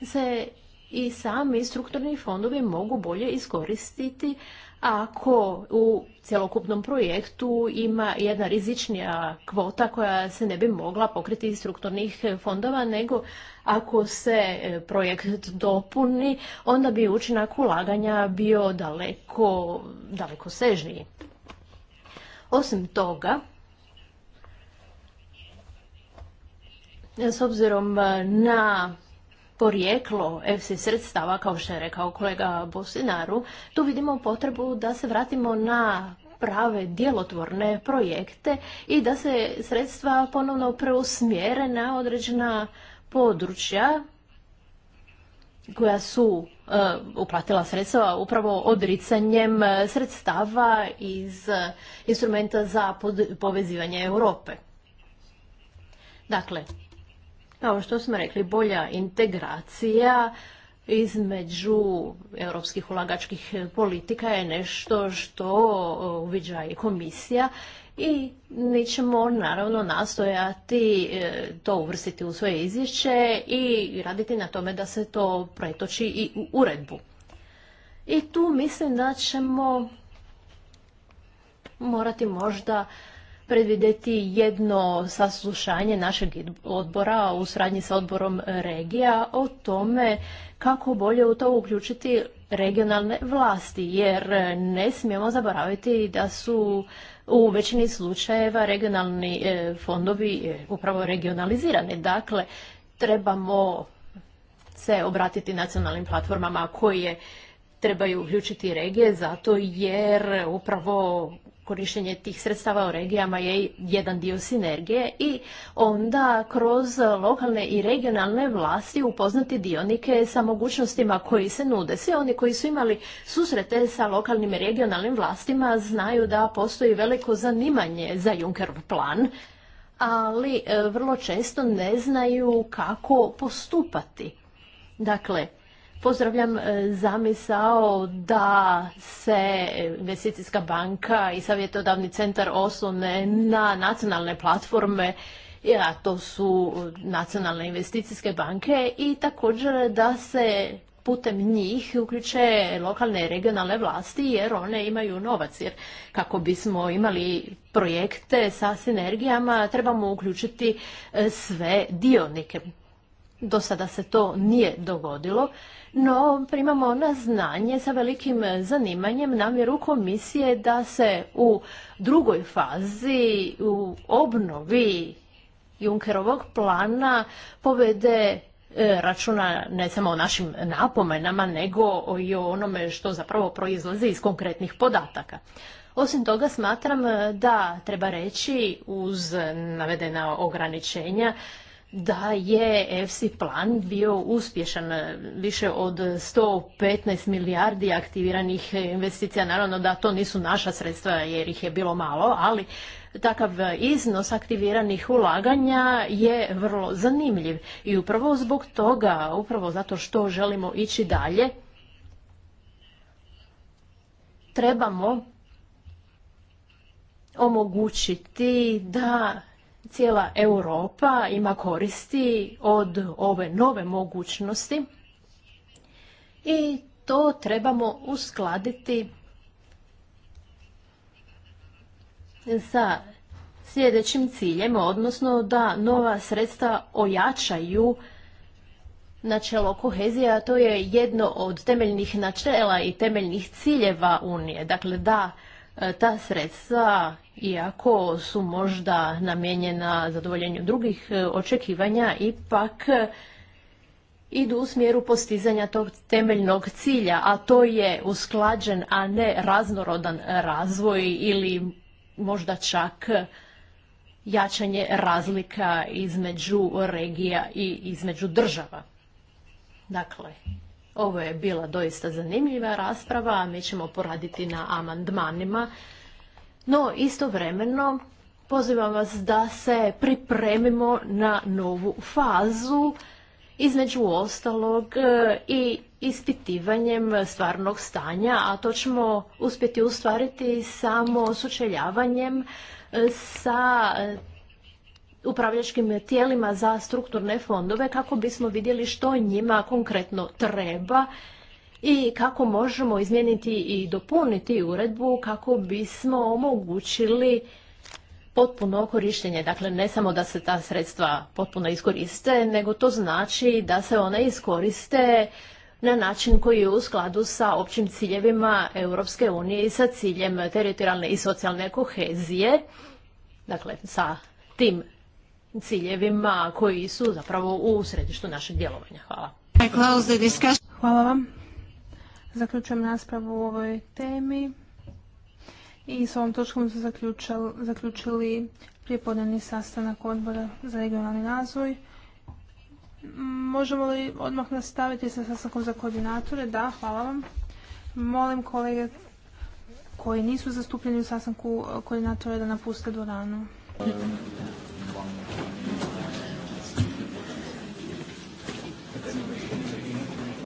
se i sami strukturni fondovi mogu bolje iskoristiti, ako u cjelokupnom projektu ima jedna rizičnija kvota koja se ne bi mogla pokriti iz strukturnih fondova, nego ako se e, projekt dopuni, onda bi učinak ulaganja bio daleko, daleko sežniji. Osim toga, s obzirom na porijeklo EFSI sredstava, kao što je rekao kolega Bosinaru, tu vidimo potrebu da se vratimo na prave djelotvorne projekte i da se sredstva ponovno preusmjere na određena područja koja su e, uplatila sredstva upravo odricanjem e, sredstava iz e, instrumenta za povezivanje Europe. Dakle, kao što smo rekli, bolja integracija između europskih ulagačkih politika je nešto što uviđa i komisija i mi ćemo naravno nastojati e, to uvrstiti u svoje izvješće i raditi na tome da se to pretoči i u uredbu. I tu mislim da ćemo morati možda predvidjeti jedno saslušanje našeg odbora u sradnji sa odborom regija o tome kako bolje u to uključiti regionalne vlasti, jer ne smijemo zaboraviti da su u većini slučajeva regionalni e, fondovi e, upravo regionalizirani. Dakle, trebamo se obratiti nacionalnim platformama koje trebaju uključiti regije zato jer upravo korištenje tih sredstava u regijama je jedan dio sinergije i onda kroz lokalne i regionalne vlasti upoznati dionike sa mogućnostima koji se nude. Svi oni koji su imali susrete sa lokalnim i regionalnim vlastima znaju da postoji veliko zanimanje za Juncker plan, ali e, vrlo često ne znaju kako postupati. Dakle, Pozdravljam e, zamisao da se investicijska banka i savjetodavni centar oslone na nacionalne platforme a to su nacionalne investicijske banke i također da se putem njih uključe lokalne i regionalne vlasti jer one imaju novac. Jer kako bismo imali projekte sa sinergijama trebamo uključiti e, sve dionike. Do sada se to nije dogodilo, no primamo na znanje sa velikim zanimanjem namjeru komisije da se u drugoj fazi u obnovi Junkerovog plana povede e, računa ne samo o našim napomenama, nego i o onome što zapravo proizlazi iz konkretnih podataka. Osim toga smatram da treba reći uz navedena ograničenja da je EFSI plan bio uspješan. E, više od 115 milijardi aktiviranih investicija. Naravno da to nisu naša sredstva jer ih je bilo malo, ali takav iznos aktiviranih ulaganja je vrlo zanimljiv. I upravo zbog toga, upravo zato što želimo ići dalje, trebamo omogućiti da cijela Europa ima koristi od ove nove mogućnosti i to trebamo uskladiti sa sljedećim ciljem, odnosno da nova sredstva ojačaju načelo kohezija, to je jedno od temeljnih načela i temeljnih ciljeva Unije. Dakle, da e, ta sredstva iako su možda namijenjena zadovoljenju drugih e, očekivanja, ipak e, idu u smjeru postizanja tog temeljnog cilja, a to je usklađen, a ne raznorodan razvoj ili možda čak jačanje razlika između regija i između država. Dakle, ovo je bila doista zanimljiva rasprava, a mi ćemo poraditi na amandmanima no, istovremeno pozivam vas da se pripremimo na novu fazu, između ostalog e, i ispitivanjem stvarnog stanja, a to ćemo uspjeti ustvariti samo sučeljavanjem e, sa e, upravljačkim tijelima za strukturne fondove kako bismo vidjeli što njima konkretno treba i kako možemo izmijeniti i dopuniti uredbu kako bismo omogućili potpuno korištenje. Dakle, ne samo da se ta sredstva potpuno iskoriste, nego to znači da se one iskoriste na način koji je u skladu sa općim ciljevima Europske unije i sa ciljem teritorijalne i socijalne kohezije, dakle sa tim ciljevima koji su zapravo u središtu našeg djelovanja. Hvala. Hvala vam. Zaključujem raspravu o ovoj temi i s ovom točkom su zaključili prijepodnevni sastanak odbora za regionalni razvoj. Možemo li odmah nastaviti sa sastankom za koordinatore? Da, hvala vam. Molim kolege koji nisu zastupljeni u sastanku eh, koordinatora da napuste dvoranu.